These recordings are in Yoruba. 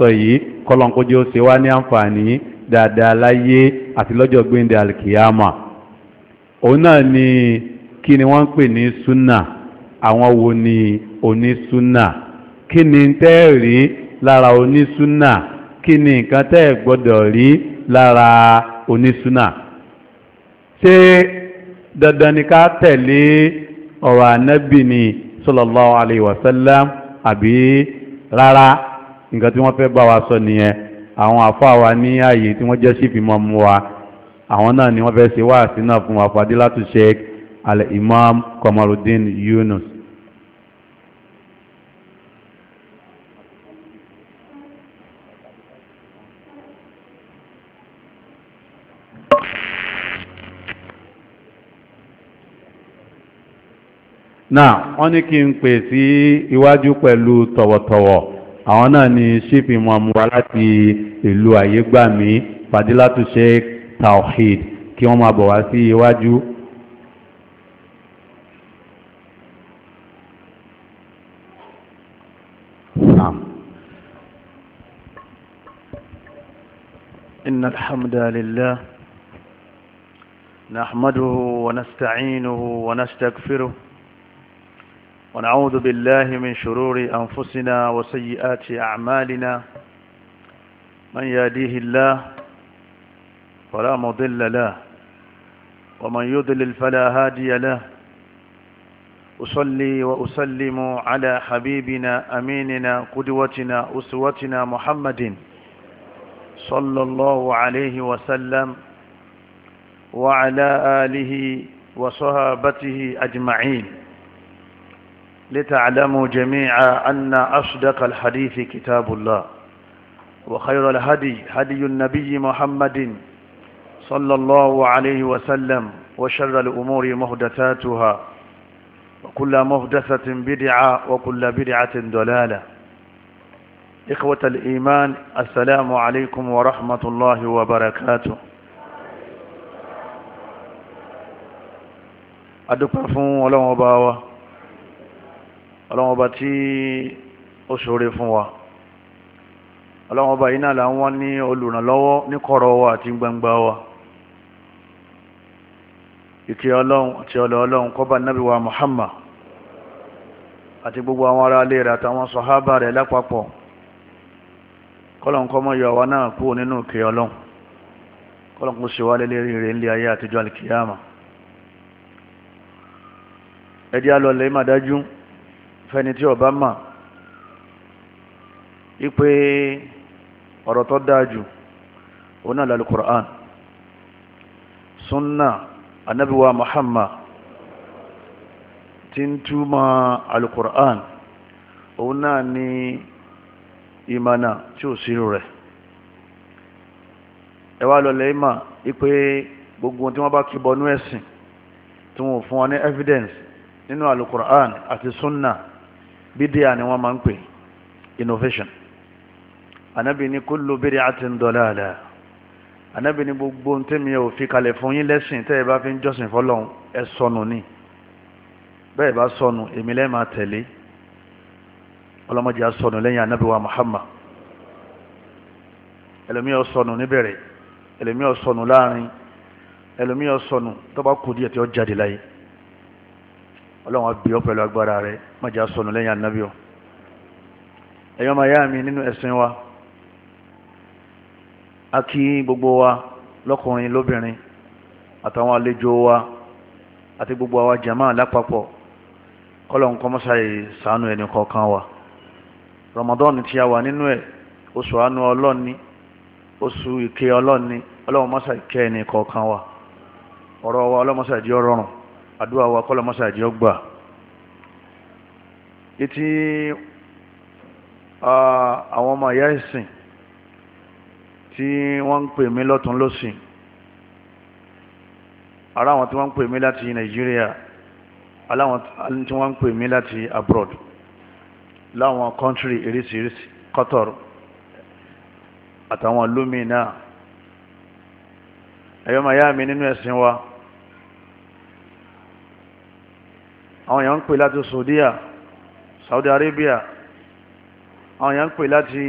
sọ yìí kọlọ̀nkójú ó ṣe wá ní àǹfààní dáadáa láyé àti lọ́jọ́ gbéǹde alkiyama òun náà ni kí ni wọ́n ń pè ní súnà àwọn wo ni onísúnà kí ni tẹ́ rí lára onísúnà kí ni nǹkan tẹ́ gbọ́dọ̀ rí lára onísúnà ṣé dandan ni ká tẹ̀lé ọ̀rọ̀ ànábì ni sallallahu alaihi àbí rárá nǹkan tí wọ́n fẹ́ bá wa sọ nìyẹn àwọn àfáà wa ní ààyè tí wọ́n jẹ́ sí ìfimọ́ mu wa àwọn náà ni wọ́n fẹ́ ṣe wá sí náà fún wa al-imam Kamaluddin Yunus náà wọ́n ní kí n pè sí iwájú pẹ̀lú tọ̀wọ̀tọ̀wọ̀ àwọn náà ni chief imam wa láti ìlú àyégbàmí fadilatu sheikh tawhid kí wọ́n máa bọ̀ wá sí iwájú إن الحمد لله نحمده ونستعينه ونستغفره ونعوذ بالله من شرور أنفسنا وسيئات أعمالنا من يديه الله فلا مضل له ومن يضلل فلا هادي له أصلي وأسلم على حبيبنا أميننا قدوتنا أسوتنا محمد صلى الله عليه وسلم وعلى آله وصحابته أجمعين لتعلموا جميعا أن أصدق الحديث كتاب الله وخير الهدي هدي النبي محمد صلى الله عليه وسلم وشر الأمور مهدثاتها وكل مهدثة بدعة وكل بدعة دلالة إخوة الإيمان السلام عليكم ورحمة الله وبركاته أدوكم فون ولا مباوه ọlọ́wọ́n bá tí ó ṣoore fún wa ọlọ́wọ́n bá iná là ń wọ́n ní olùrànlọ́wọ́ ní kọ̀rọ̀ wa àti gbangba wa ìkẹ́ ọlọ́run àti ọlọ́ ọlọ́run kọ́bà nábì wa Muhammad àti gbogbo àwọn ará ilé rẹ̀ àtàwọn sọ̀hábà rẹ̀ lápapọ̀ kọ́lọ̀n kọ́mọ yọ àwa náà kúrò nínú ìkẹ́ ọlọ́run kọ́lọ̀n kó ṣe wá lé lérí rẹ̀ ilé ayé àtijọ́ alìkìyàmà ẹ̀dí alọ́lẹ̀ ìmàdájú fẹni tí ọba mà ipe ọ̀rọ̀ tó dáa jù òun lálẹ́ Qur'an sunna anabiwa Muhammad tí ń túmọ̀ alukur'an òun náà ni ìmànà tí ò sírò rẹ̀ ẹwà lọlẹ̀ ìmà gbogbo tí wọ́n bá kí bọnú ẹ̀sìn tí wọ́n fún wọn ní evidence nínú alukur'an àti sunna Bidia ni wọ́n máa ń pè innovation anabi ni kullu bid'atin dalalah anabi ni gbogbo ntẹ́mi ò fi kalẹ̀ fún yín lẹ́sìn tẹ́ ẹ bá fi ń jọ́sìn fọlọ́hún ẹ sọnù ni bẹ́ẹ̀ bá sọnù èmi lẹ́ẹ̀ máa tẹ̀lé ọlọ́mọdé á sọnù lẹ́yìn anabi wa Muhammad ẹlòmíọ́ sọnù níbẹ̀rẹ̀ ẹlòmíọ́ sọnù láàrin ẹlòmíọ́ sọnù tó bá kù díẹ̀ tí ó jáde láyé ọlọ́run ọbí ọ pẹ̀lú agbára rẹ mọ̀já sọnù lẹ́yìn ànábì ọ ẹ̀yọ́ máa yá mi nínú ẹ̀sìn wa a kí gbogbo wa lọ́kùnrin lóbìnrin àtàwọn àlejò wa àti gbogbo àwa jàmáà lápapọ̀ kọ́lọ́n kọ́mọ́sáyé ṣàánú ẹnì kọ̀ọ̀kan wa Ramadan tí a wà nínú ẹ̀ oṣù àánú ọlọ́ni oṣù ìkẹ́ ọlọ́ni ọlọ́run mọ́sá ìkẹ́ ẹnì kọ̀ọ̀kan wa ọ̀rọ̀ wa ọlọ́mọṣà ìdí ọ̀rọ̀rùn àdúrà wa kọ́lọ̀ mọ́sá ìjọ gbà etí àwọn ọmọ ìyá ìsìn tí wọ́n ń pè mí lọ́tún lọ́sìn ara àwọn tí wọ́n ń pè mí láti Nàìjíríà aláwọn tí wọ́n ń pè mí láti abroad láwọn kọ́ńtírì eréṣiríṣi Qatar àtàwọn lómìnà ẹ̀yọ́ màá yá mi nínú ẹ̀sìn wa. àwọn èèyàn ń pè láti Saudiya Saudi Arabia àwọn èèyàn ń pè láti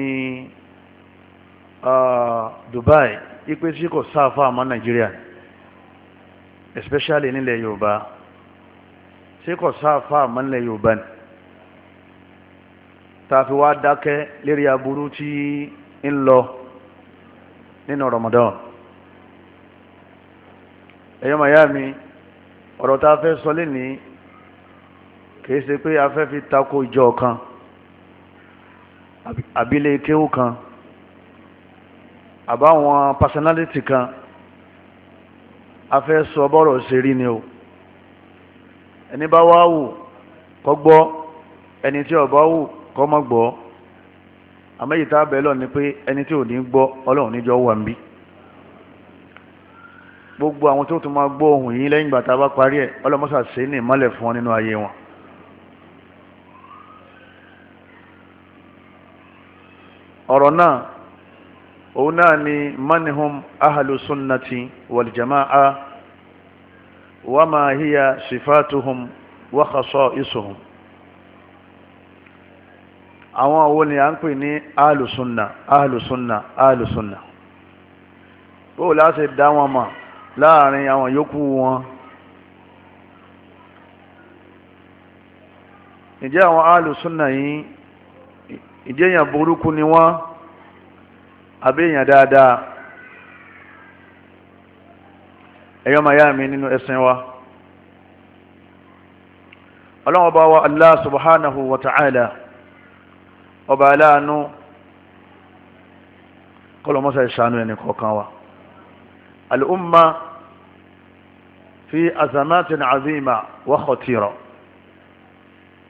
uh, Dubai ipe tí kò sáfà àmọ́ Nàìjíríà especially nílẹ̀ Yorùbá tí kò sáfà àmọ́ nílẹ̀ Yorùbá ni tààfi wá dákẹ́ lérí aburú tí ń lọ nínú Ramadan ẹ̀yọ́ màyá ọ̀rọ̀ tá sọ lé kìí ṣe pé a fẹ́ fi tako ìjọ kan àbílẹ̀ kéwù kan àbáwọn personality kan a fẹ́ sọ bọ́rọ̀ ṣe rí ni o ẹni bá wá wù kó gbọ́ ẹni tí ó bá wù kó má gbọ́ àmẹ́yìí tá a bẹ̀ lọ ni pé ẹni tí ò ní gbọ́ ọlọ́run níjọ́ wà ń bí gbogbo àwọn tó tún máa gbọ́ ohùn yìí lẹ́yìn ìgbà tá a bá parí ẹ̀ ọlọ́mọ́sà ṣe é ní ìmọ́lẹ̀ fún ọ nínú ayé wọn. ọ̀rọ̀ náà òun náà ni manihum ahalusunnati waljama'a wa ma hiya sifatuhum wa khasa'isuhum àwọn wo ni a ń pè ní ahalusunna ahalusunna ahalusunna bó láti dá wọn mọ̀ láàrin àwọn yòókù wọn ǹjẹ́ àwọn ahalusunna yìí ìjẹyàn burúkú ni wọ́n àbẹ́yàn dáadáa ẹ̀yọ́ máa yá mi nínú ẹ̀sìn wa ọlọ́wọ́ bá wa Allah subhanahu wa ta'ala ọba aláàánú kọlọmọ́sà ìṣàánú ẹni kọ̀ọ̀kan wa al'umma fi azamatin azima wa khatira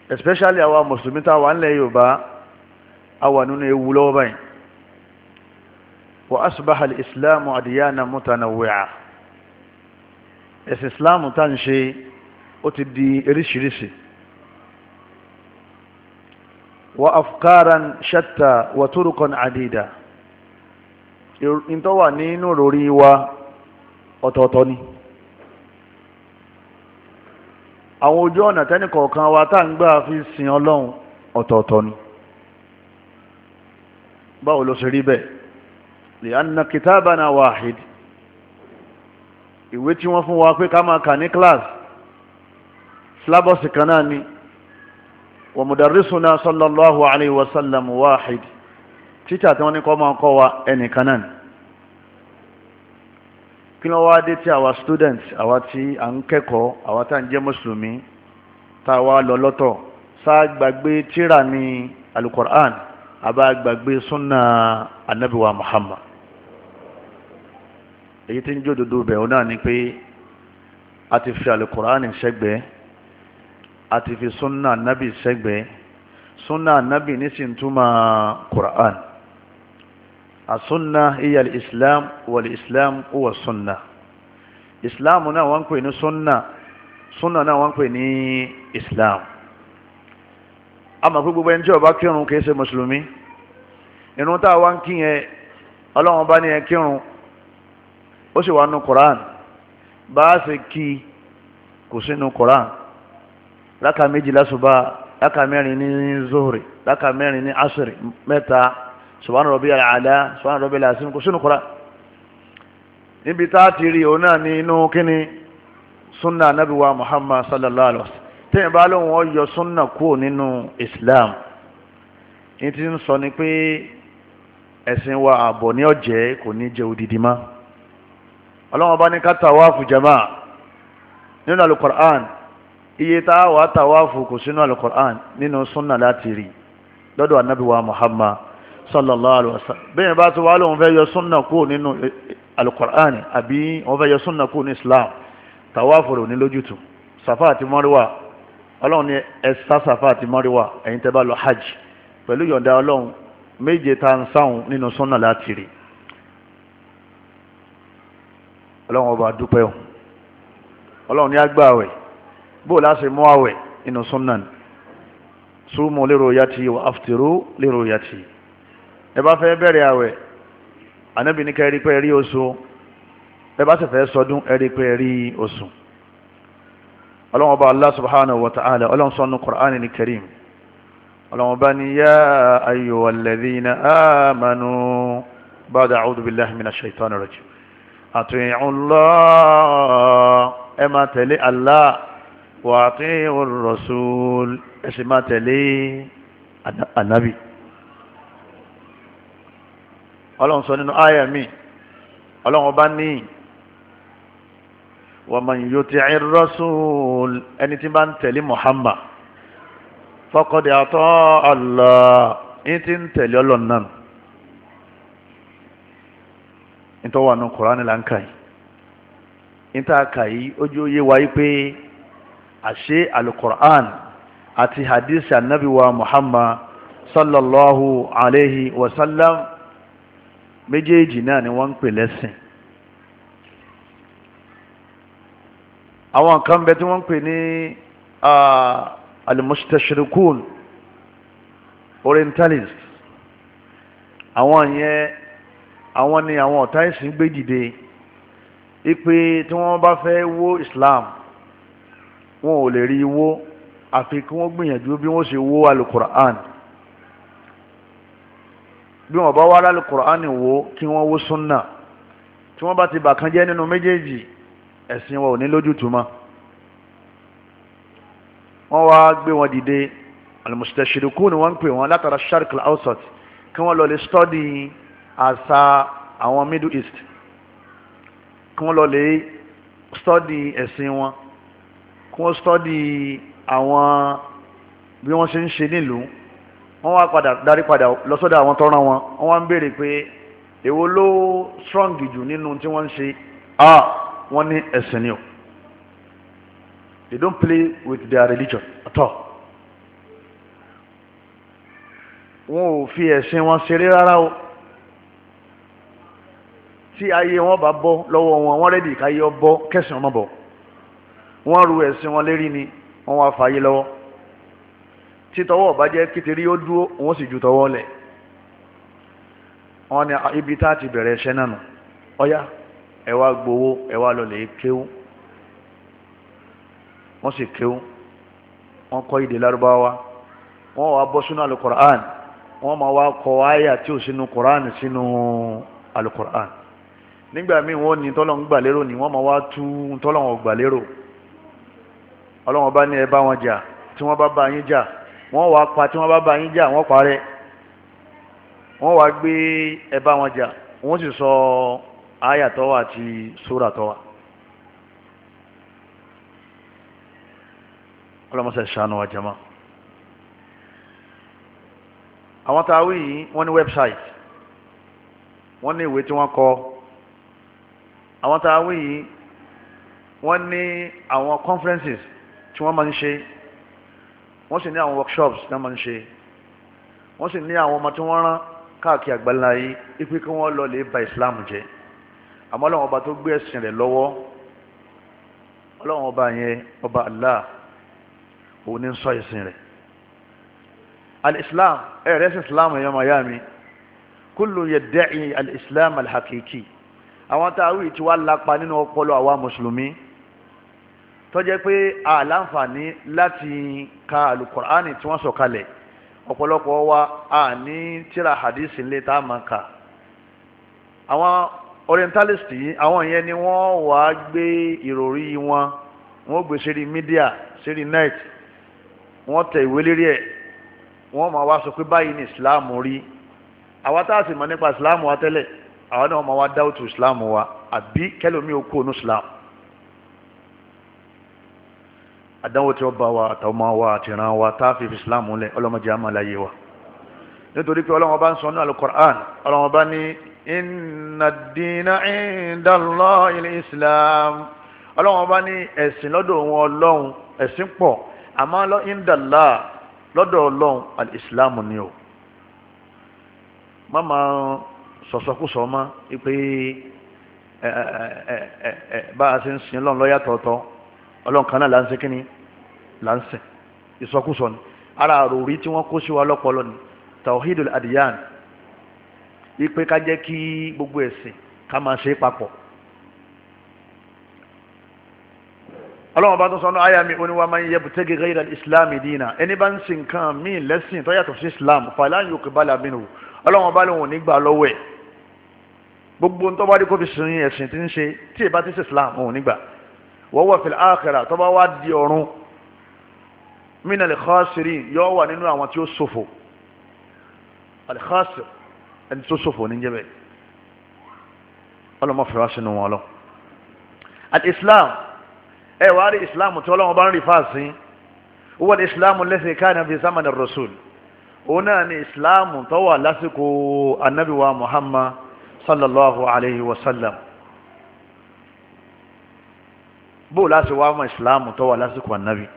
especially àwa mùsùlùmí táwa ńlẹ̀ Yorùbá a wà nínú ewu lọ́wọ́ báyìí wa asbaha al-islamu adiyana mutanawwi'a ẹ̀sìn islamu tá ń ṣe ó ti di eríṣiríṣi wa afkaran shatta wa turukan adida ìtọ́ wà nínú rori wa ọ̀tọ̀ọ̀tọ̀ ni àwọn ojú ọ̀nà tẹ́nìkọ̀ọ̀kan wa tá ń gbà fi sin ọlọ́run ọ̀tọ̀ọ̀tọ̀ ni báwo ló ṣe rí bẹ́ẹ̀ lè anna kitabana wahid ìwé tí wọ́n fún wa pé ká máa kà ní class sílábọ̀sì kan náà ni wa mudarrisuna sallallahu alayhi wa sallam wahid títà tí wọ́n ní kọ́ máa kọ́ wa ẹnìkan náà kí ló wá tí àwa student àwa tí à ń kẹ́kọ̀ọ́ àwa tá à ń jẹ́ mùsùlùmí tá a wá lọ lọ́tọ̀ sáà gbàgbé tíra ní alukur'an àbá gbàgbé súnà anábìwá Muhammad èyí tí ń jó dodo bẹ̀ ọ́ náà ni pé a ti fi alukur'ani sẹ́gbẹ̀ẹ́ a ti fi súnà anábì sẹ́gbẹ̀ẹ́ súnà anábì ní sì ń túmọ̀ kur'an àsúnà iye alìsílám wàlì islam wà súnà islam náà wọ́n ń pè ní súnà súnà náà wọ́n ń pè ní islam. islam a mọ̀ pé gbogbo ẹni tí ó bá kírun kìí ṣe mùsùlùmí irun tá a wá ń kí yẹn ọlọ́run bá ní yẹn kírun ó sì wà nù koran bá a ṣe kí kò sínú koran láka méjì lásùbà láka mẹ́rin ní zohri láka mẹ́rin ní asiri mẹ́ta subhana rabbiyal ala subhana rabbiyal azim kò sínú koran níbi tá a ti rí òun náà ní inú kíni sunna nabi muhammad sallallahu alaihi wa sallam. tẹ́yìn bá lóun ọ yọ súnà kúrò nínú Islam ní ti ń sọ ni pé ẹ̀sìn wa ààbọ̀ ní ọ̀jẹ́ kò ní jẹ odidi má ọlọ́wọ́n bá ní ká tàwáàfù jama nínú alukur'an iye tá a wà tàwáàfù kò sínú alukur'an nínú súnà láti rí lọ́dọ̀ anábìwá Muhammad sallallahu alaihi wa wasallam bẹ́ẹ̀ bá ti wá lóun fẹ́ yọ súnà kúrò nínú alukur'an àbí wọ́n fẹ́ yọ súnà kúrò ní Islam tàwáàfù rò ní lójútùú Safa àti Marwa ọlọ́run ní ẹ̀sà sàfà àti mọ́ríwá ẹ̀yin tẹ́ bá lọ hajj pẹ̀lú yọ̀ǹda ọlọ́run méje ta ń sáhùn nínú sọ́nà láti rí ọlọ́run ọba dúpẹ́ o ọlọ́run ní agbá àwẹ̀ bó láṣẹ mú àwẹ̀ nínú sọ́nà ni súnmù lérò yàtì wà áfìtìrú lérò yàtì ẹ bá fẹ́ bẹ̀rẹ̀ àwẹ̀ ànábì ní kẹ́rí pé rí oṣù ẹ bá sì fẹ́ sọdún ẹ rí pé rí oṣù ọlọ́wọ́n bá Allah subhanahu wa ta'ala ọlọ́wọ́n sọ́nù Qur'an ní karim ọlọ́wọ́n bá ní yá ayyuhal ladhina amanu ba'da a'udhu billahi minash shaitanir rajim ati'u Allah ẹ máa tẹ̀lé Allah wa ati'u ar-rasul ẹ sì máa tẹ̀lé anabi ọlọ́wọ́n sọ nínú àyà mi ọlọ́wọ́n bá ní ومن يطع الرسول ان تبان تلي محمد فقد اطاع الله ان تلي الله نان انت هو انه القران لانكاي انت اكاي اوجو يي واي بي اشي القران اتي حديث النبي ومحمد صلى الله عليه وسلم méjèèjì جنان ni wọ́n ń àwọn kan bẹ tí wọ́n ń pè ní alimusitashirikun orientalist àwọn yẹn àwọn ni àwọn ọ̀tá ìsìn gbé dìde ipe tí wọ́n bá fẹ́ wó Islam wọn ò lè rí wó àfi kí wọ́n gbìyànjú bí wọ́n ṣe wó alukur'an bí wọ́n bá wá alukur'an wó kí wọ́n wó sunna tí wọ́n bá ti bà kan jẹ́ nínú méjèèjì ẹ̀sìn wọn ò ní lójútùú mọ́ wọ́n wá gbé wọn dìde almustashirikun ni wọ́n ń pè wọ́n látara sharq al-awsat kí wọ́n lọ lè study àṣà àwọn middle east kí wọ́n lọ lè study ẹ̀sìn wọn kí wọ́n study àwọn bí wọ́n ṣe ń ṣe nílùú wọ́n wá padà darí padà lọ́sọ́dọ̀ àwọn tọ́ran wọn wọ́n wá ń béèrè pé èwo ló strong jù nínú tí wọ́n ń ṣe ah wọ́n ní ẹ̀sìn they don't play with their religion at all wọn ò fi ẹ̀sìn wọn ṣeré rárá o tí ayé wọn bá bọ́ lọ́wọ́ wọn wọ́n rẹ́dì káyé ọbọ̀ kẹsàn-án mọ́ bọ̀ wọ́n ru ẹ̀sìn wọn lérí ni wọ́n wá fàyè lọ́wọ́ títọwọ́ ọ̀bá jẹ́ kékeré ó dúró wọ́n sì ju tọwọ́ lẹ̀ wọ́n ní ah, ibi tá a ti bẹ̀rẹ̀ ẹ̀ṣẹ̀ náà nù ọ̀yá. ẹ wá gbowó ẹ wá lọlẹ̀ kéwú wọ́n sì kéwú wọ́n kọ́ ìdè lárúbáwá wọ́n wá wa sínú alukur'an máa wá kọ àyà tí ò sínú kur'an sínú alukur'an nígbà ni máa wá tú tọ́lọ̀ ń ọlọ́wọ́n bá ní ẹ bá wọn jà tí wọ́n bá bá yín jà wá pa tí wọ́n bá bá yín jà wọ́n parẹ́ wá wọn jà sọ. áyà tó wà àti sóra tó wà ọlọ́mọsẹ̀ ṣàánú wa jama àwọn tàwí yìí wọ́n ní wẹ́bsáìtì wọ́n ní ìwé tí wọ́n kọ àwọn tàwí wọ́n ní àwọn conferences tí wọ́n máa ń ṣe wọ́n sì ní àwọn workshops tí wọ́n máa ń ṣe wọ́n sì ní àwọn ọmọ tí wọ́n rán káàkiri àgbáńlá yìí ipe kí wọ́n lọ lè ba Islam jẹ́ àmọ́ ọlọ́run ọba tó gbé ẹ̀sìn rẹ̀ lọ́wọ́ ọlọ́run ọba yẹn ọba Allah òun ní sọ ẹ̀sìn rẹ̀ al-islam ẹ̀rẹ́ sí islam ẹ̀yọ́ maya mi kullu yadda'i al-islam al-hakiki àwọn táwí tí wàá lápa nínú ọpọlọ àwa mùsùlùmí tó jẹ́ pé àlàǹfààní láti ka alukur'ani tí wọ́n sọ kalẹ̀ ọ̀pọ̀lọpọ̀ wa a tíra hadisi ńlẹ̀ tá a máa kà àwọn orientalist yìí àwọn yẹn ni wọ́n wá gbé ìròrí wọn wọ́n gbé sérí media sérí net wọ́n tẹ ìwé lérí ẹ̀ wọ́n máa wá sọ pé báyìí ni islam rí àwa tá a sì mọ̀ nípa islam wa tẹ́lẹ̀ àwa náà máa wá dáwọ́tò islam wa àbí kẹlòmí ò kú ònú islam àdánwò tí ó bá wa àtàwọn ọmọ wa àti ìran wa tá a fi fi islam lẹ ọlọ́mọdé àmàlàyé wa nítorí pé ọlọ́mọba ń sọ ní alukur'an ọlọ́mọba ní inna ad-dina 'inda Allahi al-Islam ọlọ́run bá ní ẹ̀sìn lọ́dọ̀ wọn ọlọ́run ẹ̀sìn pọ̀ àmọ́ lọ indala lọ́dọ̀ ọlọ́run al-Islam ni o mama sọ̀sọ́kùsọ̀ ọmọ pé bá a ṣe ń sin lọ́n lọ́yà tọ̀ọ̀tọ̀ ọlọ́run kan náà là ń ṣe kínní là ń sìn ìsọkùsọ ni ara àròrí tí wọ́n kó sí wa lọ́pọ̀lọ́ ni tawhidul adiyan wípé ká jẹ́ kí gbogbo ẹ̀sìn ká máa ṣe é papọ̀. ọlọ́run bá tún sọ ọ́nà àyà mi ó ní wa man yabtaghi ghayra al-islami dina ẹni bá ń sin nǹkan míì lẹ́sìn tó yàtọ̀ sí islam falan yuqbala minhu ọlọ́run bá lóun ò ní gbà lọ́wọ́ ẹ̀ gbogbo tó bá dé kó fi sin ẹ̀sìn tí ń ṣe tí ì bá ti sí islam òun nígbà wa huwa fil akhirah tó bá wá di ọ̀run minal khasirin yóò wà nínú àwọn tí ó ṣòfò al-khasir ẹni tó ṣòfò ní jẹ́bẹ̀ ọlọ́mọ fẹ́ra sínú wọn lọ àti islam ẹ wàá rí islam tí ọlọ́mọ bá ń rí fáàsì wọ́n islam lẹ́sìn káàní fi sámánì rasul òun náà ni islam tó wà lásìkò anabiwa muhammad sallallahu alayhi wa sallam bóò láti wá mọ islam tó wà lásìkò anabi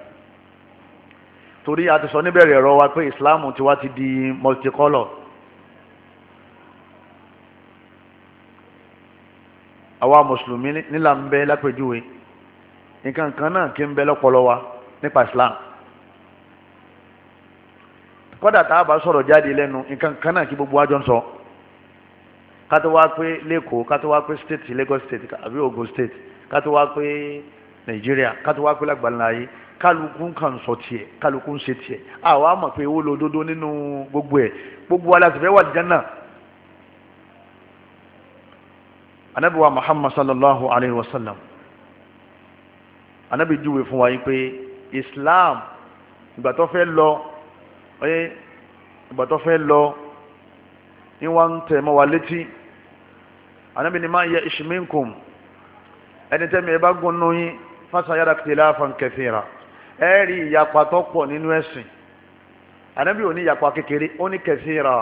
torí a ti sọ níbẹ̀rẹ̀ ẹ̀rọ wa pé islam tiwa ti di multicolor àwa mùsùlùmí nílà ń bẹ lápèjúwe nǹkan kan náà kí ń bẹ lọ́pọlọ wa nípa Islam kódà tá a bá sọ̀rọ̀ jáde lẹ́nu nǹkan kan náà kí gbogbo wa jọ ń sọ kátó wá pé lẹ́kọ̀ọ́ kátó wá pé state Lagos state àbí Ogun state kátó wá pé Nàìjíríà kátó wá pé lágbàláyé kálukú kan sọ tiẹ̀ kálukú ń ṣe tiẹ̀ àwa mọ̀ pé owó lòdodo nínú gbogbo ẹ̀ gbogbo wa láti fẹ́ wà ní Jánnà. anabi wa muhammad sallallahu alayhi wa sallam anabi júwe fún wa yìí pé islam ìgbà tó fẹ́ lọ ẹ ìgbà tó fẹ́ lọ ní wọn tẹ̀ mọ́ wa létí anabi ni máa yẹ ìṣìmínkùn ẹni tẹ́mi ẹ bá gún nù yín fásayára ikhtilafan kathira ẹ rí ìyapa tó pọ̀ nínú ẹ̀sìn anabi ò ní ìyapa kékeré ó ní kathira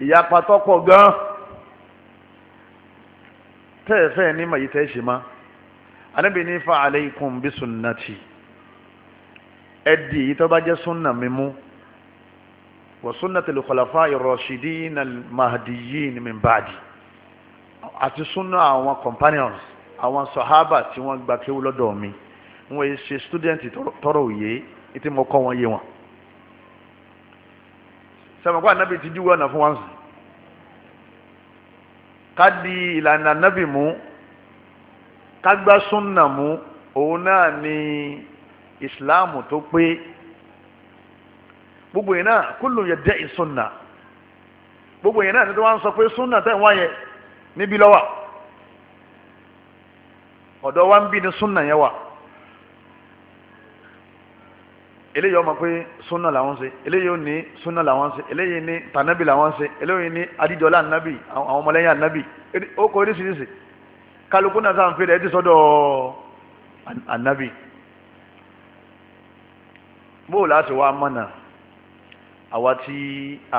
ìyapa tó pọ̀ gan-an tẹ́ẹ̀fẹ́ ní màyí tẹ́ ṣe má anábì ní fa alaykum bí sunnati ẹ di èyí tó bá jẹ́ sunna mi mú wa sunnati al-khulafa'i ar-rashidin al-mahdiyyin min ba'di àti sunna àwọn companions àwọn sahaba tí wọ́n gba kéwú lọ́dọ̀ mi wọ́n yìí ṣe student tọrọ òye ètí mo kọ́ wọn yé wọn sẹ́mi kó anábì ti dúwọ́ ọ̀nà fún wọn sùn ká di ìlànà nábì mú ká gbá súnà mú òun náà ni ìsìláàmù tó pé gbogbo yẹn náà kúlù yẹ dẹ́ ìsúnà gbogbo yẹn náà ni tí wọ́n sọ pé súnà tẹ̀ wá yẹ níbí lọ́wọ́ ọ̀dọ̀ wa ń bí ni súnà yẹn wà. eléyìí ọmọ pé sunna làwọn ṣe eléyìí ní sunna làwọn ṣe eléyìí ní tànàbì làwọn ṣe eléyìí ní adíjọlá ànábì àwọn ọmọlẹ́yìn ànábì ó kọ oríṣiríṣi kálukú náà sáà ń fèrè ẹ ti sọ́dọ̀ ànábì bó láti wá mọ̀nà àwa tí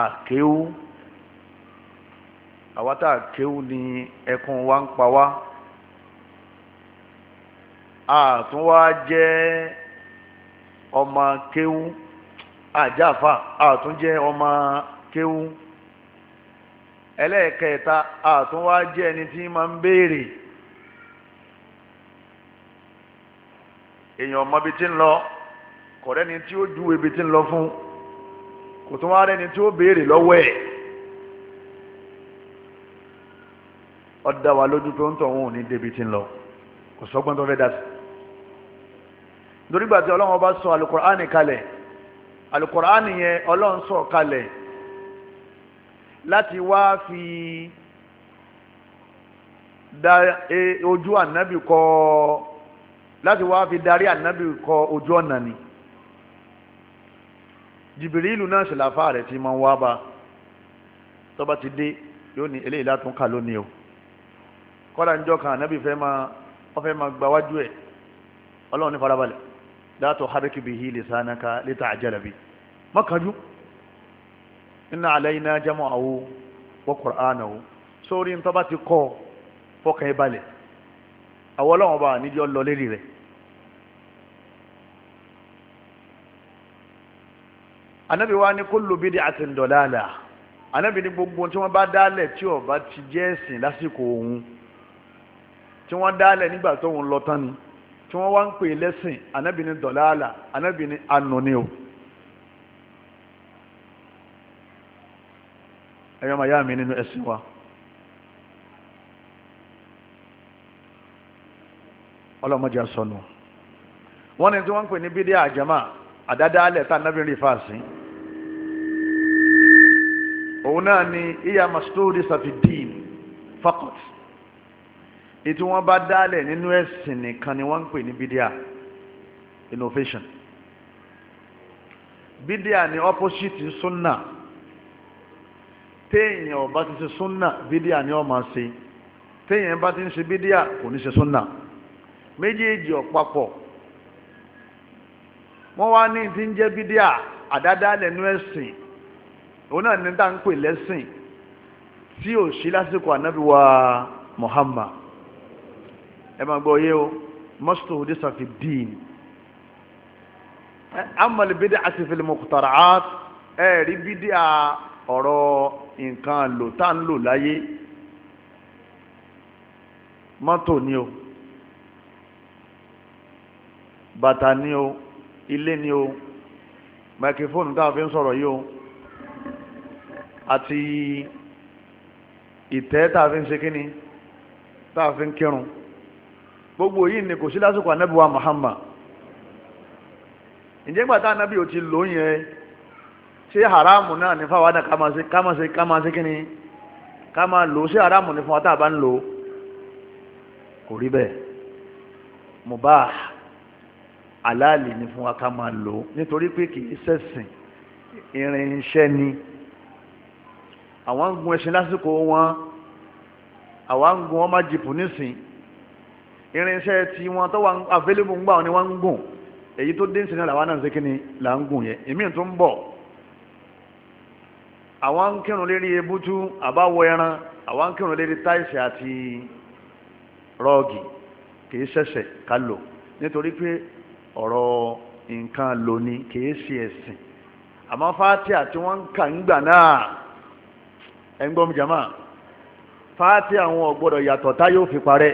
àkéwú àwa tá àkéwú ni ẹkún wa ń pa wá àtúnwá jẹ́ ọmọ kéwú àjàfà àtúnjẹ́ ọmọ kéwú ẹlẹ́ẹ̀kẹta àtúnwá jẹ́ ẹni tí máa ń béèrè èèyàn ọmọ bíi ti ń lọ kọ̀rẹ́ ni tí ó ju ebi ti ń lọ fún kò tún wá rẹ́ni tí ó béèrè lọ́wọ́ ẹ̀ ó dá wa lójú pé ń tọ̀ wọn ò ní débi ti ń lọ kò sọ́gbọ́n tó fẹ́ dá sí i nígbà tí ọlọ́run bá sọ alukur'ani kalẹ̀ alukur'ani yẹn ọlọ́run sọ kalẹ̀ láti wá fi da e, ojú ànábì kọ láti wá fi darí ànábì kọ ojú ọ̀nà ni jìbìrìlù náà ṣèlàfà rẹ̀ ti máa ń wá bá tọ́ba ti dé yóò ní eléyìí látún kà lónìí o kọ́dà ń jọ kan ànábì fẹ́ máa ọ fẹ́ máa gbáwájú ẹ̀ ọlọ́run ní farabalẹ̀ la tuharrik bihi lisanaka lita'jala bi makaju inna alaina jama'ahu wa qur'anahu sórí ń tọ́ba ti kọ́ fọkàn balẹ̀ àwọn ọlọ́wọ́n bá níjọ́ lọ lérí rẹ̀ anabi wa ni kullu bid'atin dalalah anabi ni gbogbo tí wọ́n bá dálẹ̀ tí ó bá ti jẹ́ ẹ̀sìn lásìkò òun tí wọ́n dálẹ̀ nígbà tóun lọ tán ni tí wọ́n wá ń pè lẹ́sìn ànábì ní dọ̀láàlà ànábì ní anoni o. ẹ̀yọ́ màá yá mi nínú ẹ̀sìn wa. ọlọ́mọdé sọnù wọ́n ní tí wọ́n ń pè ní bídíà àjàmà àdádálẹ̀ tá ànábì rí fàásì. òun náà ni iya masturi safi dín fakọ̀tì. eti wọn bá dálẹ̀ nínú ẹ̀sìn nìkan ni wọ́n ń pè ní bídíà innovation bídíà ni opposite sunna téèyàn ò bá ti ṣe sunna bidia ni ó máa ṣe téèyàn bá ti ń ṣe bidia kò ní ṣe sunna méjèèjì ọ̀pápọ̀ wọ́n wá ní ti ń jẹ́ bidia àdádálẹ̀ nínú ẹ̀sìn òun náà ní tá à ń pè lẹ́sìn tí ò sí lásìkò Muhammad ẹ máa gbọ́ yé o mọ́sítò òde sàfi dín amali bidi ati fili mukutara at ẹ rí bidi a ọ̀rọ̀ nǹkan lò tá à ń lò láyé mọ́tò ni o bàtà ni o ilé ni o microphone tá a fi ń sọ̀rọ̀ yìí o àti ìtẹ́ tá a fi ń ṣe kíni tá a fi ń kírun gbogbo yìí ni kò sí lásìkò ànábì wa Muhammad ǹjẹ́ gbà tá ànábì ò ti lò yẹn ṣé haramu náà ní fáwọn àdá kama ṣe kama ṣe kama ṣe kíni kama lò ṣé haramu ní fún wa tá a bá ń lò kò rí bẹ́ẹ̀ mubah alali ní fún wa ká máa lò nítorí pé kì í ṣẹ̀sìn irinṣẹ́ ni àwọn ń gun ẹṣin lásìkò wọn àwọn ń gun ọmọ jìpù nísìnyí irinṣẹ́ tí wọn tó wà available ń gbà ni wọ́n ń gùn èyí tó dé ìsinmi làwọn náà ń là ń gùn yẹn èmi tó ń bọ̀ àwọn ń kírun lérí ebútú àbáwọ ẹran àwọn ń kírun lérí táìsì àti rọ́ọ̀gì kìí ṣẹ̀ṣẹ̀ ká lò nítorí pé ọ̀rọ̀ nǹkan lò kìí ṣe ẹ̀sìn àmọ́ fi parẹ́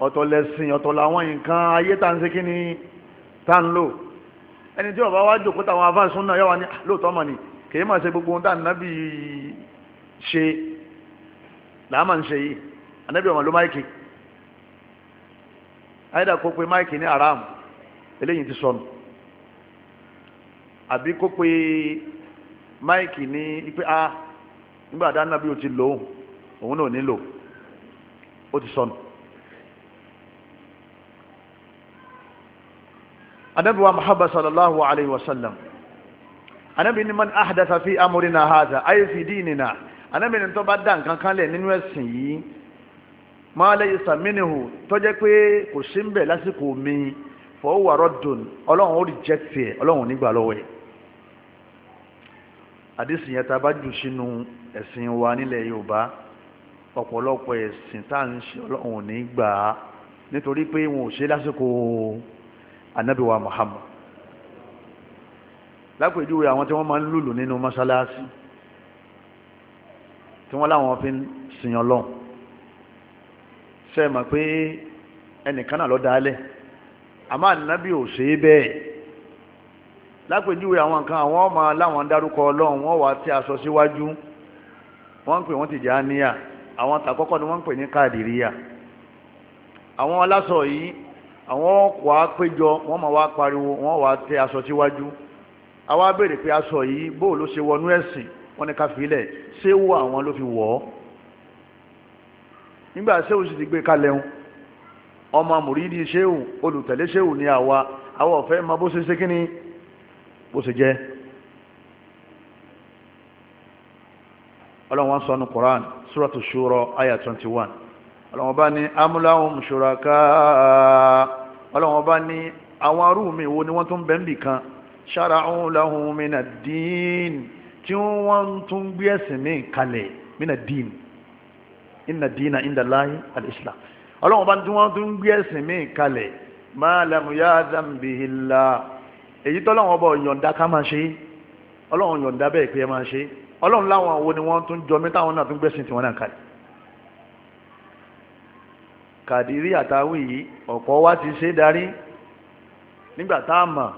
ọ̀tọ̀ lẹ́sìn ọ̀tọ̀ làwọn nǹkan ayé tá ń ṣe kí ni tá ń lò ẹni tí ọba wá jòkó táwọn afáàsùn náà yọwà ní ah, lóòótọ́ mọ̀ ni kìí máa ṣe gbogbo ohun tá ànábì ṣe làámà ń ṣe yìí ànábì ọmọ ló máìkì àyẹ̀dà kó pe máìkì ní haram eléyìí ti sọnù àbí kó pe máìkì ní ipe a ah, nígbà dáná bí o ti lò òun náà ní lò ó ti sọnù. anabi wa muhammad sallallahu alaihi wasallam anabi ni man ahdatha fi amrina hadha ay fi dinina anabi ni tó bá dá nǹkan kan lẹ̀ nínú ẹ̀sìn yìí ma laysa minhu tó jẹ́ pé kò sí ń bẹ̀ lásìkò mi fa huwa raddun ọlọ́run ó reject ẹ̀ ọlọ́run nígbà lọ́wọ́ ẹ̀ àdìsí yẹn tá a bá jù sínú ẹ̀sìn wa nílẹ̀ yorùbá ọ̀pọ̀lọpọ̀ ẹ̀sìn tá à ń ṣe ọlọ́run nígbà nítorí pé wọn ò ṣe lásìkò ànábì wa Muhammad lápèjúwe àwọn tí wọ́n máa ń lùlù nínú ti tí wọ́n láwọn fi ń sìn Ọlọ́run ṣe pé ẹnìkan náà ló dálẹ̀ àmọ́ ànábì ò ṣe é bẹ́ẹ̀ lápèjúwe àwọn kan àwọn ọmọ aláwọn dárúkọ Ọlọ́run wọ́n wà tí aṣọ síwájú wọn ń pè wọ́n Tìjàníyà àwọn tàkọ́kọ́ ni wọ́n ń pè ní Kádìríyà àwọn aláṣọ yìí àwọn wà á péjọ wọ́n máa wá pariwo wọ́n wà á tẹ aṣọ síwájú àwa béèrè pé aṣọ yìí bóò ló ṣe wọnú ẹ̀sìn wọ́n ní ká filẹ̀ ṣé wọ àwọn ló fi wọ̀ ọ́ nígbà ṣéwù sì ti gbé kalẹ̀ ń ọmọ mùrídì ṣéwù olùtẹ̀lé ṣéwù ni àwa àwa ọ̀fẹ́ máa bó ṣe ṣe kí ni bó ṣe jẹ́ ọlọ́run wọn sọ nu Quran suratu shura ayah twenty one ọlọ́wọ́n bá ní amúláhùn ṣòraká ọlọ́wọ́n bá ní àwọn arú mi wo ni wọ́n tún bẹ̀ ń bì kan ṣára òun láhùn mina dín tí wọ́n tún gbé ẹ̀sìn ní kalẹ̀ mina dín inna dina inda lahi al-islam ọlọ́wọ́n bá ní tí wọ́n tún gbé ẹ̀sìn ní kalẹ̀ máa lẹ́mu yá dàmbìhìlá èyí tọ́lọ́wọ́n bọ̀ yọ̀ǹda ká máa ṣe ọlọ́wọ́n yọ̀ǹda bẹ́ẹ̀ pé ẹ máa ṣe ọlọ́run láwọn wo ni wọ́n tún jọ mí táwọn náà tún gbẹ̀sìn tiwọn náà kalẹ̀ kàdírí àtàwí yìí ọ̀pọ̀ wa ti ṣe darí nígbà tá a mọ̀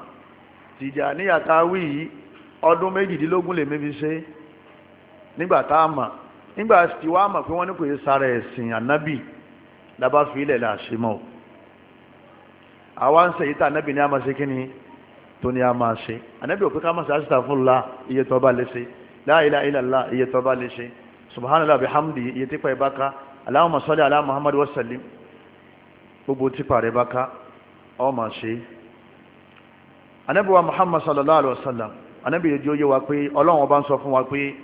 tìjàní àtàwí yìí ọdún méjìdínlógún lè mébi ṣe nígbà tá a mọ̀ nígbà tí wàá mọ̀ pé wọ́n ní kò yẹ sára ẹ̀sìn ànábì lábá fi ilẹ̀ là ṣe mọ́ àwa ń ṣe yìí tá ànábì ní a máa ṣe kí ni tó ní a máa ṣe ànábì òpin ká máa ṣe astaghfirullah iye tó bá lè ṣe la ilaha illallah iye tó bá lè ṣe subhanallah bihamdi iye tí pa ìbáka allahumma salli ala Muhammadu wa sallim gbogbo tipa rẹ̀ bá ká ọ ma ṣe anabiwa muhammad sallallahu alaihi wasallam anabi yẹn di ó yé wa pé ọlọ́run ọba ń sọ fún wa pé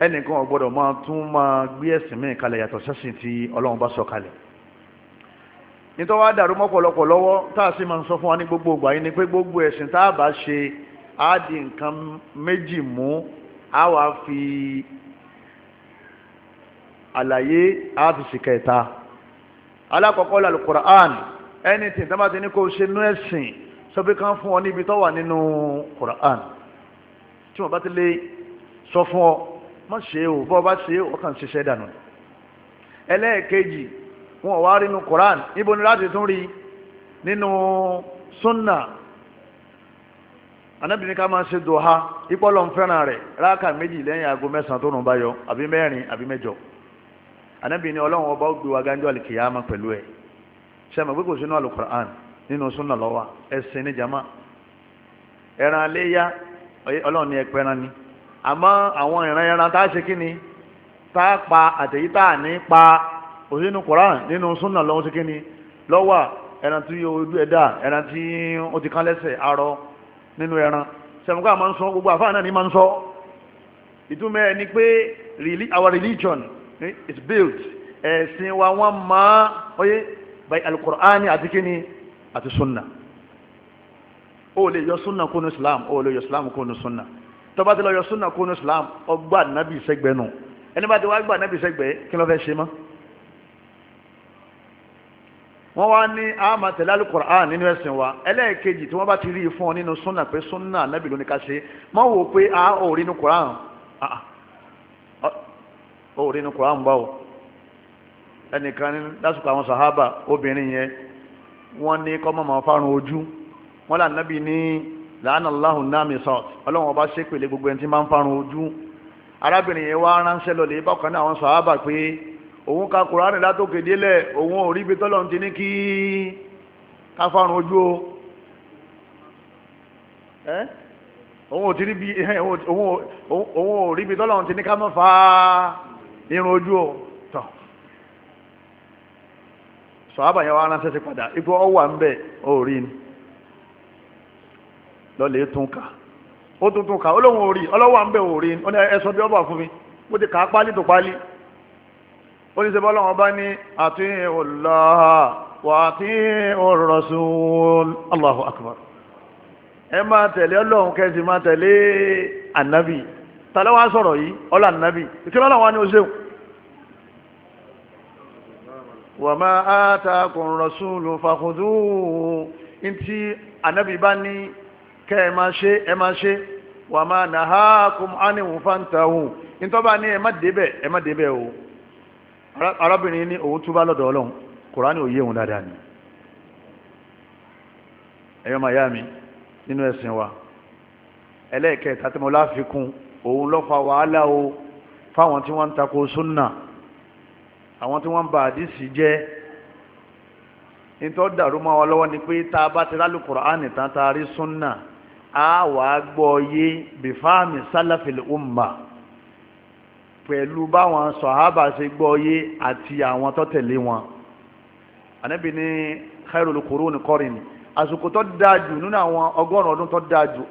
ẹnìkan ò gbọ́dọ̀ máa tún máa gbé ẹ̀sìn mìíràn kalẹ̀ yàtọ̀ sẹ́sìn tí ọlọ́run bá sọ kalẹ̀ nítorí wàá dàrú mọ́pọ̀lọpọ̀ lọ́wọ́ tá a sì máa ń sọ fún wa ní gbogbo ìgbà yìí ni pé gbogbo ẹ̀sìn tá a bá ṣe á di nǹkan méjì mú á wàá fi àlàyé á fi sì kẹta alákọ̀ọ́kọ́ lọ alukur'an anything tó bá ti ní kó ṣe nú ẹ̀sìn sọ pé kán fún ọ níbi tó wà nínú kur'an tí wọ́n bá ti lè sọ fún ọ má ṣe o bọ́ bá ṣe o kàn ṣiṣẹ́ dànù ẹlẹ́ẹ̀kejì wọn wá rí nínú kur'an níbo ni láti tún rí nínú sunna anábìnrin ká máa ṣe dùhà ipò lọ́n fẹ́ràn rẹ̀ ráàkà méjì lẹ́yìn aago mẹ́sàn-án tó nù bá yọ àbí mẹ́rin àbí mẹ́jọ anábì ní ọlọ́run ọba ó gbé wa gánjọ́ alìkìyàmá pẹ̀lú ẹ̀ sẹ́mi pé kò sínú alukur'an nínú súnà lọ́wọ́ ẹ̀sìn ní jama ẹran aléyá ọlọ́run ní ẹ̀pẹ́ran ni àmọ́ àwọn ìran ẹran tá a ṣe kí ni tá a pa àtẹ̀yí tá a ní pa òsínú kur'an nínú súnà lọ́wọ́ ṣe kí ni lọ́wọ́ ẹran tí ojú ẹ̀ ẹran tí ó ti kán lẹ́sẹ̀ arọ nínú ẹran sẹ́mi pé àwọn gbogbo àfáà náà ní máa ń sọ ìtumọ̀ pé our religion Eh, it's built ẹ̀sìn wa wọ́n máa oyé by alukur'ani àti kíni àti sunna ó lè yọ sunna kó ní islam ó lè yọ islam kó ní sunna tó bá ti lọ yọ sunna kó ní islam ọgbà nábì sẹ́gbẹ̀ẹ́ nù ẹni bá ti wá gbà nábì sẹ́gbẹ̀ẹ́ kí ló fẹ́ ṣe mọ́ wọ́n wá ní àmà tẹ̀lé alukur'an nínú ẹ̀sìn wa ẹlẹ́ẹ̀kejì tí wọ́n bá ti rí i fún ọ nínú sunna pé sunna nábì ló ní ká ṣe mọ́ wò pé a ò rí inú kur'an ah, ah. ó rí ní Kùránì báwo ẹnìkan ní lásìkò àwọn sàhábà obìnrin yẹn wọ́n ní fárun ojú wọ́n là nábì ní làánàláhùn náàmì sọ́ọ̀t ọlọ́run ọba ṣépèlé gbogbo ẹni tí máa ń fárun ojú arábìnrin yẹn wá ránṣẹ́ lọ lè bákan náà àwọn sàhábà pé òun ka Kùránì látòkè délẹ̀ òun ò rí ibi tọ́lọ́run ti ní kí ká fárun ojú o òun ò rí ibi tọ́lọ́run ti ní ká mọ́ irun ojú o tán sọ̀hábà yẹn wá ránṣẹ́ sí padà ipò ọwà ń bẹ̀ ó rí ni lọ́lẹ̀ tún ó tún ó lóun ò rí ọlọ́wà ń bẹ̀ ò rí ni ó ní ẹ̀sọ́ bí ọba fún mi mo ti kà á pálí tó pálí ó ní sẹ́bọ́ ọlọ́wọ́n bá ní àti Allah wà àti Rasul Allahu Akbar ẹ máa tẹ̀lé ọlọ́run kẹ́sì máa tẹ̀lé ànábì tàlẹ́wà sọ̀rọ̀ yìí ọlọ́ ànábì ni ó wa ma atakum rasulu fakhudhu ntí anabi bá ní kẹ́ ẹ máa ṣe ẹ máa ṣe wa ma nahakum anhu fantahu ntọ́ba ní ẹ má débẹ̀ ẹ má débẹ̀ o arábìnrin ní òun túbá lọ́dọ̀ ọlọ́run kùránì òye òun dáadáa ni ẹ̀yọ́ màyá mi nínú ẹ̀sìn wa ẹlẹ́ẹ̀kẹta tí mo láfikún òun lọ́fà wàhálà o fáwọn tí wọ́n ń takò súnnà àwọn tí wọ́n ń ba àdìsí jẹ́ nítorí dàrú mọ́ wa lọ́wọ́ ni pé tá a bá ti rálù Kùránì tán tá a rí súnà a wà á gbọ́ yé bífáàmì sálàfìlì umma pẹ̀lú báwọn sọ̀hábà ṣe gbọ́ yé àti àwọn tó tẹ̀lé wọn ànábì ní khairul quruni qarni àsìkò tó dáa jù nínú àwọn ọgọ́rùn ọdún tó dáa jù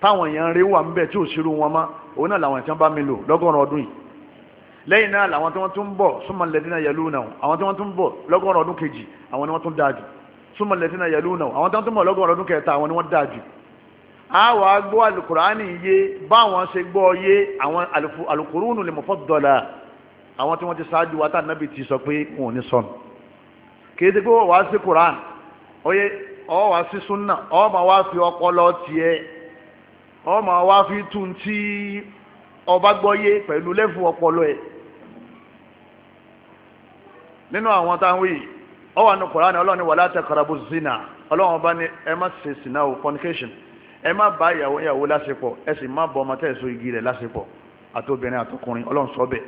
táwọn èèyàn rí wà ń bẹ̀ tí ò sírú wọn mọ́ òun náà làwọn ìtàn bá mi lò lọ́gọ́rùn ọdún yìí lẹ́yìn náà làwọn tí wọ́n tún bọ̀ súnmọ́ lẹ́dínà yẹlú náà àwọn tí wọ́n tún bọ̀ lọ́gọ́rùn ọdún kejì àwọn ni wọ́n tún dáa jù súnmọ́ yẹlú náà àwọn tí wọ́n tún bọ̀ lọ́gọ́rùn ọdún kẹta àwọn ni wọ́n dáa jù. àwa gbọ́ alukurani yé báwọn ṣe gbọ́ yé àwọn alukurunu lè mọ̀fọ́ dọ̀la àwọn tí wọ́n ti ṣáájú wa tá nàbì ti sọ pé wọn ò ní sọnù. oye ọ wàá sí sunna ọ ma wá fi ọpọlọ tiẹ̀ ọ ma wá fi ọba gbọ́ yé pẹ̀lú lẹ́fù ọpọlọ ẹ̀ nínú àwọn tá à ń wí ọ wà ní Kùránì ọlọ́run ní wala taqrabu zina ọlọ́run bá ní ẹ má ṣe sìnà o fornication ẹ má bá ìyàwó ìyàwó lásìpọ̀ ẹ sì má bọ ọmọ tẹ̀sọ igi rẹ̀ lásìpọ̀ àtobìnrin àtọkùnrin ọlọ́run sọ bẹ́ẹ̀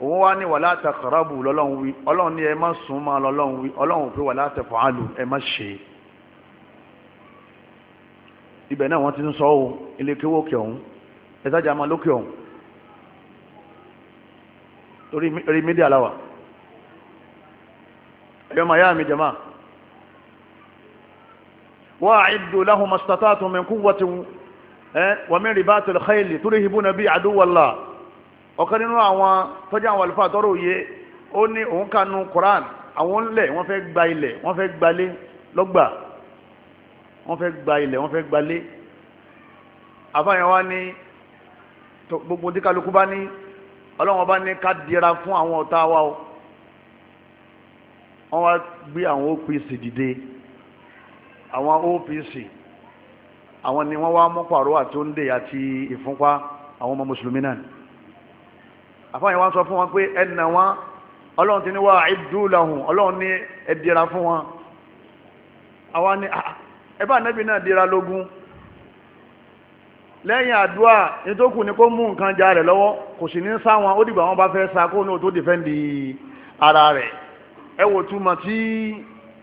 òun wá ní wala taqrabu lọ́lọ́run wí ọlọ́run ní ẹ má sún mọ́ lọ́lọ́run wí ọlọ́run pé wala taf'alu ẹ má ṣe ẹ̀yọ́ màá yá mi له wà á ìdò láhùn mọ̀sítátà tó mẹ́kú wọ́tí wà mí rìbá tó lẹ́kẹ́lì tó rìhìbú nàbí àdúwọ̀lá ọ̀kan nínú àwọn tọ́jú àwọn àlùfáà tọ́rọ òye ó ní òun kanu Quran àwọn ńlẹ̀ wọ́n fẹ́ gba ilẹ̀ wọ́n fẹ́ gbalé lọ́gbà wọ́n fẹ́ gba ilẹ̀ wọ́n fẹ́ gbalé àfáàyàn wa ní gbogbo díkàlùkù bá ní ọlọ́wọ́n bá ní ká dira fún àwọn ọ̀tá wa o wọ́n wá gbé àwọn OPC dìde àwọn OPC àwọn ni wọ́n wá mú pàrọ́wà tó ń dè àti ìfúnpá àwọn ọmọ mùsùlùmí náà àfáàyàn wá sọ fún wọn pé ẹnà wọn ọlọ́run ti ní wá ìdúlàhùn ọlọ́run ní ẹ̀dìra fún wọn àwa ni ah, ẹbá ànábì náà dira lógún lẹ́yìn àdúrà nítòkù ni kó mú nǹkan já rẹ̀ lọ́wọ́ kò sì ní sá wọn ó dìgbà wọn bá fẹ́ sá kó ní o tó dìfẹ́ǹdì ara rẹ̀ ẹ wò túmọ̀ tí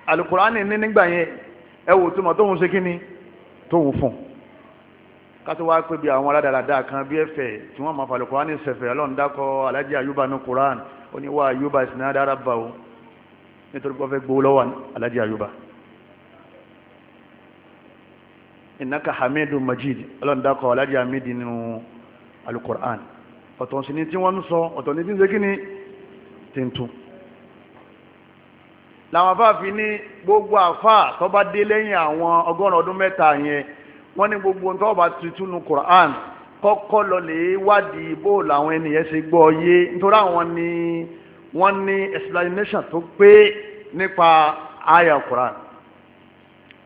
alukurani ní nígbà yẹn ẹ wò túmọ̀ tóun ṣe kíni tóun fún kátó wá pé bí àwọn aládàáda kan bí ẹ̀fẹ̀ tí wọ́n máa fa alukurani sẹ̀fẹ̀ ọlọ́run dákọ̀ alájí ayúbà ní kuran ó ní wá ayúbà ìsìn adára bá o nítorí pé wọ́n fẹ́ gbowó lọ́wọ́ alájí ayúbà ìnáka hamidu majid ọlọ́run dákọ̀ amidi nínú alukurani ọ̀tọ̀ sí ni tí wọ́n ń sọ ọ̀tọ̀ ní tí ń ṣe kíni tí ń tún làwọn afáàfin ní gbogbo àfáà tó bá dé lẹ́yìn àwọn ọgọ́rùn ọdún mẹ́ta yẹn wọ́n ní gbogbo tó tuntun nu Qur'an kọ́kọ́ lọ lè wádìí bó làwọn ènìyàn ṣe gbọ́ yé nítorí àwọn ni wọ́n ní explanation tó pé nípa àyà Qur'an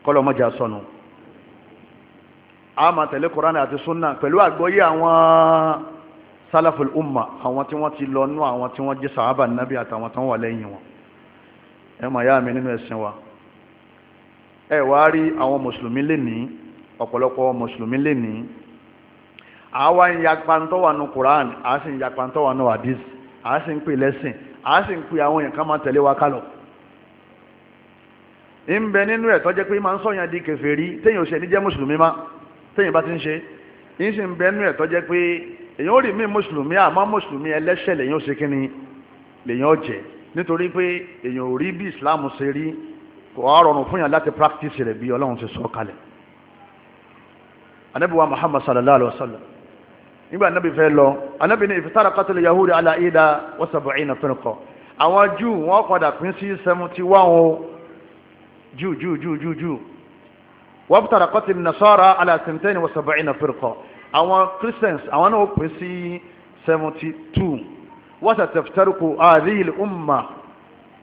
kọlọmọjà sọnù a máa tẹ̀lé Qur'an àti sunna pẹ̀lú àgbọ́yé àwọn salafu umma àwọn tí wọ́n ti lọ nú àwọn tí wọ́n jẹ́ sàhábà nàbí àtàwọn tó wà lẹ́yìn wọn ẹ mà yá mi nínú ẹ̀sìn wa ẹ wá rí àwọn mùsùlùmí lénìí ọ̀pọ̀lọpọ̀ mùsùlùmí lénìí àwa ń yapa ntọ́ wà Quran à sì ń yapa ntọ́ wà hadith à sì ń pè lẹ́sìn à sì ń pè àwọn èèyàn ká máa tẹ̀lé wa kálọ̀ ń bẹ nínú ẹ̀ tọ́jẹ́ pé máa ń sọ̀yàn di kèfèrí téèyàn ò ṣe ní jẹ́ mùsùlùmí má téèyàn bá ti ń ṣe ń sì ń bẹ nínú ẹ̀ tọ́jẹ́ pé èèyàn ò rí mí mùsùlùmí àmọ́ mùsùlùmí ẹlẹ́ṣẹ̀ lèèyàn ò ṣe kí lèèyàn ò jẹ́ nítorí pé èèyàn ò rí bí islam ṣe rí kò á rọrùn fún yàn láti practice rẹ̀ bí ọlọ́run ṣe sọ kalẹ̀ anabiwa muhammad sallallahu alaihi wa sallam nígbà anabi fẹ́ lọ anabi ní iftaraqatil yahudi ala ida wa sab'ina firqa àwọn júù wọ́n padà pín sí seventy one o júù júù júù júù júù wa iftaraqatil nasara ala sintain wa sab'ina firqa àwọn christians àwọn náà pín sí seventy two wọ́sàtẹ̀fẹ́tẹ́rùkù àdìl umma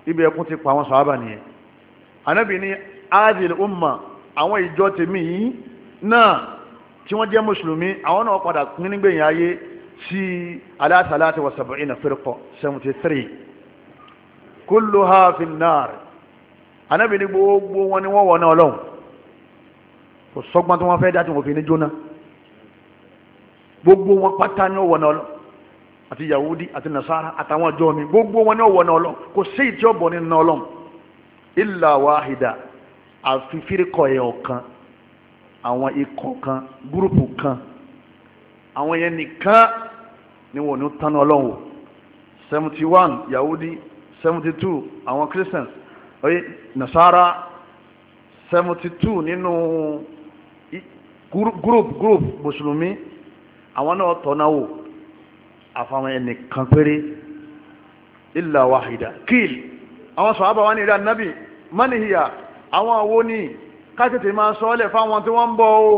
ibi ẹkún ti pa àwọn sàábà nìyẹn anábì ní àdìl umma àwọn ìjọ tèmi yìí náà tí wọ́n jẹ́ mùsùlùmí àwọn náà padà pín nígbẹ̀yìn ayé sí aláṣàláṣà wà sàbẹ̀yìn firqa 73 kulluha fin nar anábì ní gbogbo wọn ni wọ́n wọ̀ náà lọ́hùn kò sọ́gbọ́n tí wọ́n fẹ́ dá tí fi ní jóná gbogbo wọn pátá ni ó wọ̀ náà lọ́hùn àti yahudi àti nasara àtàwọn ọjọ́ mi gbogbo wọn ní ọwọ́ náà lọ kò sí ìtí ọ̀bọ̀ nínú náà lọ illa wahida àfi fírikọ̀ ẹ̀ ọ̀kan àwọn ikọ̀ kan gúrùpù kan àwọn yẹn nìkan ni wọn ò ní tán náà seventy one yahudi seventy two àwọn christians oye nasara seventy two nínú gúrùpù gúrùpù mùsùlùmí àwọn náà tọ̀ náà wò àfàwọn ẹnìkan péré illa wahida kíl àwọn sọ̀hábà wá ní ìrẹ́ ànábì mánìhìyà àwọn àwo ní kátètè máa sọ́ọ́lẹ̀ fáwọn tí wọ́n ń bọ̀ o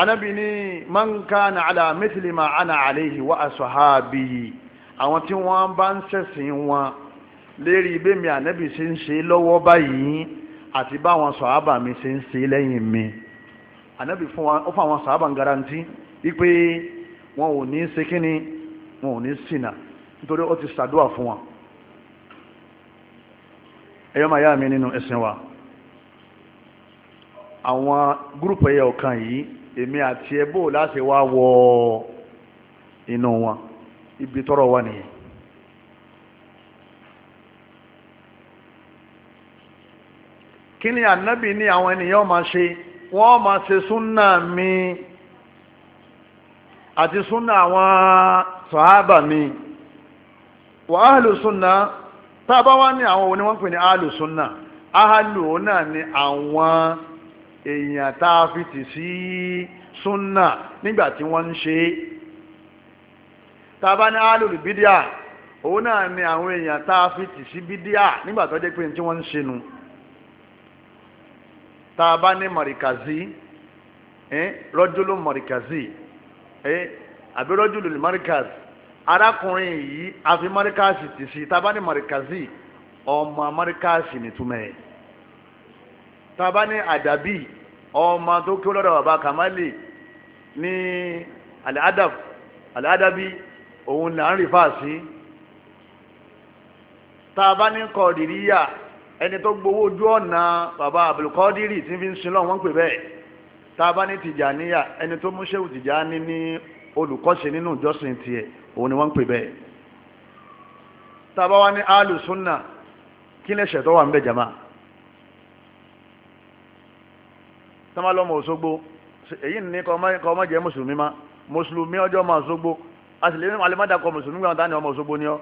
ànábì ní man kana ala mithli ma ana alayhi wa ashabi àwọn tí wọ́n bá ń ṣẹ̀sìn wọn lérí ibèmí ànábì ṣe ń ṣe lọ́wọ́ báyìí àti báwọn sọ̀hábà mi ṣe ń ṣe lẹ́yìn mi ànábì fún àwọn sọ̀hábà ń garanti wípé wọn ò ní ṣe kíni wọn ò ní ṣìnà nítorí ó ti ṣàdúà fún wọn ẹ̀yọ́ máa yá mi nínú ẹ̀sìn wa àwọn gúrùpù ẹ̀yẹ ọ̀kan yìí èmi àti ẹ bò láti wá wọ inú wọn ibi tọ́rọ̀ wà nìyẹn kí ni ànábì ní àwọn ènìyàn máa ṣe wọ́n máa ṣe súnà mi àti súnà àwọn sahaba ni wa ahlu sunna ta ba wa ni awon ni won pe ni ahlu sunna ahlu na ni awon eyan ta fi ti si sunna nigba ti won se ta ba ni ahlu bidia o na ni awon eyan ta fi si bidia nigba to je pe ti won se nụ. ta ba ni marikazi eh àbí rọ́jùlù ní marikaz arákùnrin yìí àfi marikaz ti sí tabani marikazi ọmọ marikaz nìtumẹ̀ ẹ̀ tabani àdàbí ọmọ tó kí lọ́dọ̀ bàbá kamali ni aládàb aládàbí òun là ń rí fàásì tabani kọ̀ọ̀dìríyà ẹni tó gbowó ojú ọ̀nà bàbá abdulkadiri tí fi ń sin lọ́wọ́ ń pè bẹ́ẹ̀ tabani tìjàníyà ẹni tó mú sẹ́wù tìjàní ní olùkọ́ṣe nínú ìjọsìn tiẹ̀ òun ni wọ́n ń pè bẹ́ẹ̀ tàbá wá ní alùsùnà kí lẹ́sẹ̀ tó wà ń bẹ̀ jama tàbá lọ́mọ òṣogbo èyí ní kọ́ ọmọ jẹ́ mùsùlùmí ma mùsùlùmí ọjọ́ ọmọ òṣogbo a sì lè ní alẹ́mọ́dàkọ mùsùlùmí gbọ́n tání ọmọ òṣogbo ni ọ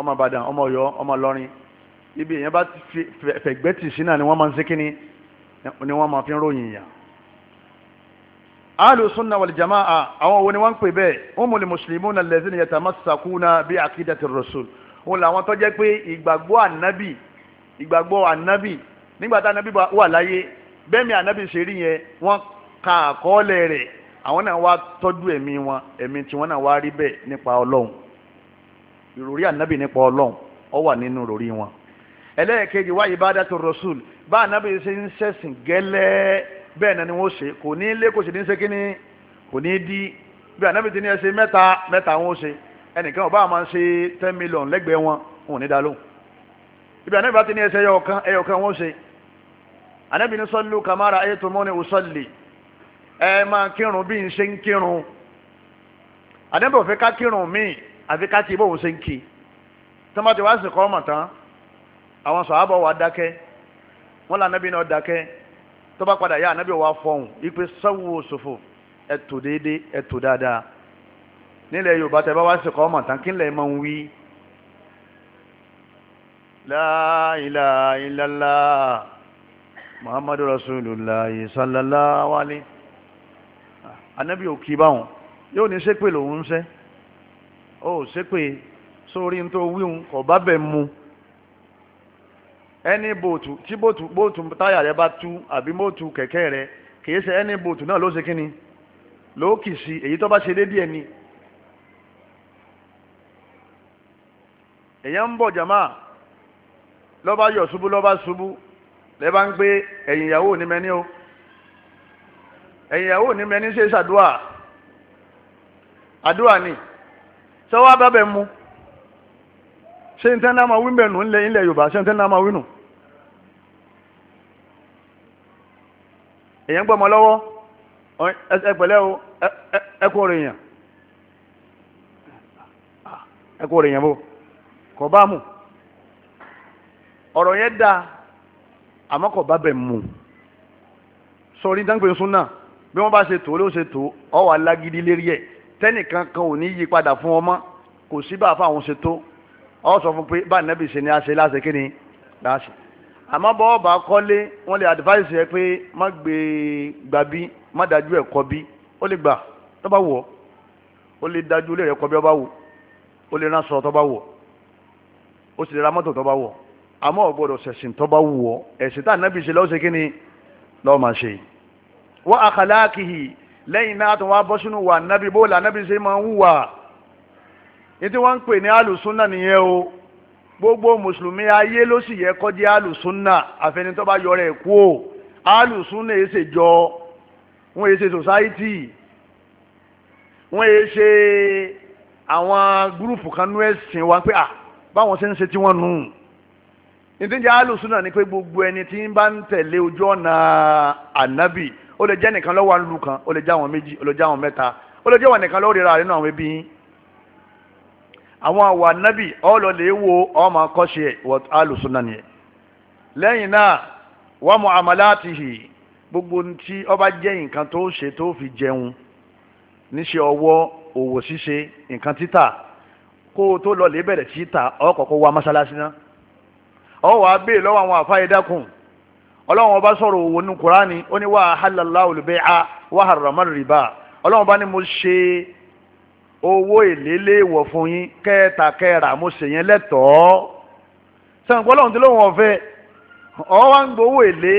ọmọ ìbàdàn ọmọ ọ̀yọ́ ọmọ ìlọrin ibi èèyàn bá fẹ̀gbẹ́tì sí náà ni wọ́n máa ń sé ni wọ́n máa fi ń ròyìn yàn alùsùnà wàlìjàmáà àwọn wo ni wọ́n ń pè bẹ́ẹ̀ umul muslimuna allazina yatamasakuna bí akidati rasul wọn làwọn tó jẹ́ pé ìgbàgbọ́ anabi ìgbàgbọ́ anabi nígbà anabi ànábì wà láyé bẹ́ẹ̀mi ànábì ṣe rí yẹn ka àkọọ́lẹ̀ rẹ àwọn náà wá tọ́jú ẹ̀mí wọn ẹ̀mí tí wọn náà wá rí bẹ́ẹ̀ nípa ọlọ́run ìròrí ànábì nípa ọlọ́run wà nínú wọn ẹlẹ́ẹ̀kejì wá rasul bá ṣe ń ṣẹ̀sìn bẹ́ẹ̀ náà ni wọ́n ṣe kò ní lé kò sì ní ṣe kí ni kò ní dí bí ànábì ti ní ẹ ṣe mẹ́ta mẹ́ta wọ́n ṣe ẹnìkan ọba máa ń ṣe ten million lẹ́gbẹ̀ẹ́ wọn wọn ò ní dá lóhùn ibi ànábì bá ti ní ẹ ẹyọkan ẹyọkan wọ́n ṣe ànábì ní sọ́lù kàmára ayé tó mọ́ ni ò sọ́lì ẹ máa kírun bí n ṣe ń kírun ànábì ò fẹ́ ká kírun míì àfi ká ti bóun ṣe ń kí tọ́mọ́tì wá sì kọ́ ọmọ tán àwọn sọ̀hábọ̀ tó bá padà yá anabi wa fọhùn ipe sáwó sòfò ẹtò déédé ẹtò dáadáa nílẹ̀ yorùbá tẹ bá wá sí kọ́ ọmọ tán kí nílẹ̀ ń wí. la ilaha illallah muhammadu rasulullah sallallahu alaihi anabi ò kí báwọn yóò ní sépè lòun ń sẹ́ ó sépè sórí ní tó wíhun kò bá bẹ̀ mu ẹni bòtù tí bòtù bòtù táyà rẹ bá tú àbí bòtù kẹ̀kẹ́ rẹ kìí ṣe ẹni bòtù náà ló ṣe kí ni ló kì sí èyí tó bá ṣe déédéé ni. èèyàn ń bọ̀ jàmá lọ́ba yọ̀ ṣubú lọ́ba ṣubú lẹ́bàá ń gbé ẹ̀yìn ìyàwó ní mẹ́ni o ẹ̀yìn ìyàwó ní mẹ́ni ṣe ṣàdúà àdúà ni sọ wá bábẹ́ mu. So, ṣé n tẹ́ náà máa wí mẹ́nu ńlẹ̀ ilẹ̀ Yorùbá ṣé n tẹ́ náà máa wí nù. èèyàn gbọ́mọ lọ́wọ́ ẹ pẹ̀lẹ́ o ẹ kú ọ̀rọ̀ èèyàn ẹ kú ọ̀rọ̀ èèyàn bò kò bá mu ọ̀rọ̀ yẹn dáa àmọ́ kò bá bẹ̀ mu sọ̀rí dáńgbé súnà bí wọ́n bá ṣe tó ló ṣe tó ọ wà lágídí lérí ẹ̀ tẹ́nìkan kan ò ní yí padà fún ọmọ kò sí bá a ṣe tó ọ sọ fún pé bá nẹ́bì ṣe ni a ṣe láṣẹ kí ni láṣẹ àmọ́ bọ́ ọba kọ́lé wọ́n lè advice ẹ pé má gbé gbàbí má dájú ẹ̀ kọ́ bí ó lè gbà tó bá wọ̀ ó lè dájú ilé rẹ̀ kọ́ bí ó bá wọ̀ ó lè rán sọ tó bá wọ̀ ó sì lè ra mọ́tò tó bá wọ̀ àmọ́ ò gbọ́dọ̀ ṣẹ̀sìn tó bá wọ̀ ẹ̀sìn tá nẹ́bì ṣe lọ́ọ́ ṣe kí ni lọ́ọ́ máa ṣe wọ́n àkàlà kìhì lẹ́yìn náà tó wá bọ́ sínú wà nẹ́bì bó là nẹ́bì ṣe máa ń wà ètí wọ́n ń pè ní alùsùnà nìyẹn o gbogbo mùsùlùmí ayé ló sì yẹ kó di alùsùnà àfẹnitọ́ bá yọrọ ẹ̀ kú o alùsùnà èyí ṣe jọ wọn èyí ṣe society wọn èyí ṣe àwọn gúrùpù kan nú ẹ̀sìn wa pé à báwọn ṣe ń ṣe tí wọ́n nù ìdíje alùsùnà ni pé gbogbo ẹni tí ń bá ń tẹ̀lé ojú ọ̀nà ànábì ó lè jẹ́ nìkan lọ́wọ́ àlùkàn ó lè jẹ́ àwọn méjì ó lè jẹ́ àwọn mẹ́ta ó lè jẹ́ wọn nìkan lọ́wọ́ rírà rẹ̀ nínú àwọn ẹbí yín àwọn àwà nábì ọ̀lọ́ lè wo ọmọ akọ́ṣe alùsùnà nìyẹn lẹ́yìn náà wọ́n mọ àmàlàtìhì gbogbo tí ọba jẹ́ nǹkan tó ṣe tó fi jẹun níṣẹ́ ọwọ́ òwò ṣíṣe nǹkan títà kó o tó lọ lè bẹ̀rẹ̀ títà ọkọ̀ọ̀kọ̀ wa mọ́ṣáláṣí náà ọ wàá bèè lọ́wọ́ àwọn àfáà ẹ̀dákùn ọlọ́run ọba sọ̀rọ̀ òwò ní kúránì ó ní wàá hallallahu al-bay'a wa harrama ar-riba ọlọ́run ọba ní mo ṣe owó èlé léèwọ̀ fún yín kẹ́ẹ̀ta kẹ́ẹ̀rà mo ṣe yẹn lẹ́tọ̀ọ́ sẹ́wọ̀n lọ́hùn tí lóun ọ̀fẹ́ ọ̀ wá ń gbowó èlé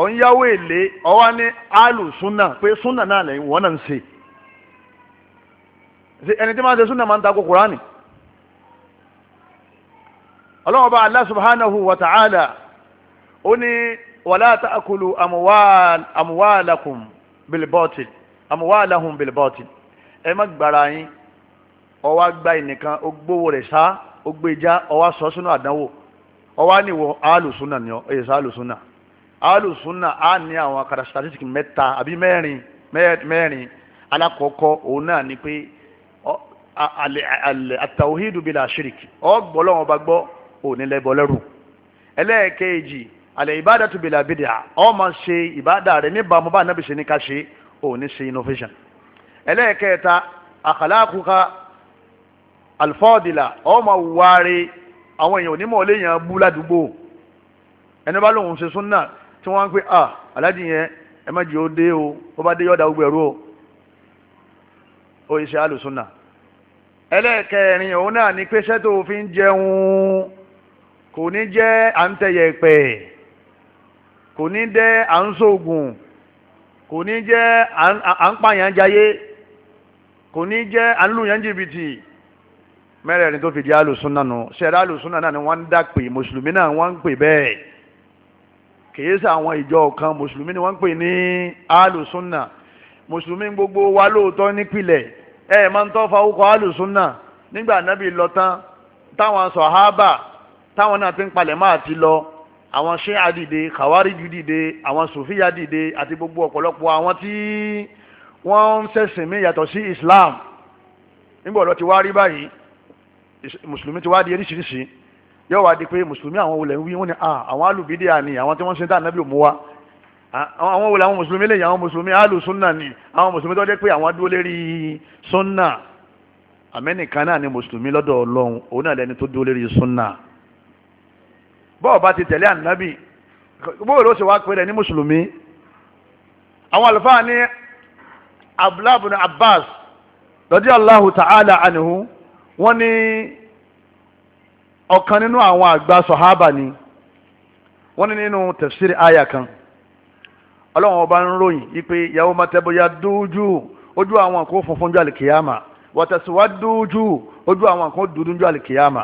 ọ̀ ń yáwó èlé ọ̀ wá ní àlù súnà pé súnà náà wọ́n náà ń ṣe ẹni tí máa ń ṣe súnà máa ń Allah subhanahu wa ta'ala ó ní wàlá ẹ ó wá gba ẹnìkan ó gbowó rẹ̀ sá ó gbé e já ó wá sọ sínú àdánwò ó wá níwọ̀ alùsùnà ni ọ èyí alùsùnà alùsùnà á ní àwọn kàràsítàtìsìkì mẹ́ta àbí mẹ́rin mẹ́rin alákọ̀ọ́kọ́ òun náà ni pé àtàwíhìdù bílà ṣíríkì ó gbọ́ lọ́wọ́ bá gbọ́ òní lẹ́bọ̀ lẹ́rù ẹlẹ́ẹ̀kejì àlẹ́ ìbádà tó bílà bídà ó máa ṣe ìbádà rẹ̀ níbàámu bá anábìṣe ní ká ṣe òní ṣe innovation ẹlẹ́ẹ̀kẹta àkàlà àkùkà alifọ́ọ̀dìlà ọmọ wàre àwọn èèyàn onímọ̀ ọ̀lẹ́ bú ládùúgbò ẹni bá lóun ṣe súnà tí wọ́n ń pè à ah, aláàjì yẹn ẹ dé o ó bá dé yọ̀dà gbogbo o ó yẹ ṣe àlùsúnà ẹlẹ́ẹ̀kẹrin òun náà pé ṣẹ́tò fi ń jẹun kò ní jẹ́ à ń tẹ̀yẹ̀ pẹ̀ kò ní à ń kò ní jẹ́ mẹ́rẹ̀ẹ̀rin tó fi di alùsùnà nù ṣẹ̀rẹ̀ alùsùnà náà ni wọ́n ń dà pé mùsùlùmí náà wọ́n ń pè bẹ́ẹ̀ kìí ṣe àwọn ìjọ kan mùsùlùmí ni wọ́n ń pè ní alùsùnà mùsùlùmí gbogbo wa lóòótọ́ nípìlẹ̀ ẹ ẹ̀ máa ń tọ́ fa orúkọ alùsùnà nígbà nábì lọ tán táwọn sọ̀hábà táwọn náà ti ń palẹ̀ máa ti lọ àwọn ṣíà dìde kàwáríjù dìde àwọn sùfíyà dìde àti gbogbo ọ̀pọ̀lọpọ̀ àwọn tí wọ́n ń ṣẹ̀sìn mí yàtọ̀ sí Islam nígbà ọ̀lọ́ ti wá rí báyìí mùsùlùmí ti wá di eríṣiríṣi yóò wá di pé mùsùlùmí àwọn olè ń wí wọ́n ní ah, àwọn alùbídíà ni àwọn tí wọ́n ṣe ń tà nábì òmù wa ah, àwọn olè àwọn mùsùlùmí lè yàn àwọn mùsùlùmí àlù súnà ni àwọn mùsùlùmí tó dé pé àwọn dúró lérí súnà àmẹ́nìkan náà ni mùsùlùmí lọ́dọ̀ ọlọ́run òun náà lẹni tó dúró lérí súnà bọ́ọ̀ bá ti tẹ̀lé ànábì bóyá ló ṣe wá pé rẹ̀ ní mùsùlùmí àwọn àlùfáà ní abdullahi abbas radiyallahu ta'ala anhu wọ́n ní ọ̀kan nínú àwọn àgbà sọ̀hábà ni wọ́n ní nínú tafsiri àyà kan ọlọ́run ọba ń ròyìn wípé yawma tabyaddu ojú àwọn kò funfun jọ àlìkìyàmà wa taswaddu ojú àwọn kò dúdú jọ àlìkìyàmà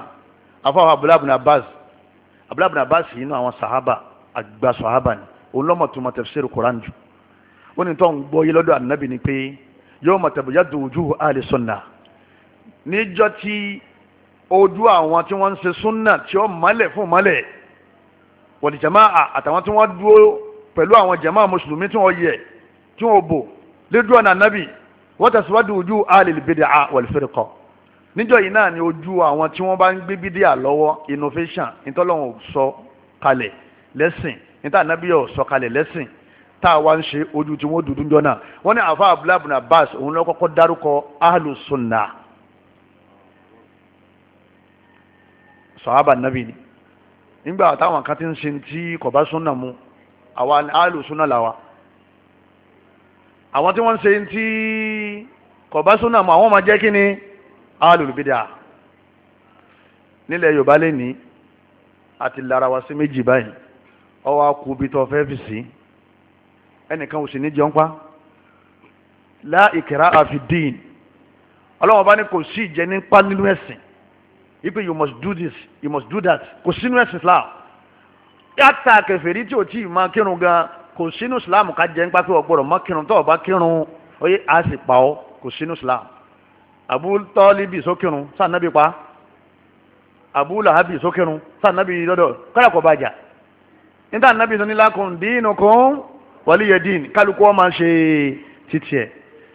afọwọ́ abdullahi bin abbas abdullahi bin abbas yìí nínú àwọn sọ̀hábà àgbà sọ̀hábà ni òun lọ́mọ̀ tó mọ tafsiri koran jù ó ní tó ń gbọ́ yé lọ́dọ̀ níjọ́ tí ojú àwọn tí wọ́n ń ṣe súnà tí ó mọ́lẹ̀ fún mọ́lẹ̀ wọ̀dì jàmáà àtàwọn tí wọ́n dúró pẹ̀lú àwọn jàmáà mùsùlùmí tí wọ́n yẹ tí wọ́n bò lójú ọ̀nà nábì wọ́n tẹ̀síwájú ojú alìlbìdì wal-firqa níjọ́ yìí náà ni ojú àwọn tí wọ́n bá ń gbé bídí àlọ́wọ́ innovation ìtọ́lọ́wọ́n sọ kalẹ̀ lẹ́sìn níta nábì yóò sọ kalẹ̀ lẹ́sìn tá a wá ń ṣe ojú tí wọ́n dúdú jọ náà wọ́n ní àfa abdullahi bin abbas òun ló kọ́kọ́ dárúkọ ahlus sunnah sọ̀hábà nàbì ni nígbà táwọn kan ti ń sin tí kò bá súnà mu àwa ni áàlù súnà làwa àwọn tí wọ́n ń ṣe tí kò bá súnà mu àwọn máa jẹ́ kí ni áàlù bídà nílẹ̀ yorùbá lè ní àti lára wa sí méjì báyìí ọwọ́ akú tó fẹ́ fi sí ẹnìkan ò sì ní jẹun pa àfi dín ọlọ́wọ́n bá ní kò sí ìjẹ nípa nínú ẹ̀sìn ipe you must do this you must do that kò sínú ẹ̀sìn islam yàtà kèfèrí tí o tí ì máa kírun gan kò sínú islam ká jẹ́ nípa pé ọ̀gbọ́dọ̀ má kírun tó o bá kírun ó yẹ á sì pa ọ́ kò sínú islam Abu Tọ́líbì sókírun sànàbí pa Abu Lahabi sókírun sànàbí lọ́dọ̀ kọ́lá kò bàjá níta nàbí sọ ní lakum dinukum waliya din kálukú ọ́ máa ṣe títì ẹ̀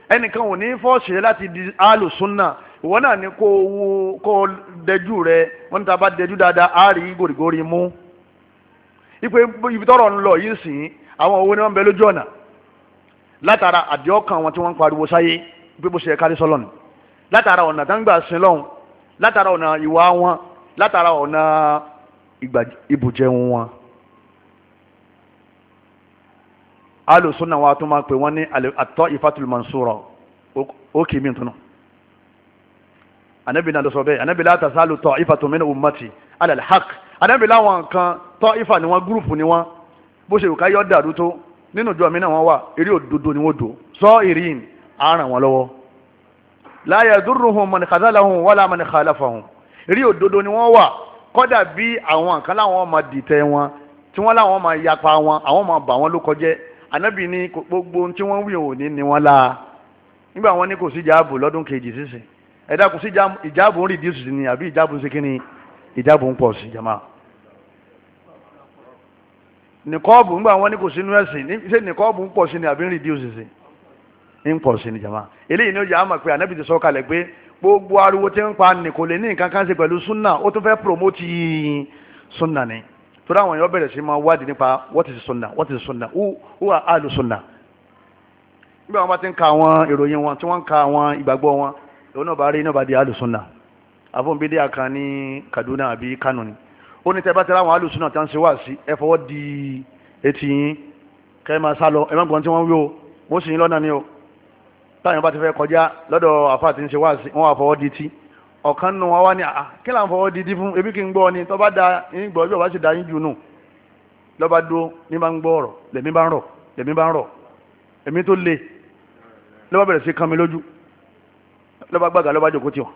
ẹnìkan ò ní fọ́ọ̀ṣì láti di alùsùnà ìwọ náà ni kó wo kó dẹjú rẹ wọn níta bá dẹjú dáadáa á rí gòrìgòrì mú ipe ibi tọrọ ń lọ yìí sìn àwọn owó ni wọn bẹ lójú ọ̀nà látara àdéhọ́kàn wọn tí wọ́n ń pariwo sáyé pé bó ṣe yẹ kárí sọ́lọ́nù látara ọ̀nà táǹgbà sin lọ́hùn látara ọ̀nà ìwà wọn látara ọ̀nà ìbùjẹ wọn. alùsùn náà wàá tún máa pè wọ́n ní àtọ́ ìfàtúlùmọ̀nsúrọ̀ ó kì í mìíràn náà anabi náà ló sọ bẹ́ẹ̀ anabi láta sálù ta'ifatu min ummati ala al-haq anabi láwọn kan ta'ifa ni wọ́n gúrùpù ni wọ́n bó ṣe òkà yọ dàrú tó nínú ìjọ mi náà wọ́n wà eré òdodo ni wọ́n dò sọ ìrìn àárán wọn lọ́wọ́ la yadurruhum man khazalahum wala man khalafahum eré òdodo ni wọ́n wà kọ́dà bí àwọn kan láwọn máa dìtẹ̀ wọn tí wọ́n láwọn máa yapa wọn àwọn máa bà wọn ló kọjẹ́ anabi ní gbogbo tí wọ́n wí òní ni wọ́n láa nígbà wọn ní kò sí jáàbù lọ́dún kejì sísìn ẹ dákun sí ìjáàbù ń rìdíùsì ni àbí ìjáàbù ń ṣe kíni ìjáàbù ń pọ̀ sí jama nìkọ́ọ̀bù ńgbà wọn ní kò sínú ẹ̀sìn ṣé nìkọ́ọ̀bù ń pọ̀ sí ni àbí ń rìdíùsì sí ń pọ̀ sí ni jama eléyìí ni ó yà á mọ̀ pé ànábì ti sọ kalẹ̀ pé gbogbo ariwo tí ń pa ni kò lè ní nǹkan kan ṣe pẹ̀lú sunna ó tún fẹ́ promote sunna ni torí àwọn èèyàn bẹ̀rẹ̀ sí máa wádìí nípa what is sunna what is sunna who who are alu sunna nígbà wọn bá ti ń ka àwọn ìròyìn wọn tí wọ́n ń ka àwọn ìgbàgbọ́ wọn lòun náà bá rí iná bá di alùsùnà àfọ̀nbídé àkàn ní Kaduna àbí Kano ni ó ní tẹ́bá tẹ́lá àwọn alùsùnà tí wọ́n ṣe wá sí ẹ fọwọ́ di etí yín kẹ́ ẹ máa sá lọ ẹ má gbọ́n tí wọ́n wí o wọ́n sì yín lọ́nà ni o táwọn bá ti fẹ́ kọjá lọ́dọ̀ àfa àti ń ṣe wá sí wọ́n wà fọwọ́ di tí ọ̀kan nù wọn wá ní à kí là fọwọ́ di dí fún ebi kí n gbọ́ ni tọ́ bá da yín gbọ́ bí ọba sì da yín jù nù lọ́ba dúró ní bá ń gbọ́ ọ̀rọ̀ lèmi bá ń rọ̀ lèmi bá ń rọ̀ èmi tó le lọ́ba bẹ̀rẹ̀ sí kan mi lójú lọba gbàgà lọba jòkó tiwọn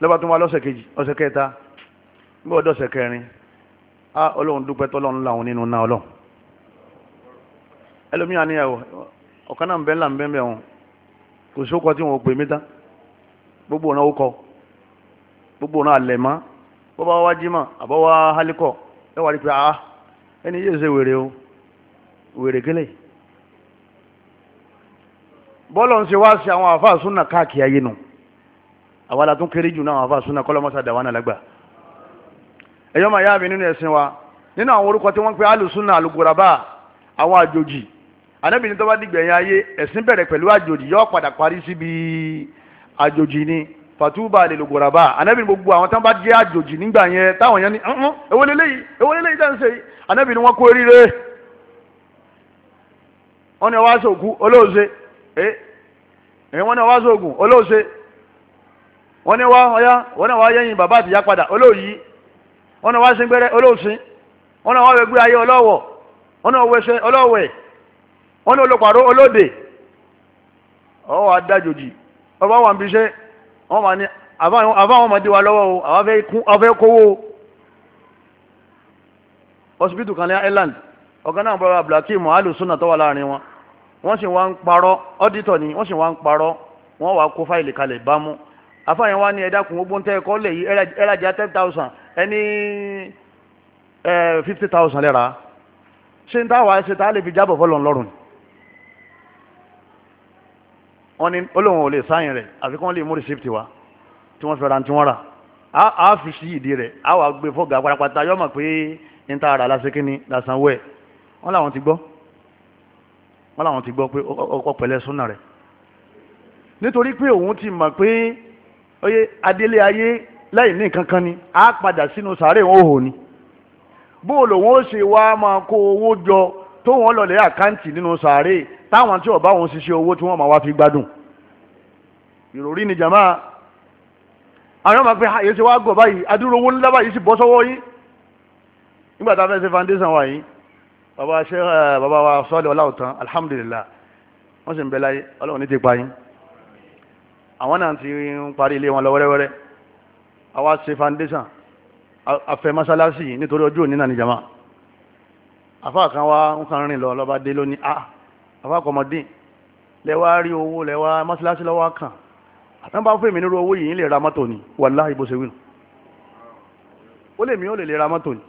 lọ́ba tó wá lọ́sẹ̀ kejì ọ̀sẹ̀ kẹta nígbà ọdọ ọ̀sẹ̀ kẹrin á ọlọ́run dúpẹ́ tọ́lọ́run làwọn nínú náà ọlọ́run ẹlòmíà ní ọ̀kan náà ń ń wọn kò tí wọn ò pè mí gbogbo ọ̀nà gbogbo ọ̀nà àlẹ̀ mọ́ wá hálíkọ̀ ẹ wà ní pé o wèrè kélé bọ́lọ̀ ń ṣe wá sí àwọn àfáà súnà káàkiri ayé nu àwọn alàtún kéré jù náà àwọn àfáà súnà kọ́lọ́mọ́sá dàwánà lágbà ẹ̀yọ́ màá yá mi nínú ẹ̀sìn wa nínú àwọn orúkọ tí wọ́n pe alùsúnà alùgòràbà àwọn àjòjì anábìrin tó bá dìgbẹ̀yìn ayé ẹ̀sìn bẹ̀rẹ̀ pẹ̀lú àjòjì yóò ni fatuba lè gbogbo àwọn tán bá jẹ́ àjòjì nígbà yẹn táwọn yẹn tẹ́ ṣe yìí E, wọ́n ní wá sóògùn olóòṣe wọ́n ní wá ọyá wọ́n ní wá yẹ́yìn bàbá àtìyá padà olóòyí wọ́n ní wá síngbẹ́rẹ́ olóòsín wọ́n ní wá wẹgbẹ́ ayé ọlọ́wọ̀ wọ́n ọlọ́wẹ̀ wọ́n olùpàrọ̀ olóde ọwọ́ ọba wà ń bí wọ́n máa ní àbáwọn ọmọdé wa lọ́wọ́ o àwọn kówó hospital kan ní Ireland ọ̀gá náà alu wọ́n sì wá ń parọ́ ọ́dítọ̀ ni wọ́n sì wá ń parọ́ wọ́n wá kó fáìlì kalẹ̀ bámú afáyẹn wá ní ẹ̀dá kún ń tẹ́ lè yí ẹ̀rájà ten thousand ẹni fifty thousand lẹ́ra ṣé ń tá wàá ṣe tá a lè fi jábọ̀ fọlọ́n lọ́rùn wọ́n ní olóhùn ò lè sáyìn rẹ̀ àfikún lè mú rìsíptì wa tí wọ́n fẹ́ ra tí wọ́n rà a fi sí ìdí rẹ̀ a wà gbé fọ́gà pátápátá yọ́mọ̀ pé ń tá ara lásìkíní lásán wẹ̀ wọ́n wọ́n làwọn ti gbọ́ pé ọkọ pẹ̀lẹ́ súnà rẹ̀ nítorí pé òun ti mọ̀ pé oye adélé ayé láì ní nǹkan kan ni a padà sínú sàárè wọn òhò ni bó lòun ó ṣe wá máa kó owó jọ tó wọn lọlẹ̀ àkáǹtì nínú sàárè táwọn tí ọba òun ṣiṣẹ́ owó tí wọ́n máa wá fi gbádùn ìròrí ni jàmá àwọn máa pe àyè ṣe wá gọ̀ báyìí adúrówó ńlá báyìí sì bọ́ sọ́wọ́ yín nígbà tá a fẹ́ ṣe foundation wa yìí bàbá ṣe bàbá wa sọ́ọ̀lì ọláòtán alhamdulillah wọ́n sì ń bẹ láyé ọlọ́run ní ti pa yín àwọn náà ti ń parí ilé wọn lọ wẹ́rẹ́wẹ́rẹ́ àwa ṣe foundation afẹ́ mọ́sálásì nítorí ọjọ́ òní náà ní jama àfa kan wá ń kan rìn lọ lọ́ba dé lónìí a ah, àfa kọmọdé lẹ́wà rí owó lẹ́wà mọ́sálásí lọ́wọ́ kan àtàn bá fún èmi nírú owó yìí ń lè ra mọ́tò ni wàláhì bó ṣe ó lè mí ó lè lè ra mọ́tò ni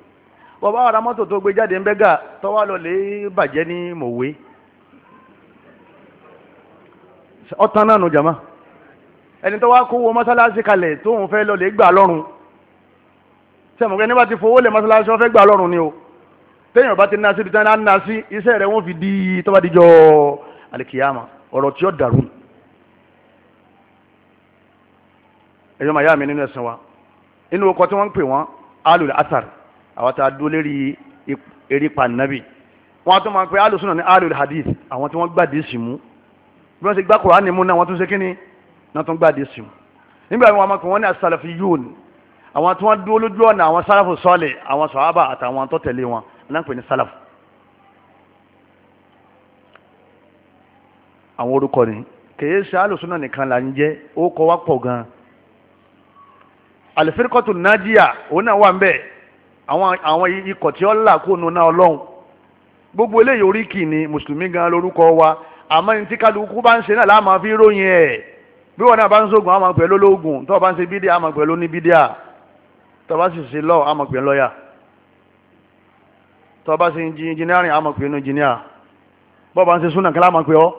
bọ́bá ara mọ́tò tó gbé jáde ń bẹ́gà tọ́wá lọ lè bàjẹ́ ní mòwe ọ̀tán náà nù jàmá ẹni tó wá kówó mọ́sálásí kalẹ̀ tóun fẹ́ lọ lè gbà lọ́rùn sẹ́mùkẹ́ nígbà tí fowó lẹ̀ mọ́sálásí wọ́n fẹ́ gbà lọ́rùn ni o téèyàn bá ti ná síbi tán á ná sí iṣẹ́ rẹ̀ wọ́n fi di tọ́ba díjọ́ alikiyama ọ̀rọ̀ tí ó dàrú ẹ̀yọ́ màyá mi nínú ẹ̀sìn wa inú ọkọ̀ tí wọ́n ń pè wọ́n alùlẹ̀ asàrì àwọn tá a dúró lérí erípa nàbì wọn tó máa ń pẹ alùsùnà ní alùl hadith àwọn tí wọn gbàdí sí mú bí wọn ṣe gbá Kùránì mú náà wọn tún ṣe kíni náà tún gbàdí sí mú nígbà wọn máa pè wọn ní as-salafiyun àwọn tí wọn dúró lójú ọ̀nà àwọn sálàfù sọ́ọ̀lì àwọn sọ̀hábà àtàwọn tó tẹ̀lé wọn náà ń pè ní sálàfù. àwọn orúkọ ni kèé ṣe alùsùnà nìkan là ń jẹ́ ó kọ́ wá pọ̀ gan-an al òun náà wà ń bẹ́ẹ̀ àwọn àwọn ikọ̀ tí ó là kó nu náà ọlọ́run gbogbo eléyìí oríkì ni mùsùlùmí gan lórúkọ wa àmọ́ ní tí kálukú bá ń ṣe náà láàmú fi ròyìn ẹ̀ bí wọn náà bá ń sógun àmọ̀ pẹ̀lú ológun tó o bá ń ṣe bídíà àmọ̀ pẹ̀lú oníbídíà tó o bá sì ṣe lọ àmọ̀ pẹ̀lú lọ́yà tó o bá ṣe engineering àmọ̀ pẹ̀lú engineer bó o bá ń ṣe súnà kí láàmọ̀ pẹ̀ ọ́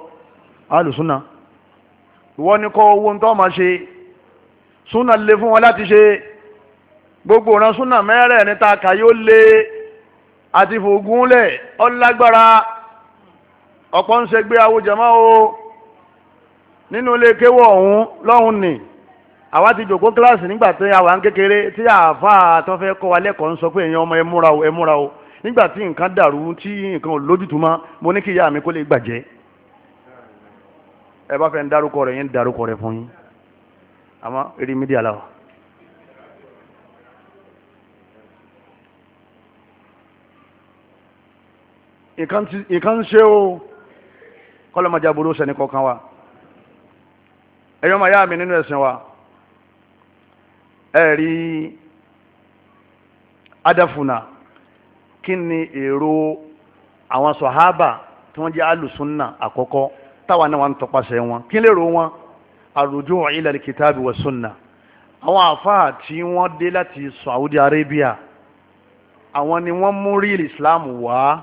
alùsúnà ìwọ ni kọ́ owó ń tọ́ máa ṣe súnà lè fún wọn láti ṣe gbogbo ìran súnà mẹ́rẹ̀ níta kàyé ó lé àti fògùn ọlágbára ọ̀pọ̀ ń ṣègbé awùjẹmọ́ o nínú ilé kéwọ́ ọ̀hún lọ́hùn nì àwa ti jòkó kíláàsì nígbà tí àwa ń kékeré tí àáfàá tó fẹ́ kọ́ wa lẹ́kọ̀ọ́ ń sọ pé èèyàn ọmọ ẹ múra o ẹ múra o nígbà tí nǹkan dàrú tí nǹkan ò lójútùmọ́ mo ní kí ìyá mi kó lè gbàjẹ́ ẹ bá fẹ́ ń darúkọ rẹ̀ yẹn ń darúkọ rẹ̀ fún yín àmọ́ eré mídíà làwọn. ìkan ń ṣe o kọ́lọ́mọdé aburú sẹ́ni kọ̀ọ̀kan wa ẹ̀yọ́ máa yá mi nínú ẹ̀sìn wa ẹ̀ rí adáfúnà kí ni èrò àwọn sọ̀hábà tí wọ́n jẹ́ alùsùnà àkọ́kọ́ táwa náà wà ń tọpasẹ̀ wọn kí lèrò wọn àrùjọ ilal kitabi wa sunna àwọn àfáà tí wọ́n dé láti Saudi Arabia àwọn ni wọ́n mú rí Islam wá.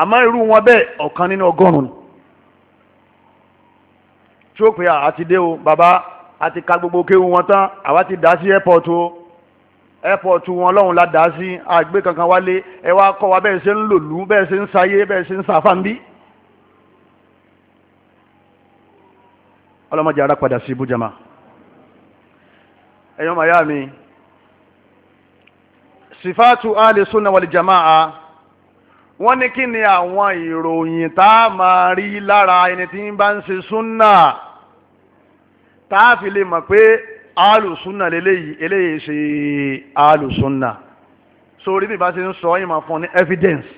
àmọ́ irú wọn bẹ́ẹ̀ ọ̀kan nínú ọgọ́rùn-ún tí ó pé àti dé o bàbá àti ka gbogbo kéwu wọn tán àwa ti dá sí airport o airport wọn lọ́hùn la dá sí àgbẹ̀ kankan wálé ẹ wá kọ́ wa bẹ́ẹ̀ ṣe ń lòlú bẹ́ẹ̀ ṣe ń sayé bẹ́ẹ̀ ṣe ń sàfàǹbí. ọlọ́mọdé ara padà sí ibùjàmá ẹ̀yọ́ màyá mi sifatu ali sunna wal jamaa wọ́n ní kí ni àwọn ìròyìn tá a máa rí lára ẹni tí ń bá ń ṣe súnà tá a fi lè mọ̀ pé alùsúnà lélẹ́yìí eléyìí ṣe alùsúnà sórí bí ìbá ṣe ń sọ yìí máa fún ní evidence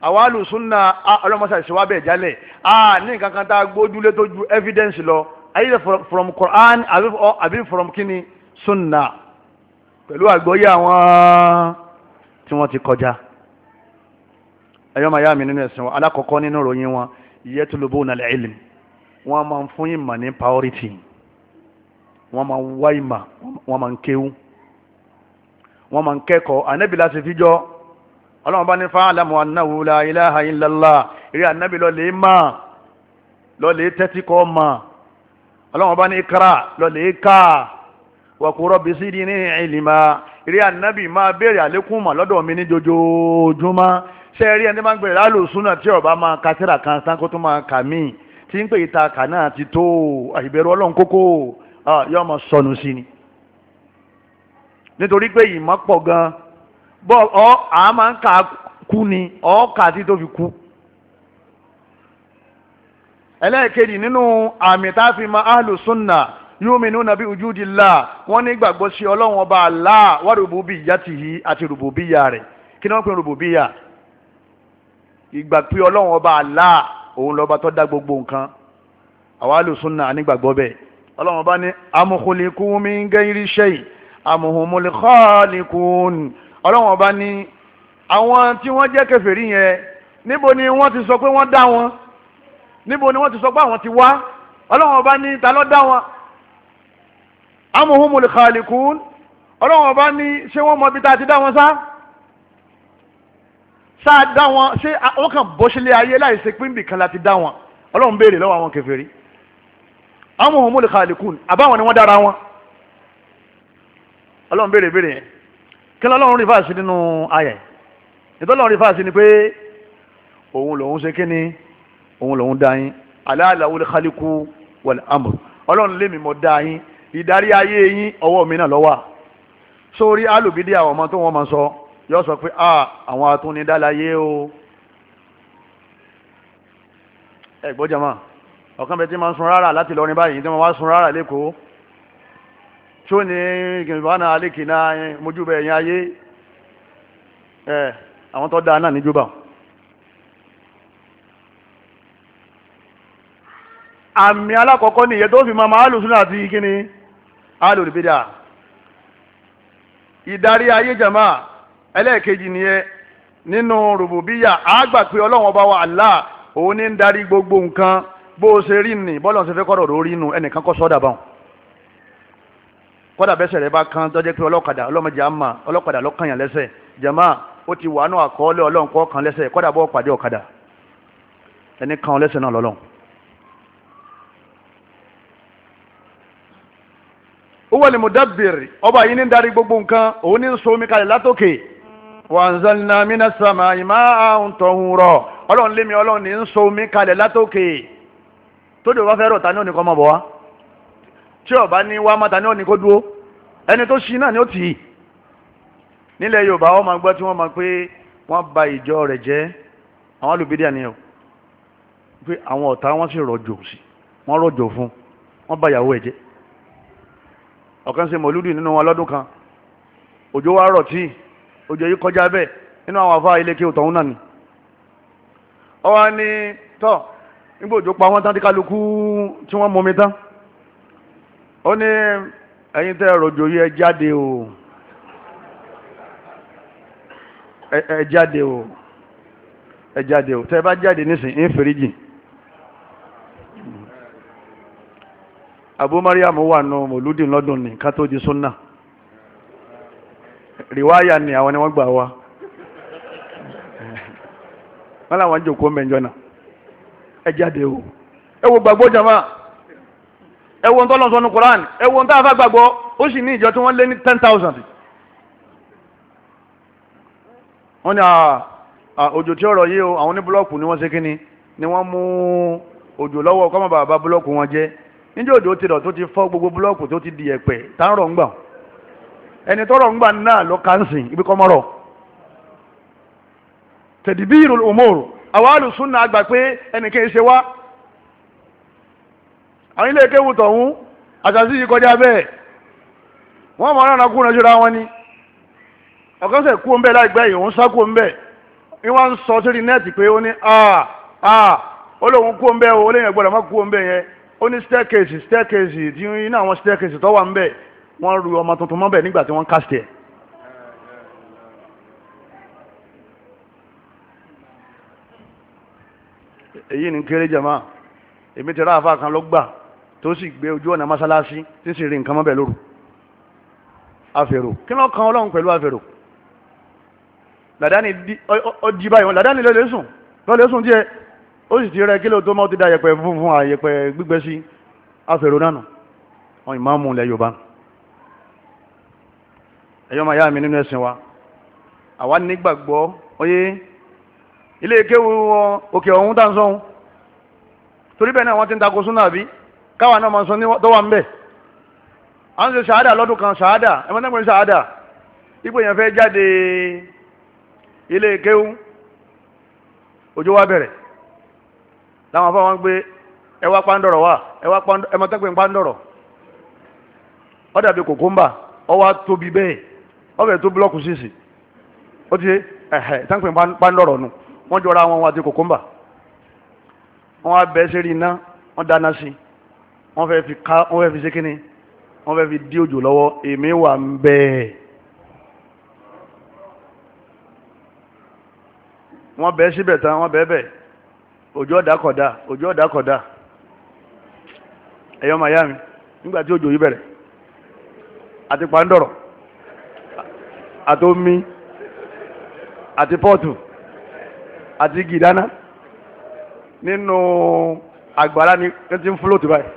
àwọn alùsúnà ọlọ́mọṣà ìṣèwà bẹ̀ jálẹ̀ a ní nǹkan kan tá a gbójúlé tó ju evidence lọ ayé from Quran àbí from kíni súnà pẹ̀lú àgbọ́yé àwọn tí wọ́n ti kọjá ẹ̀yọ́ máa yá mi nínú ẹ̀sìn wọn alákọ̀ọ́kọ́ nínú ìròyìn wọn yatlubuna al-ilm wọ́n máa ń fún ìmọ̀ ní priority wọ́n máa ń wá ìmọ̀ wọ́n máa ń kéwú wọ́n máa ń kẹ́kọ̀ọ́ ànábì láti fi jọ ọlọ́run bá ní fa'alamu annahu la ilaha illallah eré ànábì lọ́lẹ̀ má lọ́lẹ̀ tẹ́tí kọ́ mà ọlọ́run bá ní kára lọ́lẹ̀ ká wa qur rabbi zidni ilma eré ànábì máa béèrè àlékún mà lọ́dọ̀ mi ní jojoojúmọ́ ṣe rí ẹni máa ń gbèrè lálùsùn tí ọba máa ka síra kan sanko tó máa kà tí ń pè kà náà ti tó ìbẹ̀rù ọlọ́run kókó yóò máa sọnù sí ni nítorí pé ìmọ̀ pọ̀ gan bọ́ ọ à máa ń kà kú ni ọ kà tí tó fi kú ẹlẹ́ẹ̀kejì nínú àmì tá a fi mọ wọ́n ní gbàgbọ́ sí ọlọ́run ọba àti rẹ̀ kí ni wọ́n ìgbà pé ọlọ́run ọba Allah òun lọ́ba tó dá gbogbo nǹkan àwa lùsùnà nígbàgbọ́ bẹ́ẹ̀ ọlọ́run ọba ní amukulikun min gairi shay amuhumulikọ́ọ̀likun ọlọ́run ọba ní àwọn tí wọ́n jẹ́ kèfèrí yẹn níbo ni wọ́n ti sọ pé wọ́n dá wọn níbo ni wọ́n ti sọ pé àwọn ti wá ọlọ́run ọba ní ta ló dá wọn amuhumulikọ́ọ̀likun ọlọ́run ọba ní ṣé wọ́n mọ ibi tá a ti dá wọn sá sáà dá wọn ṣé wọ́n kàn bọ́ sílé ayé láì ṣe pé nbìkan láti dá wọn ọlọ́run béèrè lọ́wọ́ àwọn kèfèrí àwọn ohun mọ́lẹ̀ kàlẹ́kùn àbáwọn ni wọ́n dára wọn ọlọ́run béèrè béèrè yẹn kí lọ́lọ́run rí fáàsì nínú ayẹ̀ ìtọ́lọ́run rí fáàsì ni pé òun lòun ṣe kíni òun lòun dá yín aláàláwọ̀ kàlẹ́kù wọ̀lẹ̀ amọ̀ ọlọ́run lémi mọ̀ dá yín ìdarí ayé yín ọwọ́ mi náà ló wà sórí alùbídí àwọn ọmọ tó wọ́n máa sọ yóò sọ pé ah àwọn atúnidálayé o ẹgbọ́jàmá ọ̀kan bẹ tí ma ń sun rárá láti lọrin báyìí tí ma wá sun rárá lẹ́kọ̀ọ́ tí ó ní na alékìíná mojúbẹ ẹ̀yìn ayé ẹ àwọn tó dáa náà ní àmì alákọ̀ọ́kọ́ ni ìyẹ́ tó fi máa máa lùsùn àti kíni alòrìbídà ìdarí ayé jàmáà ẹlẹ́ẹ̀kejì e nínú rùbùbíyà a gbà pé ọlọ́run ọba wa Allah òun ní ń darí gbogbo nǹkan bó o ṣe rí nì bọ́lọ̀ ṣe fẹ́ kọ́rọ̀ lórí nù ẹnìkan kọ́ sọ́dà báwọn kọ́dà bẹ́sẹ̀ rẹ bá kan tọ́jẹ́ pé ọlọ́kadà ọlọ́mọdé àmà ọlọ́kadà lọ́kànyàn lẹ́sẹ̀ jẹ̀má ó ti wà àkọọ́lẹ̀ lẹ́sẹ̀ kọ́dà wàǹzẹ̀lìnà na ìmáà ń tọ̀hún rọ̀ ọlọ́run lémi ọlọ́run ní ń so omi kalẹ̀ látòkè tó dé wá fẹ́ rọ̀ ta ní oníkan mọ̀bọ̀ wá tí ọba ní wá máta ní oníkó dúró ẹni ni ó tì í nílẹ̀ yorùbá máa ba ìjọ rẹ̀ jẹ́ àwọn ni o pé àwọn ọ̀tá wọn sì rọ̀jò sí wọ́n rọ̀jò fún wọ́n ba ìyàwó ẹ̀ jẹ́ ọ̀kan ṣe mọ̀lúdì nínú kan òjò wa òjò yìí kọjá bẹ́ẹ̀ nínú àwọn àfáà ilé kí o tọ̀hún náà ni ọ wá ní tọ́ nígbà òjò pa wọ́n tán tí kálukú tí wọ́n mọmi tán ó ní ẹ̀yin tẹ́ rọ̀jò yìí ẹ jáde o ẹ jáde o ẹ jáde o tẹ́ bá jáde nísìnyí ń fèrèjì Abu Mariam wà nù mọ̀lúdì lọ́dún ní kátó di sunna. rìwáyà ni àwọn ni wọ́n gbà wá wọ́n làwọn jòkó mẹ́jọ náà ẹ jáde o ẹ wo gbàgbọ́ jama ẹ wo ntọ́lọ́ sọ́nu Quran ẹ wo ntọ́ àfa gbàgbọ́ ó sì ní ìjọ tí wọ́n lé ní ten thousand wọ́n ní òjò tí yìí o àwọn ní búlọ́ọ̀kù ni wọ́n ṣe ni wọ́n mú òjò lọ́wọ́ bàbá búlọ́ọ̀kù wọn jẹ́ níjẹ́ òjò ti ti fọ́ gbogbo búlọ́ọ̀kù tó ti di ẹ̀pẹ̀ tá ń rọ̀ ẹni tọrọ ń gbà náà lọ kánṣin ibi kọmọrọ tẹ̀dìbíìrù òmòrò àwọn alùsùn náà gbà pé ẹnì kìí ṣe wá àwọn ilé kéwù tọ̀hún àtàzí yìí kọjá bẹ́ẹ̀ wọ́n mọ̀ ọ́nà kú nàìjíríà wọn ni ọ̀kan sẹ̀ kú ńbẹ́ láìpẹ́ yìí òun sákú ńbẹ́ ni wọ́n sọ sórí nẹ́ẹ̀tì pé ó ní a a ó lóun kú o ó má kú yẹn ó ní staircase staircase iná àwọn wọ́n ru ọmọ tuntun mọ́bẹ̀ nígbà tí wọ́n cast ẹ̀ èyí ni kéré jama èmi ti ráàfà kan ló gbà tó sì gbé ojú ọ̀nà mọ́sálásí tí sì rí nǹkan mọ́bẹ̀ lóru àfèrò kí ló kan ọlọ́run pẹ̀lú àfèrò làdáni di báyìí wọn làdáni lè sùn lè sùn ó sì ti rẹ kí ló tó mọ́ ti da yẹ̀pẹ̀ gbígbẹ sí àfèrò náà yorùbá ẹ̀yọ́ máa yá mi nínú ẹ̀sìn wa àwa nígbàgbọ́ oyé ilé kéwu òkè ọ̀hún tá n sọ́hun torí bẹ́ẹ̀ náà wọ́n ti ń takò súnà àbí káwa náà máa sọ ní tó wà ń bẹ̀ à ń ṣe ṣàádà lọ́dún kan ṣàádà ẹ máa dẹ́gbẹ̀rún ṣàádà ipò yẹn fẹ́ jáde ilé kéwu òjò wa bẹ̀rẹ̀ láwọn afọ wọn gbé ẹ wá pàǹdọ̀rọ̀ wà ẹ wá pàǹdọ̀rọ̀ ẹ máa tẹ́gbẹ̀rún pàǹdọ̀rọ̀ ó dàbí kòkómbà ó wá tóbi bẹ́ẹ̀ ọbẹ̀ tó búlọ́ọ̀kù ó ti ẹ̀hẹ̀ táǹpẹ̀ pàǹdọ̀rọ̀ nù wọn àti kòkómbà wọ́n á bẹ́ sẹ́rí iná wọ́n dáná sí wọ́n fẹ́ fi ká wọn fẹ́ fi ṣe kíni fẹ́ fi dí òjò lọ́wọ́ èmi wà ń tán nígbà tí yìí àti àtomi àti pọ́ọ̀tù àti gìdáná nínú àgbàrá ni wọ́n ti ń fúlòtù báyìí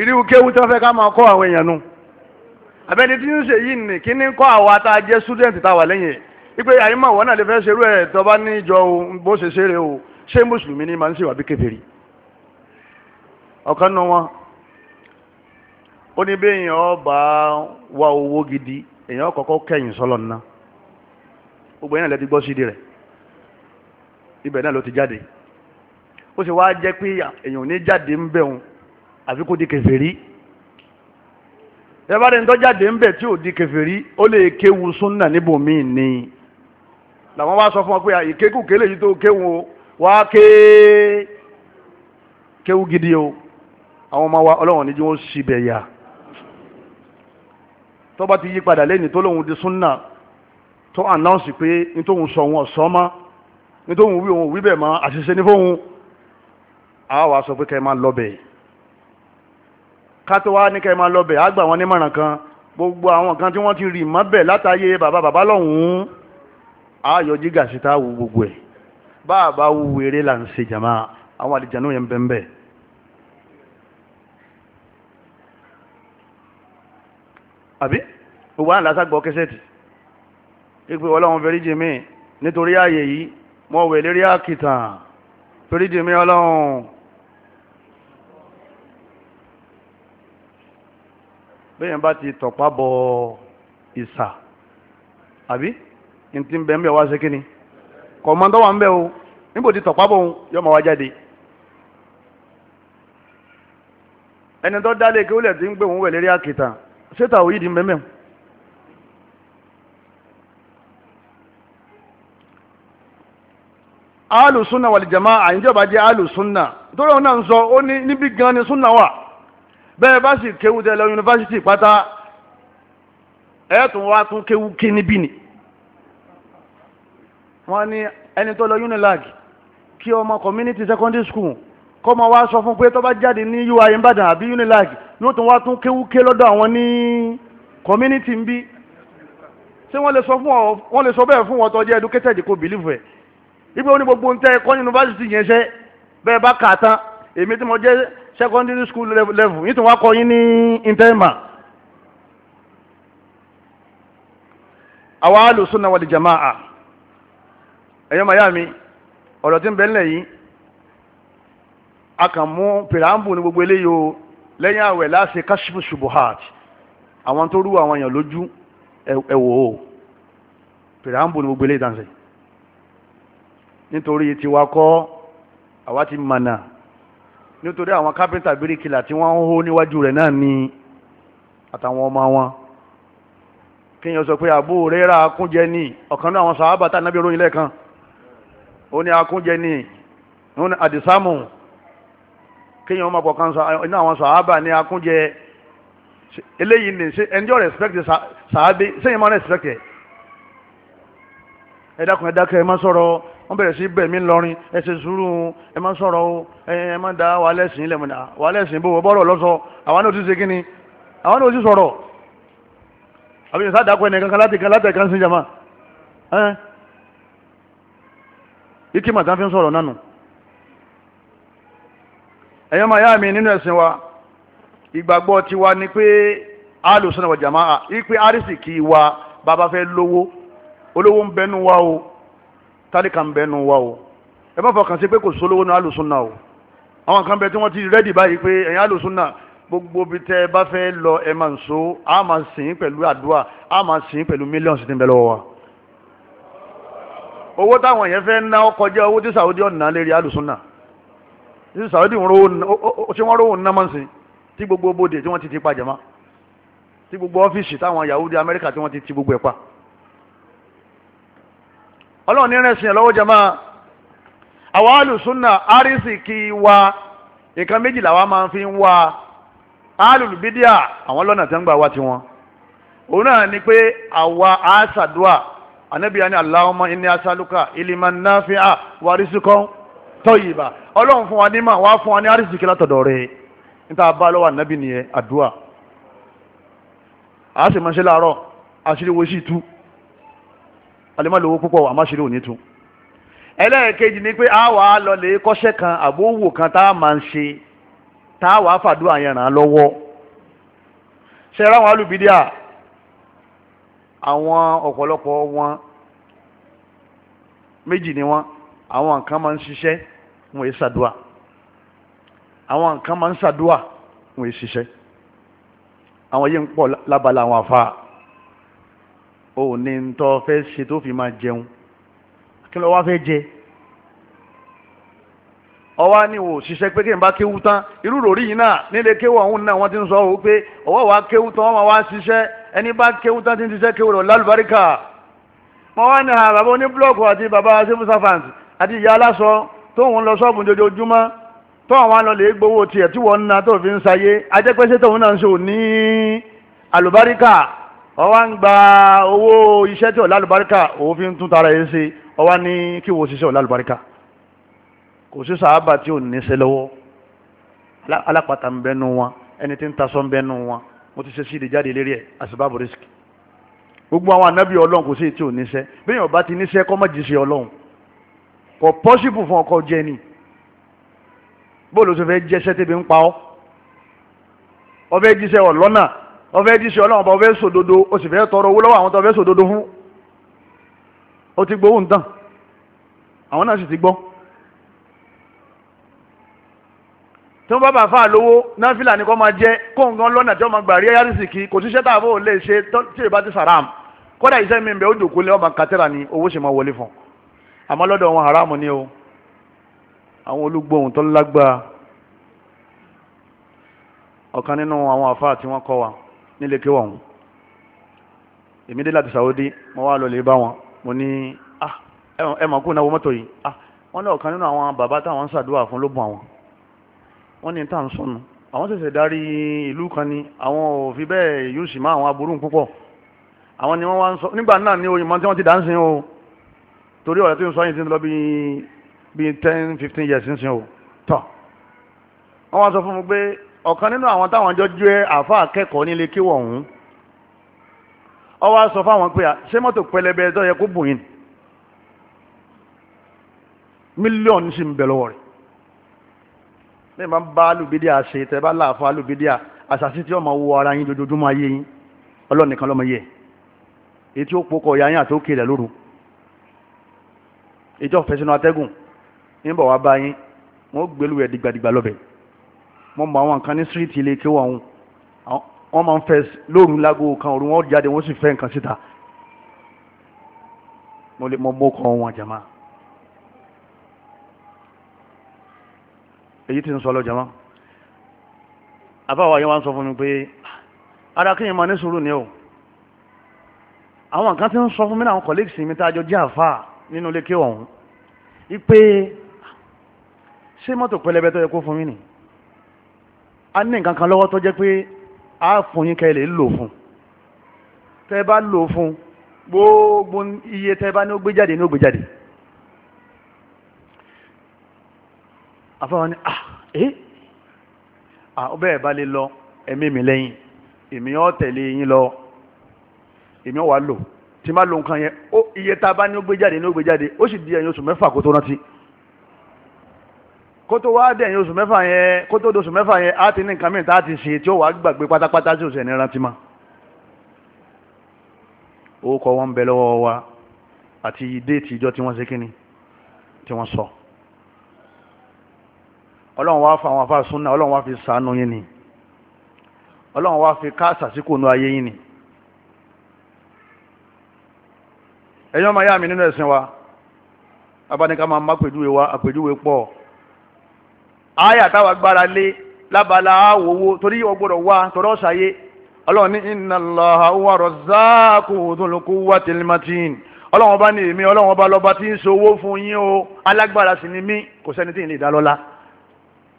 irú kéwú tí wọ́n fẹ́ ká máa kọ́ àwọn èèyàn nu àbẹ́ni tí ń ṣe yìí nì kí ní kọ́ àwọn ata jẹ́ student tá a wà lẹ́yìn ipe àyímọ̀ wọn náà lè fẹ́ ṣerú ẹ̀ tó ṣe ṣeré o ṣé mùsùlùmí ni màá ń ṣèwà bí ọ̀kan ó ní bí èèyàn ọba wa owó gidi èèyàn kọ́kọ́ kẹ́yìn sọ́lọ́ ńná gbogbo yẹn lẹ́ti gbọ́ sídìí rẹ̀ ibẹ̀ náà ló ti jáde ó sì wá jẹ́ pé èèyàn ò ní jáde ń òun àfi tí o wá ké kéwu gidi o àwọn ọmọ wa ọlọ́wọ̀n níjú wọn sì tó bá ti yí padà lẹ́yìn tó lóun di súnà tó announce pé nítòun sọ wọn sọ mọ́ nítòun wí òun wí bẹ́ẹ̀ mọ́ àṣìṣe ní fóun a wà sọ pé kẹ́ ẹ máa lọ́bẹ̀ ká tó wá ní kẹ́ ẹ máa lọ́bẹ̀ á gbà wọn nímọ̀ràn kan gbogbo àwọn kan tí wọ́n ti rì mọ́bẹ̀ látàyè bàbá bàbá lọ́hùn-ún a yọ jígà síta wu gbogbo ẹ̀ bá a bá wu wèrè là ń ṣe jàmá àwọn àlìjánu yẹn bẹ́ẹ̀ bẹ́ẹ̀ àbí gbogbo àwọn làásàgbọ́ kẹsẹ̀tì pípẹ́ ọlọ́run fẹ́ríjì mi nítorí ààyè yìí mọ́ wẹ̀ lérí àkìtàn fẹ́ríjì mi ọlọ́run bẹ́yẹn bá ti tọ̀pá bọ ìsà àbí n ti bẹ̀ ń bẹ̀ wá sí kíni kọ̀mọ́ntọ́ wà ń bẹ̀ o níbo ti tọ̀pá bọ̀ òun yọ máa wá jáde ẹni tó dálé kí ó lẹ̀ ti ń gbé òun wẹ̀ lérí àkìtàn ṣé tàwí di mẹ́mẹ́ alùsúnà wal jama'a àyíjọba jẹ́ alùsúnà tó rọ̀ náà ń sọ ó ní níbi gan ni súnà wà bẹ́ẹ̀ bá sì kéwú tẹ́lẹ̀ yunifásitì pátá ẹ̀ẹ́tùn wá tún kéwú kí níbí ni wọ́n ní ẹni tó lọ unilag kí ọmọ community secondary school kọ́mọ wa sọ fún pé tó bá jáde ní UI Ìbàdàn àbí UNILAG yóò tún wá tún kéwúké lọ́dọ̀ àwọn ní community ń bí ṣé wọ́n lè sọ fún ọ wọ́n lè sọ bẹ́ẹ̀ fún ọ tó jẹ́ educated kò believe ẹ̀ ibi ó ní gbogbo ń tẹ́ ẹ̀kọ́ yunifásitì yẹn ṣẹ́ bẹ́ẹ̀ bá kà á tán èmi tí mo jẹ́ secondary school level yìí tún wá kọ́ yín ní intema àwa alùsùn náà wal jamaa ẹ̀yọ́ màyà mi ọ̀rọ̀ tí ń bẹ́ẹ̀ lẹ̀ yìí a kàn mú pìràmbù ní gbogbo eléyìí o lẹ́yìn àwẹ̀ láti kásífù ṣubuhat àwọn tó rú àwọn èèyàn lójú ẹ̀wò o pìràmbù ní gbogbo eléyìí dáńsẹ̀ nítorí tiwa kọ́ àwa ti mànà nítorí àwọn kápẹ́ntà bíríkìlà tí wọ́n ń hó níwájú rẹ̀ náà ni àtàwọn ọmọ wọn kíyàn sọ pé àbú rẹ́ra akúnjẹ ní ọ̀kan náà àwọn sàábà tá nábì ròyìn lẹ́ẹ̀kan ó ní akúnjẹ ní àdìsámù kéèyàn máa bọ̀ kan iná àwọn sàábà ní akúnjẹ eléyìí ní ṣe ẹnjọ́ respect sàábì sẹ́yìn máa respect ẹ̀ ẹ dákun ẹ dákẹ́ ẹ má sọ̀rọ̀ wọ́n bẹ̀rẹ̀ sí bẹ̀mí lọrin ẹ ṣe sùúrù ẹ má sọ̀rọ̀ o ẹ má da wà lẹ́sìn ilẹ̀ mọ̀nà wà lẹ́sìn bó bọ́rọ̀ lọ́sọ àwọn náà ti ṣe kíni àwọn náà ti sọ̀rọ̀ àbí ìsá dákun ẹnì ẹ̀yọ́ máa yá mi nínú ẹ̀sìn wa ìgbàgbọ́ tiwa ni pé alùsùn wa jàmáà ipe arísìkì wa bàbá fẹ́ lówó olówó ń bẹnu wa o tálíkà ń bẹnu wa o ẹ má fọkàn sí pé kò sólówó ní alùsùn náà o àwọn kan bẹ tí wọ́n ti rẹ́dì báyìí pé ẹ̀yin alùsùn náà gbogbo bi tẹ́ ẹ bá fẹ́ lọ ẹ máa ń so a máa sìn pẹ̀lú àdúrà a máa sìn pẹ̀lú mílíọ̀nù tí ń bẹ lọ́wọ́ wa owó táwọn yẹn fẹ́ ná ọkọjá owó tí sàwọ́dí ọ̀nà lérí alùsùn ní sàwọ́dì ṣé wọ́n rówó nàmọ́ sí tí gbogbo bòde tí wọ́n ti ti pa jẹ̀mọ́ tí gbogbo ọ́fíìsì táwọn Yahudi Amẹ́ríkà tí wọ́n ti ti gbogbo ẹ̀ pa ọlọ́run ní rẹ̀ sìn ẹ̀ lọ́wọ́ jẹ̀mọ́ àwọn alùsùnà àrísìkì wa nǹkan méjìlá wa máa fi ń wá alùlùbídíà àwọn lọ́nà tí wọ́n gbà wá tiwọn òun náà ni pé àwa àṣàdúà ànábìyàn ni Allahumma inni as'aluka ilman nafi'a wa rizqan tọ́yìbà ọlọ́run fún wa ní mà wá fún wa ní àrísìkí látọ̀dọ̀ rẹ̀ níta bá lọ́wọ́ ànábì nìyẹn àdúrà a sì máa ṣe láàárọ̀ àṣírí wo sí tú alimọ́lówó púpọ̀ àmáṣírí òní tú ẹlẹ́ẹ̀kejì ni pé a wà á lọ lè kọ́ṣẹ́ kan àbówò kan tá a máa ń ṣe tá a wà á fàdúrà yẹn ràn án lọ́wọ́ ṣe ra àwọn alùbídíà àwọn ọ̀pọ̀lọpọ̀ wọn méjì ni wọn àwọn nǹkan máa ń ṣiṣẹ́ wọn yìí ṣàdúà àwọn nǹkan máa ń ṣàdúà wọn yìí ṣiṣẹ́ àwọn yìí ń pọ̀ lábala àwọn àfa ò ní ń tọ́ fẹ́ ṣe tó fi máa jẹun kí ló wá fẹ́ jẹ ọwá ní wò ṣiṣẹ́ pé kí n bá kéwú tán irú ròrí yìí náà nílé kéwú ọ̀hún náà wọ́n ti ń sọ ọ́ pé ọwọ́ wa kéwú tán wọ́n máa wá ṣiṣẹ́ ẹni bá kéwú tán ti ń ṣiṣẹ́ kéwú rẹ̀ lálùbáríkà wọ́n wá ní bàbá oní búlọ́ọ̀kù àti bàbá civil servant àti ìyá aláṣọ tóun lọ ṣọ́ọ̀bù jojoojúmọ́ tóun wá lọ lè gbowó tiẹ̀ tí wọ́n ń na tó fi ń sayé ajẹ́pẹ́sẹ́ tóun náà ń ṣe òní àlùbáríkà ọwá ń gba owó iṣẹ́ tí ọ̀lá àlùbáríkà òun fi ń tún tara ẹ̀ ṣe ọwá ní kí wo ṣiṣẹ́ ọ̀lá àlùbáríkà kò sí sàábà tí ò ní ṣe lọ́wọ́ alápàtà ń bẹnu wọn ẹni tí ń tasọ ń bẹnu wọn mo ti ṣe sí ìdíjáde lérí ẹ̀ àṣìbábò rísíkì gbogbo àwọn anábì ọlọ́run kò sí èyí tí bí èèyàn bá ti ní kọ́ mọ́ jìṣẹ́ ọlọ́run kò pọ́sibù fún ọkọ jẹ ni bó ló ṣe fẹ́ jẹ́sẹ́ tẹ́bi ń pa ọ́ ọfẹ́ jíṣẹ́ ọ̀lọ́nà ọfẹ́ jíṣẹ́ ọlọ́run ọba ọfẹ́ sòdodo o sì fẹ́ tọrọ owó lọ́wọ́ àwọn tó ọfẹ́ sòdodo fún o ti gbowó nǹkan àwọn náà sì ti gbọ́ tí wọ́n bá bàfà lówó náfìlà ni kò máa jẹ́ kóńgán lọ́nà tí wọ́n máa gbà rí ayárísìkì kò síṣẹ́ tààbò lè ṣe tí ìbá ti sàràm kódà iṣẹ́ mi ń bẹ ó jòkó lé ọmọ katẹ́rà ni owó sì máa wọlé fún un àmọ́ lọ́dọ̀ wọn haramu ni o àwọn olúgbóhùn tó lágbára ọ̀kan nínú àwọn àfáà tí wọ́n kọ́ wa nílé kí wọ̀n èmi dé láti Saudi mo wá lọ lè bá wọn mo ní ah ẹ mọ̀ kú náà mọ́tò yìí ah wọ́n ní ọ̀kan nínú àwọn bàbá táwọn ń ṣàdúrà fún ló bùn àwọn wọ́n ní tá à ń sọnù àwọn ṣẹ̀ṣẹ̀ darí ìlú kan ni àwọn ò fi bẹ́ẹ̀ yóò sì máa àwọn aburú púpọ̀ àwọn ni wọ́n wá ń sọ nígbà náà ni oyinmọ́ tí wọ́n ti dá o torí ọ̀rẹ́ tó ń sọ yìí ti ń lọ bí ten fifteen years ń sin o tọ̀ wọ́n wá sọ fún mi pé ọ̀kan nínú àwọn táwọn jọ jẹ́ àfa akẹ́kọ̀ọ́ nílé kí wọ̀ ọ̀hún ọ wá sọ fáwọn pé ṣé mọ́tò pẹlẹbẹ tó yẹ kó bùn yín mílíọ̀nù sì ń bẹ lọ́wọ́ rẹ̀ ní ìbá bá alùbídíà ṣe tẹ́ bá láàfọ́ alùbídíà àṣàṣì tí ọmọ wo ara yín dojoojúmọ́ ayé yín ọlọ́nìkan lọ́mọ yẹ èyí tí ó pokọ̀ ìyá yín àtókè rẹ̀ lóru ìjọ fẹsẹ̀nù atẹ́gùn níbọ̀ wá bá yín wọ́n gbẹ́lú ẹ̀ dìgbàdìgbà lọ́bẹ̀ wọ́n mọ àwọn nǹkan ní síríìtì ilé kí wọ́n wọ́n máa ń fẹ́ lóru lágo kan òru wọn jáde wọ́n sì fẹ́ nǹkan síta mo lè mọ mọ́kàn wọn jàmá èyí tí ń sọ lọ jàmá àbáwá yẹn wá ń sọ fún mi pé ara kí ni ma ní sùúrù ni o àwọn nǹkan tí ń sọ fún mi náà àwọn colleagues mi tá a jọ jẹ́ àfáà nínú lékè ọ̀hún ipe ṣé mọ́tò pẹlẹbẹ tó yẹ kó fún mi nì a ní nǹkan kan lọ́wọ́ tó jẹ́ pé a fún yín kẹ́ lò fún tẹ́ bá lò fún gbogbo iye tẹ́ bá ní ó gbé jáde ní ó gbé jáde àfọwọ́n ni ah eh ah ó bẹ́ẹ̀ bá lè lọ ẹ̀mí mi lẹ́yìn èmi ọ̀ tẹ̀lé yín lọ èmi ọ̀ wá lò tí má lo nǹkan yẹn ó iye tá a bá ní ó gbé jáde ní ó gbé jáde ó sì di ẹ̀yìn oṣù mẹ́fà kó tó rántí kó tó wá dẹ̀yìn oṣù mẹ́fà yẹn kó tó doṣù mẹ́fà yẹn á ti ní nǹkan mìíràn tá a ti ṣe tí ó wàá gbàgbé pátápátá tí oṣù ní rántí ma ó kọ́ wọn bẹ lọ́wọ́ wa àti déètì ìjọ tí wọ́n ṣe kíni tí wọ́n sọ ọlọ́run wá fa àwọn afáàsúnà ọlọ́run wá fi sàánú yín ni ọlọ́run wá fi ká àsàsíkò nú ayé yín ni ẹ̀yin ọmọ ayá mi nínú wa abáníká máa má wa àpèjúwe pọ̀ àyà táwa gbára lé lábala àwòwò torí ọgbọ́dọ̀ wa tọrọ ṣàyé ọlọ́run ní inna Allaha huwa razzaqu dhul ọba ní èmi ọba tí ń fún yín o alágbára ni mí kò tí ì lè dá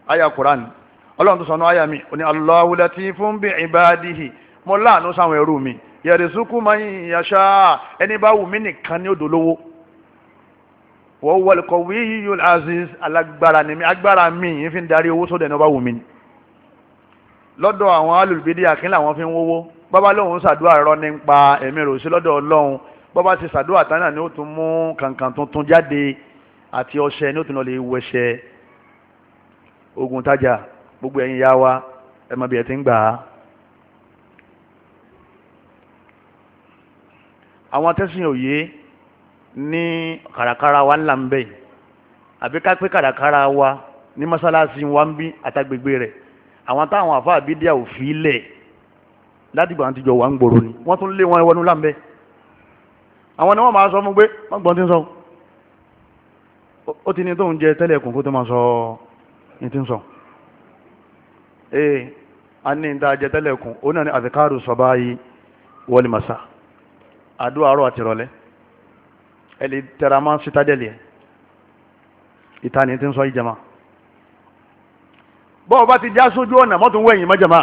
àyà tó sọnù àyà mi ní Allahu láàánú sáwọn ẹrú mi yẹ̀rìsúkú máa ń yàṣá ẹni bá wù mí nìkan ní odò wọ́n wọlé wí yíyún aziz alágbára ni mi agbára mi yìí fi ń darí owó sódẹ̀ ní ọba wù mí ni lọ́dọ̀ àwọn alùbídí àkín làwọn fi ń wówó bàbá lóun ṣàdúrà rọ nípa ẹ̀mí rò sí lọ́dọ̀ ọlọ́run bàbá ti ṣàdúrà tánà ni ó tún mú kàǹkàn tuntun jáde àti ọṣẹ ni ó tún lọ lè wẹṣẹ ogun tájà gbogbo ẹ̀yin yá wa ẹ̀ mọ̀ bí ẹ ti ń gbà á. àwọn atẹ́sìn òye ní kàràkàrà wa ńlá ń bẹ̀ àbí ká pé kàràkàrà wa ní mọ́sálásí wa ń bí àtàgbègbè rẹ̀ àwọn táwọn àfa àbídíà ò ládìgbà àti ìjọ wà ń gbòòrò ni wọ́n tún lé wọn wọnú láǹbẹ́ àwọn ni wọ́n máa sọ fún pé wọ́n gbọ́n tí ń sọ ó ti ní tóun jẹ tẹ́lẹ̀ kùn kó tó máa sọ ní tí ń sọ ee a ní ní ta jẹ tẹ́lẹ̀ kùn ó náà ní àfikáàrù sọ báyìí wọ́n lè máa sá àdúrà àárọ̀ àti ìrọ̀lẹ́ ẹ lè tẹra mọ́ sítádẹ́lì ẹ̀ ìtàní tí ń sọ ìjàmá bọ́ọ̀ bá ti já sójú ọ̀nà mọ́tò ń wẹ̀yìn mọ́jàmá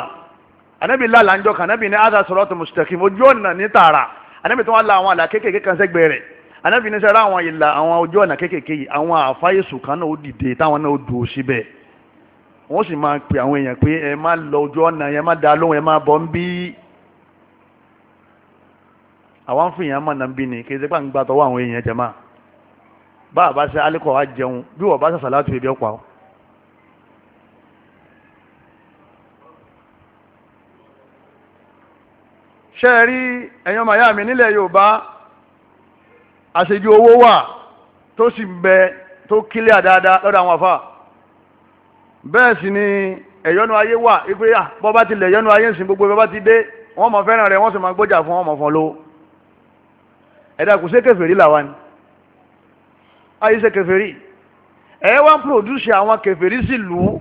anábì lálàá ń jọ kàn anábì ní ádà sọ̀rọ̀tù mustaqim ojú ọ̀nà ní tààrà anábì tó wá la àwọn àlà kéékèèké kan sẹ́gbẹ̀ẹ́ rẹ̀ anábì ní sẹ́ra àwọn ìlà àwọn ojú ọ̀nà kéékèèké yìí àwọn àfáyèsù kan náà ó dìde táwọn náà ó dùn ó síbẹ̀ wọ́n sì máa pe àwọn èèyàn pé ẹ má lọ ojú ọ̀nà yẹn má da lóhùn ẹ má bọ́ ń bí àwọn ń fìyàn mọ̀nà bí ni kì í ṣe pà ń gba tọwọ́ àwọn èèyàn jẹ máa bá a bá ṣe alikọ̀ wa jẹun bí wọ́n bá ṣe sàlátù ebi ọ̀pá o. ṣe é rí ẹ̀yàn màyá mi nílẹ̀ Yorùbá àṣejù owó wà tó sì ń bẹ tó kílẹ̀ dáadáa lọ́dọ̀ àwọn àfà bẹ́ẹ̀ sì ni ẹ̀yọ́nú ayé wà ipe bọ́ bá tilẹ̀ ẹ̀yọ́nú ayé ń sìn gbogbo bọ́ bá ti dé wọ́n mọ̀ fẹ́ràn rẹ̀ wọ́n sì máa gbọ́jà fún wọn mọ̀ fún ọ ẹ̀dá kò ṣe kèfèrí làwa ni ayé ṣe kèfèrí ẹ̀ wá ń pòdúṣe àwọn kèfèrí sí lù ú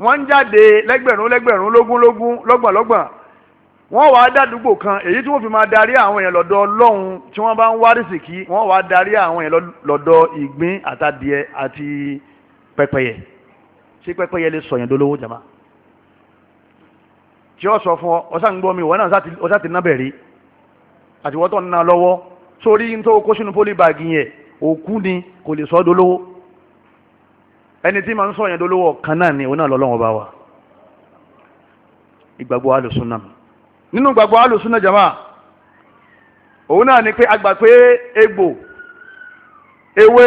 wọ́n ń jáde lẹ́gbẹ̀rún lẹ́gbẹ̀rún lógún lógún lọ́gbọ̀n lọ́gbọ̀n wọ́n wàá dàdúgbò kan èyí tí wọ́n fi máa darí àwọn èèyàn lọ́dọ̀ ọlọ́run tí wọ́n bá ń wá rìsìkí wọ́n wàá darí àwọn èèyàn lọ́dọ̀ ìgbín àtàdìẹ àti pẹ́pẹ́yẹ ṣé pẹ́pẹ́yẹ lè sọ̀yìn dolówó jama tí ó sọ fún ọ ọ̀sán gbọ́ mi ìwọ náà ọ̀sán ti nábẹ̀rí àtiwọ́tọ̀ ń ná lọ́wọ́ sórí n tó kó sínú pólíbàgì yẹn òkú ni kò lè sọ dolówó ẹni tí màá ń sọ yẹn dolówó ọ̀kan náà ni òun náà bá wa ìgbàgbọ́ alùsùnà nínú ìgbàgbọ́ alùsùnà jama òun náà ni pé àgbà pé egbò ewé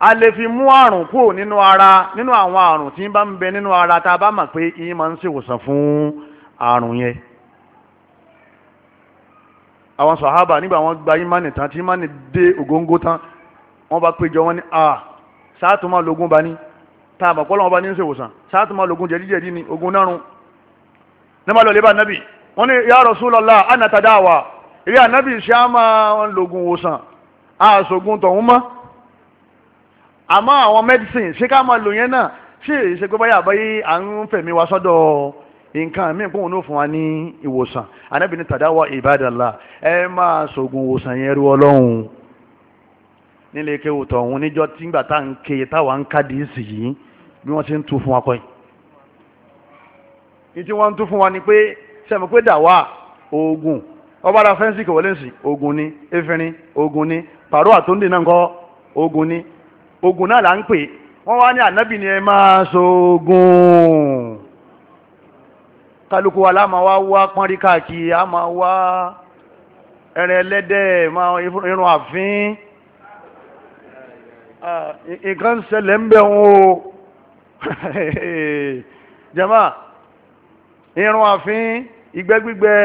a lè fi mú àrùn kúrò nínú ara nínú àwọn àrùn tí ń bá ń bẹ nínú ara tá a bá mọ̀ pé ìyín máa ń ṣèwòsàn fún àrùn yẹn àwọn sàhábà nígbà wọn gba ìmánì tán tí ìmánì dé ògóńgó tán wọn bá péjọ wọn ní a sáàtún máa lògùn bá ní tá a bá pọ́lọ́wọ́n bá ní ń ṣèwòsàn sáàtún máa lògùn jẹ̀díjẹ̀dí ni ògùn nárun nígbà lọ lébà nábì wọn ní ya Rasulullah anatadawa ilé ànábì ṣe á máa lògùn wòsàn àṣògùn tọ̀hún mọ́ àmọ́ àwọn medicine ṣé ká máa lò yẹn náà ṣé ìṣègbè báyà báyé à ń fẹ̀mí wa sọ́dọ̀ nǹkan a, kóhun ló fún wa ní ìwòsàn anábì tàdáwà ìbádàlá ẹ máa sògùn ìwòsàn yẹn rú ọlọ́run nílé kéwù tọ̀hún níjọ́ tí gbà tá à ń ké yìí bí wọ́n ti ń tu fún wa kọ́ yìí ìtí wọ́n ń tu fún wa ni pé sẹ́mi pé ni efirin oògùn ni pàrọ̀ àtúndì náà kọ́ ni oògùn náà là ń pè wọ́n wá ní kálukú wa láàmà wá wá pọ́nrí káàkiri a máa wá ẹ̀rẹ̀ ẹlẹ́dẹ̀ irun àfín nǹkan ṣẹlẹ̀ ń bẹ̀ ń o jama irun àfín ìgbẹ́ gbígbẹ́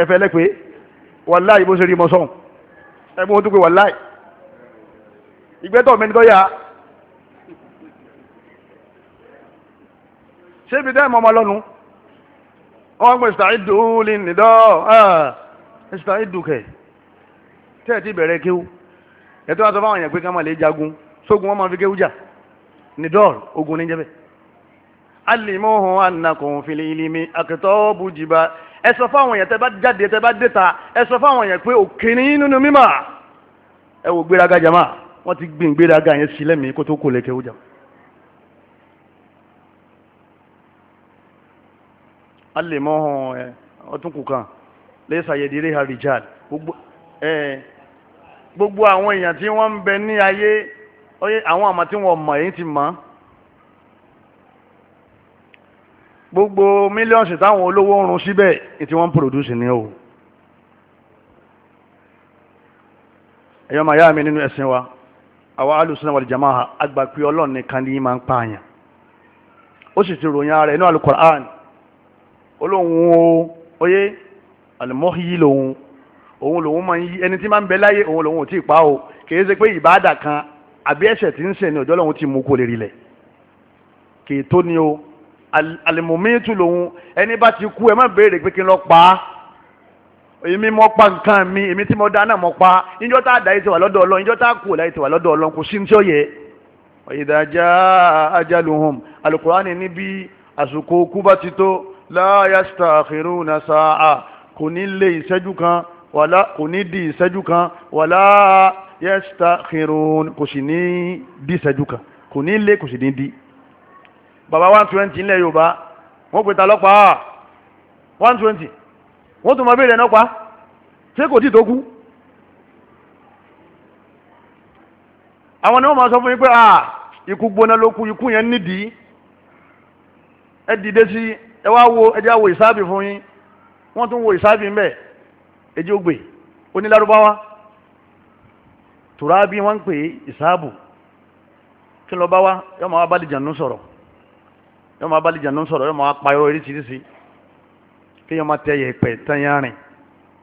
ẹ̀fẹ̀ lẹ́pẹ́ wàláì bó ṣe rí mọ́ sọ́hun ẹgbẹ́ wọn tó pé wàláì ìgbẹ́tọ̀ mẹ́ni tó yà á ṣébi dẹ́ mọ́ ọmọ lọ́nu wọ́n gbé ìsàìdù lè nìdọ́ ìsàìdù kẹ̀ tẹ́ ẹ̀ ti bẹ̀rẹ̀ kéwú ẹ̀tọ́ àti fáwọn èèyàn pé ká má lè jagun sógun wọn máa fi kéwú jà nìdọ́ ogun ní jẹ́bẹ̀ alimohun anakun fililimi akitọ́ bujiba ẹ sọ fáwọn èèyàn tẹ́ bá jáde tẹ́ bá déta ẹ sọ fáwọn èèyàn pé òkèrè nínú mímà ẹ wò gbéraga jama wọ́n ti gbìn gbéraga yẹn sílẹ̀ mi kó kò lè kéwú jama. a lè mọ́ eh, ọtún kù kan lẹ́sà yẹ̀dìrẹ́ harijal eh, gbogbo àwọn èèyàn tí wọ́n ń bẹ ní ayé àwọn àmà tí wọ́n mọ̀ èyí ti mọ̀ gbogbo mílíọ̀nsì táwọn olówó ń run síbẹ̀ tí wọ́n pòròdúsì ní o ẹ̀yọ́ màá yá mi nínú ẹ̀sìn wa àwa alùsùn wal jama'a agbàpẹ́ ọlọ́ọ̀nì kan ní máa ń pààyàn ó sì ti ròyìn ara ẹ̀ ní Al-Qur'an olóhùn o oyé alimohi lòun òun lòun máa ń yí ẹni tí máa ń bẹ láyé òun lòun ò tí ì pa o kìí ṣe pé ìbáàdà kan àbí ẹ̀ṣẹ̀ tí ń ṣe ni ọjọ́ lòun ti mú kó lè rilẹ̀ kìí tó ni o alimomitu lòun ẹni bá ti kú ẹ má béèrè pé kí n lọ pa á èmi mọ pa nǹkan mi èmi tí mo dáná mọ pa níjọ́ tá a dá yìí ti wà lọ́dọ̀ Ọlọ́run níjọ́ tá a kú láyé ti lọ́dọ̀ Ọlọ́run kò sí ní tí ó yẹ ìdájá ajaluhum alukurani níbi àsìkò kú bá ti tó la yastakhiruna sa'a kò ní lé ìṣẹ́jú kan wàlá kò ní di ìṣẹ́jú kan wàlá yastakhirun kò sì ní di ìṣẹ́jú kan kò ní lé kò sì ní di. bàbá one twenty ńlẹ̀ yorùbá wọ́n pè ta lọ́pàá one twenty wọ́n tún máa béèrè náà ṣé kò tí tó kú. àwọn ni máa sọ fún yín pé ah, ikú gbóná ló kú ikú yẹn nídìí ẹ dìde sí E wá wo ẹ jẹ́ ìsáàbì fún yín wọ́n tún wo ìsáàbì ń bẹ̀ ẹjẹ́ ògbè onílárúbáwá tùràbí wọ́n ń pè ìsáàbù kí ló bá wá yọ́ọ́ máa bá jànú sọ̀rọ̀ yọ́ọ́ máa bá jànú sọ̀rọ̀ yọ́ọ́ máa pa irọ́ oríṣiríṣi kí yọ́ọ́ máa tẹ yẹ̀pẹ̀ tán yanrìn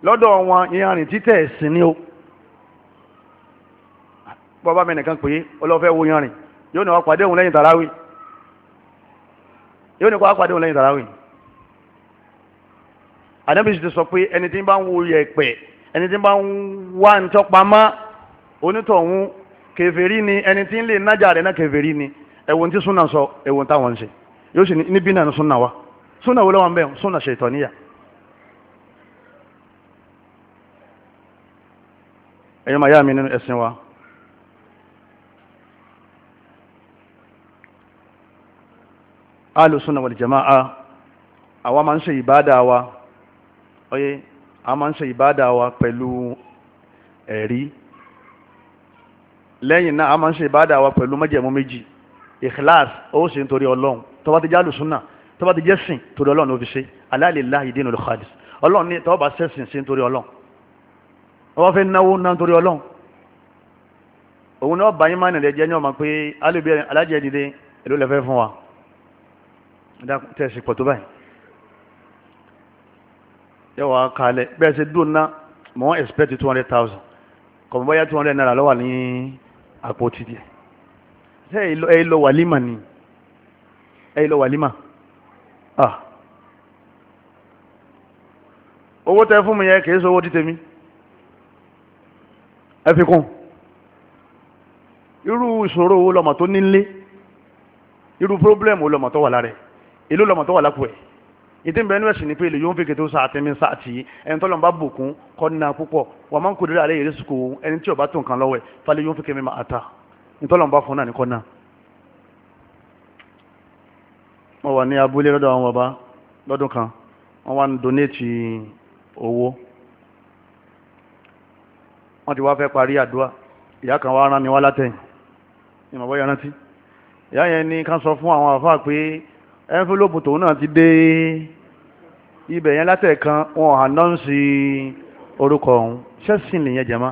lọ́dọ̀ wọn yanrìn títẹ̀ o bọ́ bá mi nìkan wo yóò ní yóò ní kó àpàdé òun lẹ́yìn tàràwì àdébìsì ti sọ pé ẹni tí ń bá ń wo yẹ̀pẹ̀ ẹni tí ń bá ń wá ntọ́pamọ́ onítọ̀hún kèfèrí ni ẹni tí ń lè nájà rẹ̀ náà kèfèrí ni ẹ̀wọ̀n tí súnà sọ ẹ̀wọ̀n táwọn ń ṣe yóò sì níbí náà ní súnà wa súnà wo lọ́wọ́ ń bẹ̀ súnà ṣètò níyà ẹ̀yọ́ màá yá mi nínú ẹ̀sìn wa alùsùn wal jama'a àwa máa ń ṣe ìbádà wa ọyẹ́ a máa ń ṣe ìbádà wa pẹ̀lú ẹ̀rí lẹ́yìn náà a máa ń ṣe ìbádà wa pẹ̀lú májẹ̀mú méjì ikhlas ó sì ń torí ọlọ́run tó bá ti jẹ́ alùsùnà tó bá ti jẹ́ sìn torí ọlọ́run ló fi ṣe ala lillahi dinul khalis ọlọ́run ní tó sẹ́sìn sí torí ọlọ́run wọ́n fẹ́ náwó náà torí ọlọ́run òun náà bá yín máa nìlẹ̀ jẹ́ ní ọmọ pé alájẹ́ dìde èló lẹ́fẹ́ fún wa tẹ̀sí pọ̀ tó báyìí yóò wá kalẹ̀ bẹ́ẹ̀ ṣe dùn ná mọ́ expect two hundred thousand kọ̀mọ́ báyà lọ́wọ́ ní àpò títì ṣé ẹ lọ wàlímà ni ẹ lọ wàlímà ah owó tẹ fún mi yẹ kìí sọ owó títẹ mi ẹ fi kún irú ìṣòro wo lọmọ tó nílé irú problem wo lọmọ tó wà lára ẹ èló lọ́mọ tó wà lápò ẹ̀ ìdí ń bẹ nínú ẹ̀sìn ni pé èlò yóò ń fi kété ó sáà tẹ́mi sáà tí ẹni tọ́lọ́ bá bùkún kọ́ nínú púpọ̀ wà máa ń kó délé àlẹ́ yẹrẹ sùkò ẹni tí ò bá tó nǹkan lọ́wọ́ ẹ̀ falẹ̀ yóò ń fi kémi máa ta ìtọ́lọ́ bá fún náà ní kọ́ náà. wọ́n wà ní abúlé lọ́dọ̀ àwọn bàbá lọ́dún kan wọ́n wá ń donate owó wọ́n ti wá fẹ́ parí àdúrà ìyá kan wá rán mi wá látẹ̀yìn ìmọ̀ ẹ́ńfílópù tòun náà ti dé ibẹ̀ yẹn látẹ̀kan wọn ànáǹsì orúkọ ọ̀hún ṣẹ́sìn nìyẹn jẹ̀má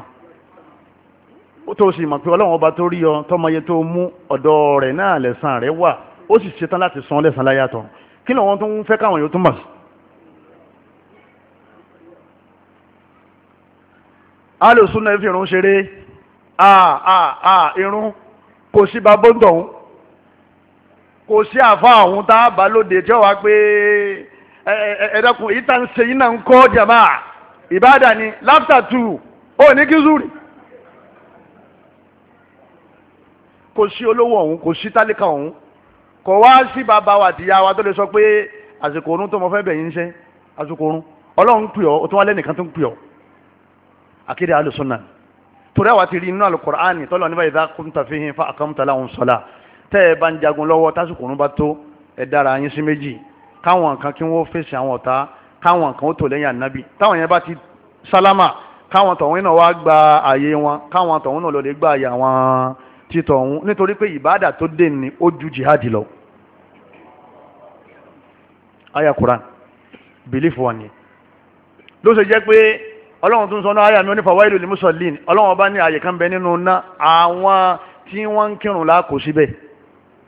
tó sì mọ̀ pé ọlọ́run ọba tó rí ọ tọmọye tó mú ọ̀dọ̀ rẹ̀ náà lẹ̀san rẹ̀ wà ó sì ṣetán láti san lẹ́san láyàtọ̀ kí lọ́wọ́n tó ń fẹ́ káwọn yóò túmọ̀ sí. alòsùn náà fi irun ṣeré a ah, a ah, a ah, irun kò sí babó ń tọ̀hún kò sí àfa ọ̀hún tá a bá lóde tí ó wá pé ẹ̀ẹ́dẹ́kun yìí tá ń ṣe yìí náà ń kọ́ jàmá ìbáàdà ni láftà tù ó ní kí zúrì kò sí olówó ọ̀hún kò sí tálíkà ọ̀hún kò wá sí bàbá wa àtìyá wa tó lè sọ pé àsìkò oorun tó mọ fẹ́ bẹ̀yìn ṣe àsìkò oorun ọlọ́run pè ọ́ ó tún wá lẹ́nìkan tó ń pè ọ́ akéde alùsùnà torí àwa ti rí inú àlùkùránì tọ́lọ́ níbà idha kunta fihim fa aqamta lahum salah tẹ́ ẹ bá ń jagun lọ́wọ́ tásìkò ń bá tó ẹ dára yín sí méjì káwọn kan kí wọ́n fèsì àwọn ọ̀tá káwọn kan ó tò lẹ́yìn ànábì táwọn yẹn bá ti sálámà káwọn tọ̀hún náà wá gba àyè wọn káwọn tọ̀hún náà lọ́ọ́ lè gba àyè àwọn títọ̀ ọ̀hún nítorí pé ìbáàdà tó dé ní ó ju jihad lọ. aya Quran belief wa ni ló ṣe jẹ́ pé ọlọ́run tún sọ náà aya mi ó ní fawailu lil musallin ọlọ́run bá ní àyè kan bẹ nínú ná àwọn tí wọ́n ń kírun la kò síbẹ̀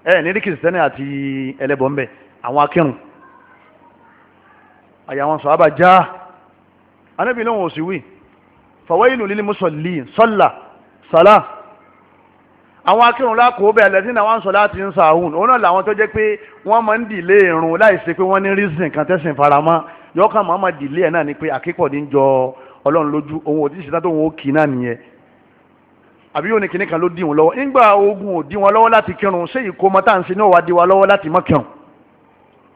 ẹ ní rí kìrìsìtẹ́nì àti ẹlẹ́bọ̀ ńbẹ àwọn akírun àyà wọn sọ abàjá anábì lóhùn òsì wí fawailu lil musallin sọ́là sàlá àwọn akírun lákòó bẹ́ẹ̀ lẹ́sìn náà wọ́n sọ láti ń sàáhùn òun náà làwọn tó jẹ́ pé wọ́n máa ń dìlé irun láì ṣe pé wọ́n ní reason kan tẹ́sìn faramọ́ yọkàn máa ma dìlé ẹ̀ náà ni pé àkíkọ̀ ní jọ ọlọ́run lójú òun ò àbí yóò ní kinní kan ló dí wọn lọ́wọ́ nígbà ogun ò dí wọn lọ́wọ́ láti kírun ṣé ìkómọ tá à ń ṣe náà wá dí wa lọ́wọ́ láti mọ́ kírun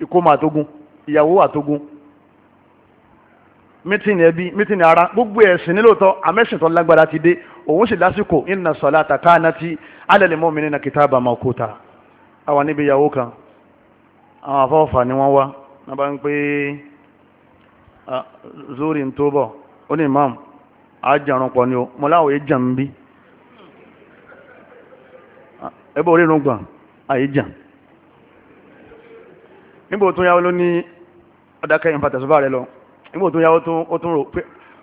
ìkómọ àtógún ìyàwó àtógún mítìnì ẹbí mítìnì ara gbogbo ẹ̀sìn nílòótọ́ amẹ́sìn tó lágbára ti dé òun sì lásìkò inna salata kanati ala lil mu'minina kitaban mawquta àwọn níbi ìyàwó kan àwọn afọ́fà ni wọ́n wá wọ́n bá ń pè ah, zuri ń tó bọ̀ ó ní imam àjàrún pọ̀ ni ó mọ́láwọ̀ èjàn ń bí ẹbọ orírun gbọ̀n àìjà nígbò tó yáwó ló ní ọ̀dákẹ́yìn pàtàkì rẹ̀ lọ nígbò tó yáwó tó tún rò pé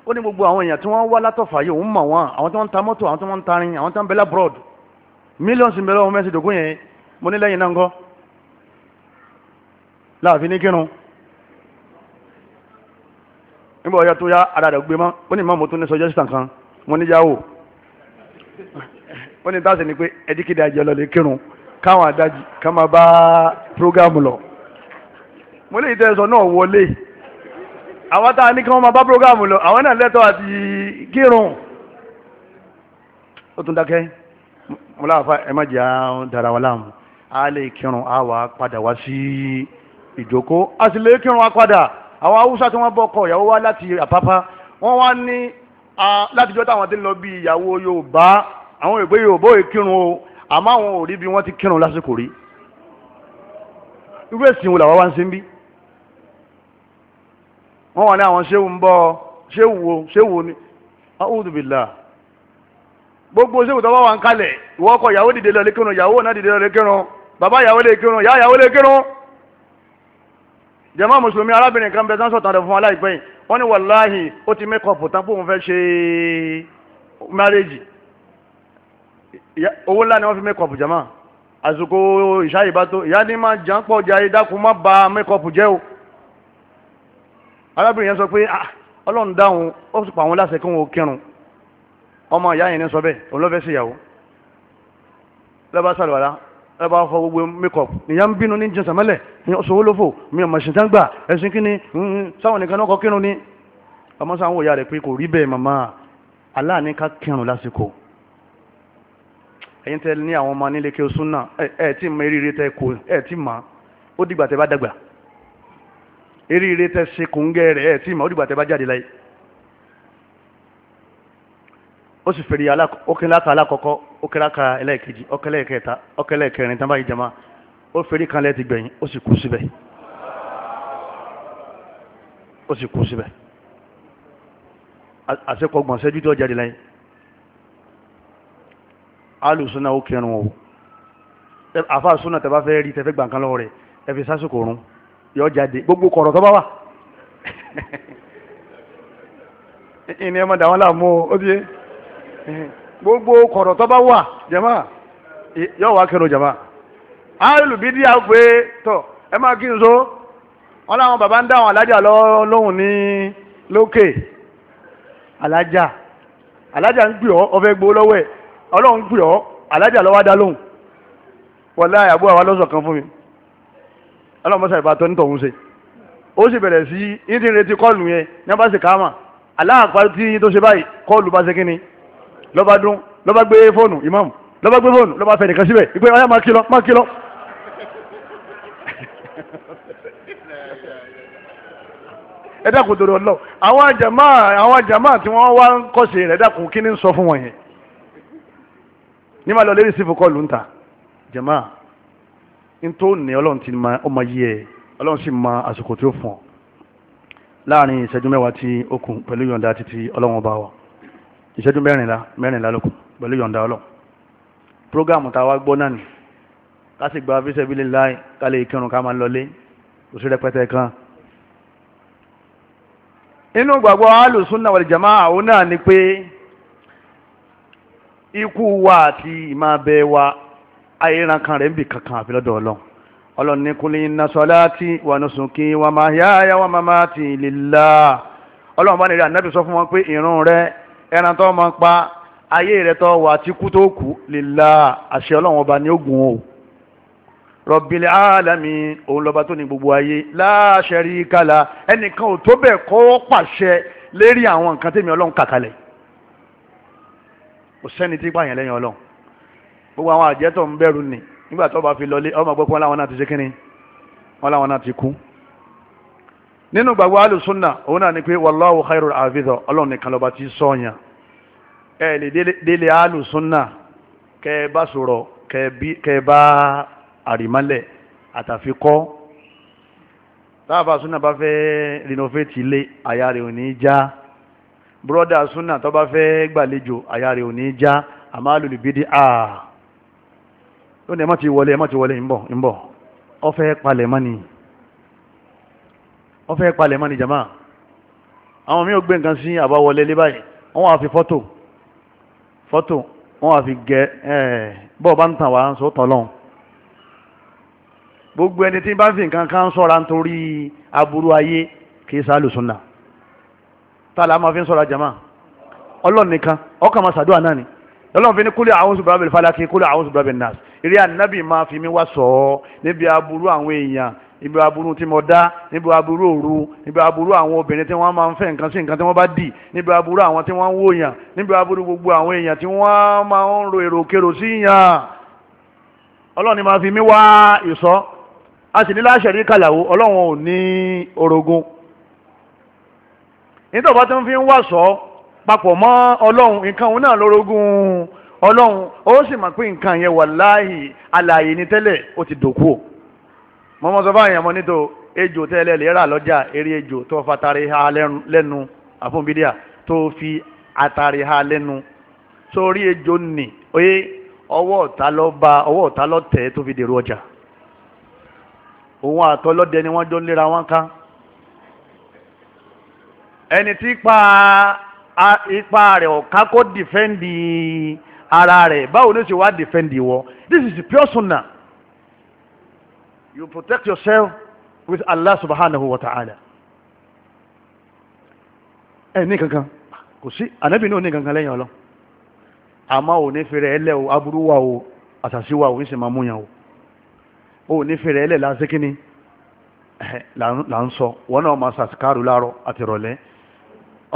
ó ní gbogbo àwọn èèyàn tí wọ́n wá látọ̀fà yìí òun mọ̀ wọ́n àwọn tí wọ́n ń ta mọ́tò àwọn tí wọ́n ń tarin àwọn tí wọ́n ń bẹ́lá broad mílíọ̀nsì mẹ́lẹ́ ọmọ mẹ́sì dògún yẹn mo ní lẹ́yìn náà ń kọ́ láàfin ní kírun nígbà ọ̀yọ́ tó yá ara gbé mọ́ ó ní mọ́ mo tún ní suggestion kan mo ní yáwó ó ní táṣe ni pé ẹdíkìdájì ọlọ́lẹ̀ kírun káwọn adájì ká máa bá prógámù lọ mo lè tẹ́ sọ náà wọlé àwọn tá a ní kí wọ́n máa bá prógámù lọ àwọn náà lẹ́tọ̀ọ́ àti kírun ó tún dákẹ́ mo láàfa ẹ má jẹ́ àwọn dára wa láàmú a lè kírun a wà padà wá sí ìjókòó a sì lè kírun wa padà àwọn haúsá tí wọ́n bọ́ ọkọ ìyàwó wa láti àpápá wọ́n wá ní látijọ́ táwọn ti ń lọ bí ìyàwó yorùbá àwọn ìgbé yorùbá ò kírun o àmọ́ àwọn ò rí bí wọ́n ti kírun lásìkò rí irú èsì wo làwọn wá ń ṣe ń bí wọ́n wà ní àwọn ṣéwù ń bọ́ ṣéwù wo ṣéwù ni ahudubila gbogbo ṣéwù tó bá wà ń kalẹ̀ ìwọ ọkọ ìyàwó dìde lọ lé kírun ìyàwó náà dìde lọ lé kírun bàbá ìyàwó lè kírun ìyá ìyàwó lè kírun jàmá mùsùlùmí arábìnrin kan bẹ sánsọ̀ tàn dẹ̀ fún aláìpẹ́ yìí wọ́n ní wàláhì ó ti mẹ́kọ̀ọ̀pù tán fóun fẹ́ ṣe márẹ́jì owó ńlá ni wọ́n fi mẹ́kọ̀pù jẹ́ máa àsìkò ìṣáyè bá tó ìyá ní máa jà ń pọ̀ jà ìdákun má ba mẹ́kọ̀pù jẹ́ o arábìnrin yẹn sọ pé ah, ọlọ́run dáhùn ó sì pa àwọn láṣẹ kí wọn ò kírun ọmọ ìyá yẹn ní sọ bẹ́ẹ̀ òun lọ́fẹ́ sí ìyàwó lọ́ba sàlùwàlá lọ́ba fọ gbogbo mẹ́kọ̀pù ìyá ń bínú ní jẹsàn mẹ́lẹ̀ ní oṣù owó lófò mi ò mọ̀ṣẹ̀ tán gbà ẹ̀sìn kí ni sáwọn nìkan náà kọ kírun ni ọmọ sáwọn òyà rẹ̀ pé kò rí bẹ́ẹ̀ màmá aláàní kírun lásìkò ẹ̀yin tẹ́ ní àwọn ọmọ nílé kí o sún náà ẹ̀ tí mọ eríire tẹ́ kò ẹ̀ tí mọ ó dìgbà tẹ́ bá dàgbà eríire tẹ́ ṣe kòńgẹ́ rẹ̀ ẹ̀ tí mọ ó dìgbà tẹ́ bá jáde láyé ó sì fèrè ókèláka alákọ̀ọ́kọ́ ókèláka ẹlẹ́ẹ̀kejì ọkẹlẹ́ẹ̀kẹta ọkẹlẹ́ẹ̀kẹrin tán báyìí jẹma ó fèrè kanlẹ̀ ti gbẹ̀yìn ó sì kú síbẹ̀ ó sì kú síbẹ̀ àṣekọ̀gbọ̀n ṣẹ́jú tó jáde láyé alùsùnà ó kírun o àfa sùnà tẹ bá fẹ́ rí tẹfẹ́ gbàǹkan lọ́wọ́ rẹ̀ ẹ fi sásìkò rún yọ jáde gbogbo kọ̀rọ̀ tó bá wà ìní ẹ̀ mọ̀ dà wọ́n láàmú ó ti yé gbogbo kọ̀rọ̀ tó bá wà jàmá yọ wá kírun jàmá alùbídí àgbé tọ̀ ẹ máa kí n so wọn làwọn bàbá ń dá àwọn alájà lọ́hùn ní lókè alájà alájà ń gbì ọ ọ fẹ́ gbowó lọ́wọ́ ọlọ́run pè ọ́ alájà lọ́wọ́ dá lóhùn wọlé àyàbọ̀ àwa lọ́sọ̀ kan fún mi ọlọ́run mọ́sá ìbátan nítòhún ṣe ó sì bẹ̀rẹ̀ sí yín ti ń retí kọ́ọ̀lù yẹn ní wọ́n bá sì káàmà aláàpá tí yín tó ṣe báyìí kọ́ọ̀lù bá ṣe kí ni lọ́ba dún lọ́ba gbé fóònù imam lọ́ba gbé fóònù lọ́ba fẹ̀ nìkan síbẹ̀ ìpè ọyá máa kí lọ máa kí lọ. ẹ dákun torí ọlọ àwọn jàmáà àwọn jàmáà tí wọ́n wá ń kọ́ sí dákun kí ni ń sọ fún wọn yẹn ní ma lọ lé rìsífù kọlù ń ta jẹ̀má n tó ní ọlọ́run ti ma ọmọ yí ẹ ọlọ́run sì ma àsìkò tí ó fọ̀ láàrin ìṣẹ́jú mẹ́wàá tí ó kù pẹ̀lú yọ̀ǹda títí ọlọ́run ọba wa ìṣẹ́jú mẹ́rìnlá mẹ́rìnlá ló kù pẹ̀lú yọ̀ǹda ọlọ́run prógámù tá a wá náà ni ká sì gba fíṣẹ́ bílẹ̀ láì ká lè kírun ká máa ń lọlé òṣèré rẹpẹtẹ kan inú gbàgbọ́ alùsùn náà wal jamaa àwọn náà ni pé ikú wa àti ìmá wa ayéran kan rẹ̀ ń bì kankan àfi ọlọ́run ọlọ́run ní kúlí inna salati wa nusuki wa mahyaya wa mamati lillah ọlọ́run bá nílẹ̀ ànábì sọ fún wọn pé ìrun rẹ ẹran tó máa pa ayé rẹ tó wà tí kú tó kú lillah àṣẹ ọlọ́run ọba ní ogun o rabbil alamin òun lọ́ba tó ní gbogbo ayé la sharika la ẹnìkan ò tó bẹ́ẹ̀ kọ́ pàṣẹ lérí àwọn nǹkan tèmi ọlọ́run kàkalẹ̀ kò sẹ́ni tí pààyàn lẹ́yìn ọlọ́run gbogbo àwọn àjẹ́ tó ń bẹ̀rù ni nígbà tó bá fi lọlé ọmọ gbọ́ pọ́n láwọn náà ti ṣe kíni wọ́n láwọn náà ti kú nínú gbàgbọ́ alùsùnà òun náà ni pé wallahu khairul ọlọ́run nìkan lọ́ba ti sọ̀yàn ẹ lè délé alùsùnà kẹ ẹ bá sọ̀rọ̀ kẹ ẹ bá àrìmọ́lẹ̀ àtàfikọ́ táàbà sùnà bá fẹ́ rinovate ilé àyà rẹ̀ ò ní já bùrọ́dà súnà tó ba fẹ́ gbàlejò àyà rẹ̀ ò ní já àmọ́ alùlùbídí à ó ní ẹ má ti wọlé ẹ má ti wọlé ńbọ̀ ńbọ̀ ọ fẹ́ palẹ̀ mọ́ ni ọ fẹ́ palẹ̀ mọ́ ni jama àwọn mi ò gbé nǹkan sí àbáwọlé lé báyìí wọ́n wá fi fọ́tò fọ́tò wọ́n wá fi gẹ ẹ̀ bọ́ọ̀ bá ń tàn wá ń gbogbo ẹni tí bá ń fi nǹkan kan sọ́ra nítorí aburú ayé kì í sálùsùn tààlà máa fi ń sọ́ra jama ọlọ́run nìkan ọkàn máa ṣàdúrà náà ni ọlọ́run fi ní kúlẹ̀ àwọn oṣù bàbá falaki kúlẹ̀ àwọn oṣù bàbá nas eré ànábì máa fi mí wá sọ ọ́ níbi aburú àwọn èèyàn níbi aburú tí mo dá níbi aburú òru níbi aburú àwọn obìnrin tí wọ́n máa ń fẹ́ nǹkan sí nǹkan tí wọ́n bá dì níbi aburú àwọn tí wọ́n ń wò yàn níbi aburú gbogbo àwọn èèyàn tí wọ́n máa ń ro èrò kérò sí yàn ọlọ́run máa fi mí wá ìsọ́ a sì ní láṣẹ̀rí kàlàwó ọlọ́run ò ní orogún nítorí ọba tó ń fi ń sọ papọ̀ mọ́ ọlọ́run nǹkan òun náà lórogún ọlọ́run ó sì mọ̀ pé nǹkan yẹn wàláhì alààyè ní tẹ́lẹ̀ ó ti dòkú o sọ ejò tẹ́lẹ̀ lè lọ́jà eré ejò tó ha lẹ́nu àfọ̀nbídíà tó fi atari ha lẹ́nu sórí ejò nì oye ọwọ́ ọ̀tá lọ ba ọwọ́ ọ̀tá lọ tẹ̀ tó fi dèrò ọjà òun àtọlọ́dẹ ni wọ́n jọ lera ẹni tí ipa rẹ̀ ọ̀ká kó dìfẹ́ǹdì ara rẹ̀ báwo ni ó ṣe wá dìfẹ́ǹdì wọ this is personal. you protect yourself with Allah subhanahu wa ta'ala ẹ ní kankan kò sí ànábì náà ní kankan lẹ́yìn ọlọ́ àmọ́ ò fèrè ẹlẹ́ o aburú wa o àtàsí wà o ń sì máa múyàn o ò ní fèrè ẹlẹ́ lásìkíní là ń sọ wọn náà máa ṣàṣìkárù láàárọ̀ àti ìrọ̀lẹ́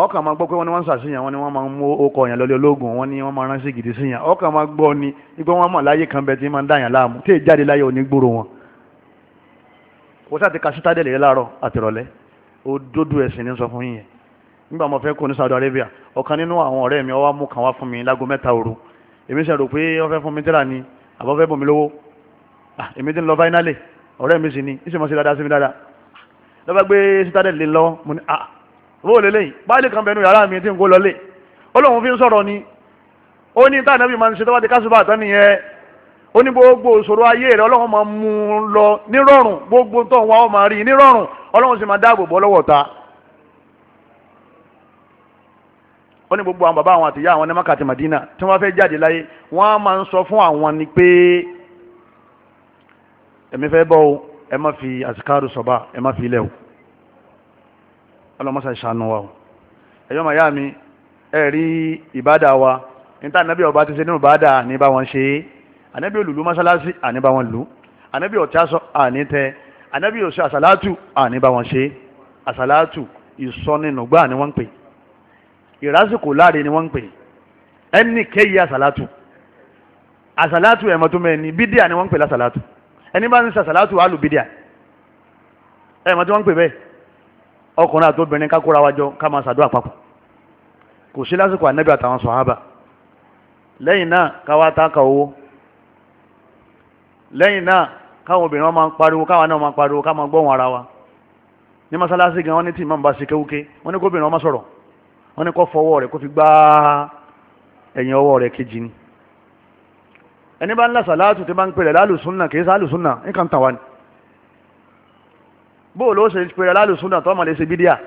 ọkàn máa gbọ́ pé wọ́n ní wọ́n ń sàṣeyàn wọ́n ní wọ́n máa ń mú okọ̀ yàn lọ́lẹ́ ológun wọ́n ní wọ́n máa ránṣẹ́ gidi sí yàn ọkàn máa gbọ́ ni wípé wọ́n mọ̀ láyé kan bẹ tí máa ń dàyàn láàmú tí èyí jáde láyé onígbòrò wọn. wọ́n sàti ka sítádẹ́lì yẹn láàárọ̀ àtìrọ̀lẹ́ òdodo ẹ̀sìn ní sọ fún yín yẹn nígbà mo fẹ́ kó ní Saudi Arabia ọ̀kan nínú àwọn ọ̀rẹ́ mi ó wá mú kan wá fún mi lágo mẹ́ta òru èmi ṣe rò pé ó fẹ́ fún mi tíra ni àbọ̀ fẹ́ bọ̀ mí lówó lọ́ba gbé sítádẹ́lì lọ́wọ́ mo ní ah bó lè kan n kó lọlé olóhun ni ó ní tá ànábì máa ń ṣe tó bá ti gbogbo òṣòro ayé rẹ ọlọ́run máa mú un lọ nírọ̀rùn gbogbo tó ń wá ọ máa rí nírọ̀rùn ọlọ́run sì máa dáàbò bọ́ lọ́wọ́ ta ó ní gbogbo àwọn bàbá àwọn àtìyá àwọn ẹnẹ́mọ́kà àti Madina tí wọ́n fẹ́ jáde láyé wọ́n á máa ń sọ fún àwọn ni pé èmi fẹ́ bọ́ ẹ má fi àsìkárù sọ̀bà ẹ má fi o ọlọ́mọṣà ìṣàánú wa o ẹ̀yọ́ màyá mi ẹ̀ rí ìbádà wa níta ànábì ọba ti ṣe nínú ìbádà àní bá wọn ṣe é ànábì olùlú mọ́ṣáláṣí àní bá wọn lù ànábì ọ̀tí aṣọ àní tẹ ànábì òṣù àṣàlátù àní bá wọn ṣe é àṣàlátù ìsọnínúgbà ni wọ́n ń pè ìrásìkò láre ni wọ́n ń pè ẹnì kéyìí àṣàlátù àṣàlátù ẹ̀mọ́tòmẹ́ni bídíà ni wọ́n ń pè lásàlátù ẹni bá ń ṣàṣàlátù alù bídíà ẹ̀mọ́tò wọ́n ń pè bẹ́ẹ̀ ọkùnrin àti obìnrin kákúra wájọ ká máa ṣàdúrà papọ̀ kò sí lásìkò ànábì àtàwọn sọ̀hábà lẹ́yìn náà káwá táǹkà owó lẹ́yìn náà káwọn obìnrin wọn máa ń pariwo káwọn náà máa ń pariwo ká máa gbọ́hùn ara wa ní masalasi gan wọn ní tí ìmọ̀ bá ṣe kéwúké wọn ní kó obìnrin wọn máa sọ̀rọ̀ wọn ní kó fọwọ́ rẹ̀ kó fi gbá ẹ̀yìn ọwọ́ rẹ̀ kejì ni ẹni bá ń lásà láàtù tí bá ń pèrè lálùsùnà kì í sá àlùsùnà nǹkan tàn wá ni bóò ló ṣe pèrè alálùsúnà tó mọ̀ lè ṣe bídíà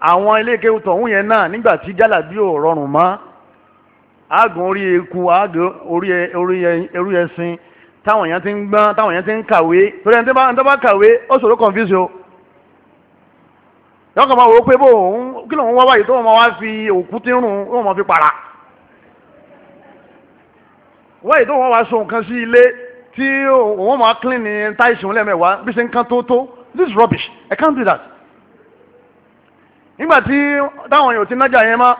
àwọn ilé kéwù tọ̀hún yẹn náà nígbà tí jálàbí ò rọrùn mọ́ àgùn orí eku àgùn orí ẹṣin táwọn èèyàn ti ń gbọ́n táwọn èèyàn ti ń kàwé torí ẹni tó bá kàwé ó ṣòro confuse o yọkàn máa wò ó pé bó òun kí lòun wá wáyé tó wọn máa wá fi òkú tí ń rùn ó wọn máa fi para wáyé tó wọn wá so nǹkan sí ilé tí wọ́n máa clean ní táìsì wọn lẹ́mẹ̀wá bí ṣe ń kán tó tó this is rubbish I can't do that. nígbà tí táwọn èèyàn ti nájà yẹn má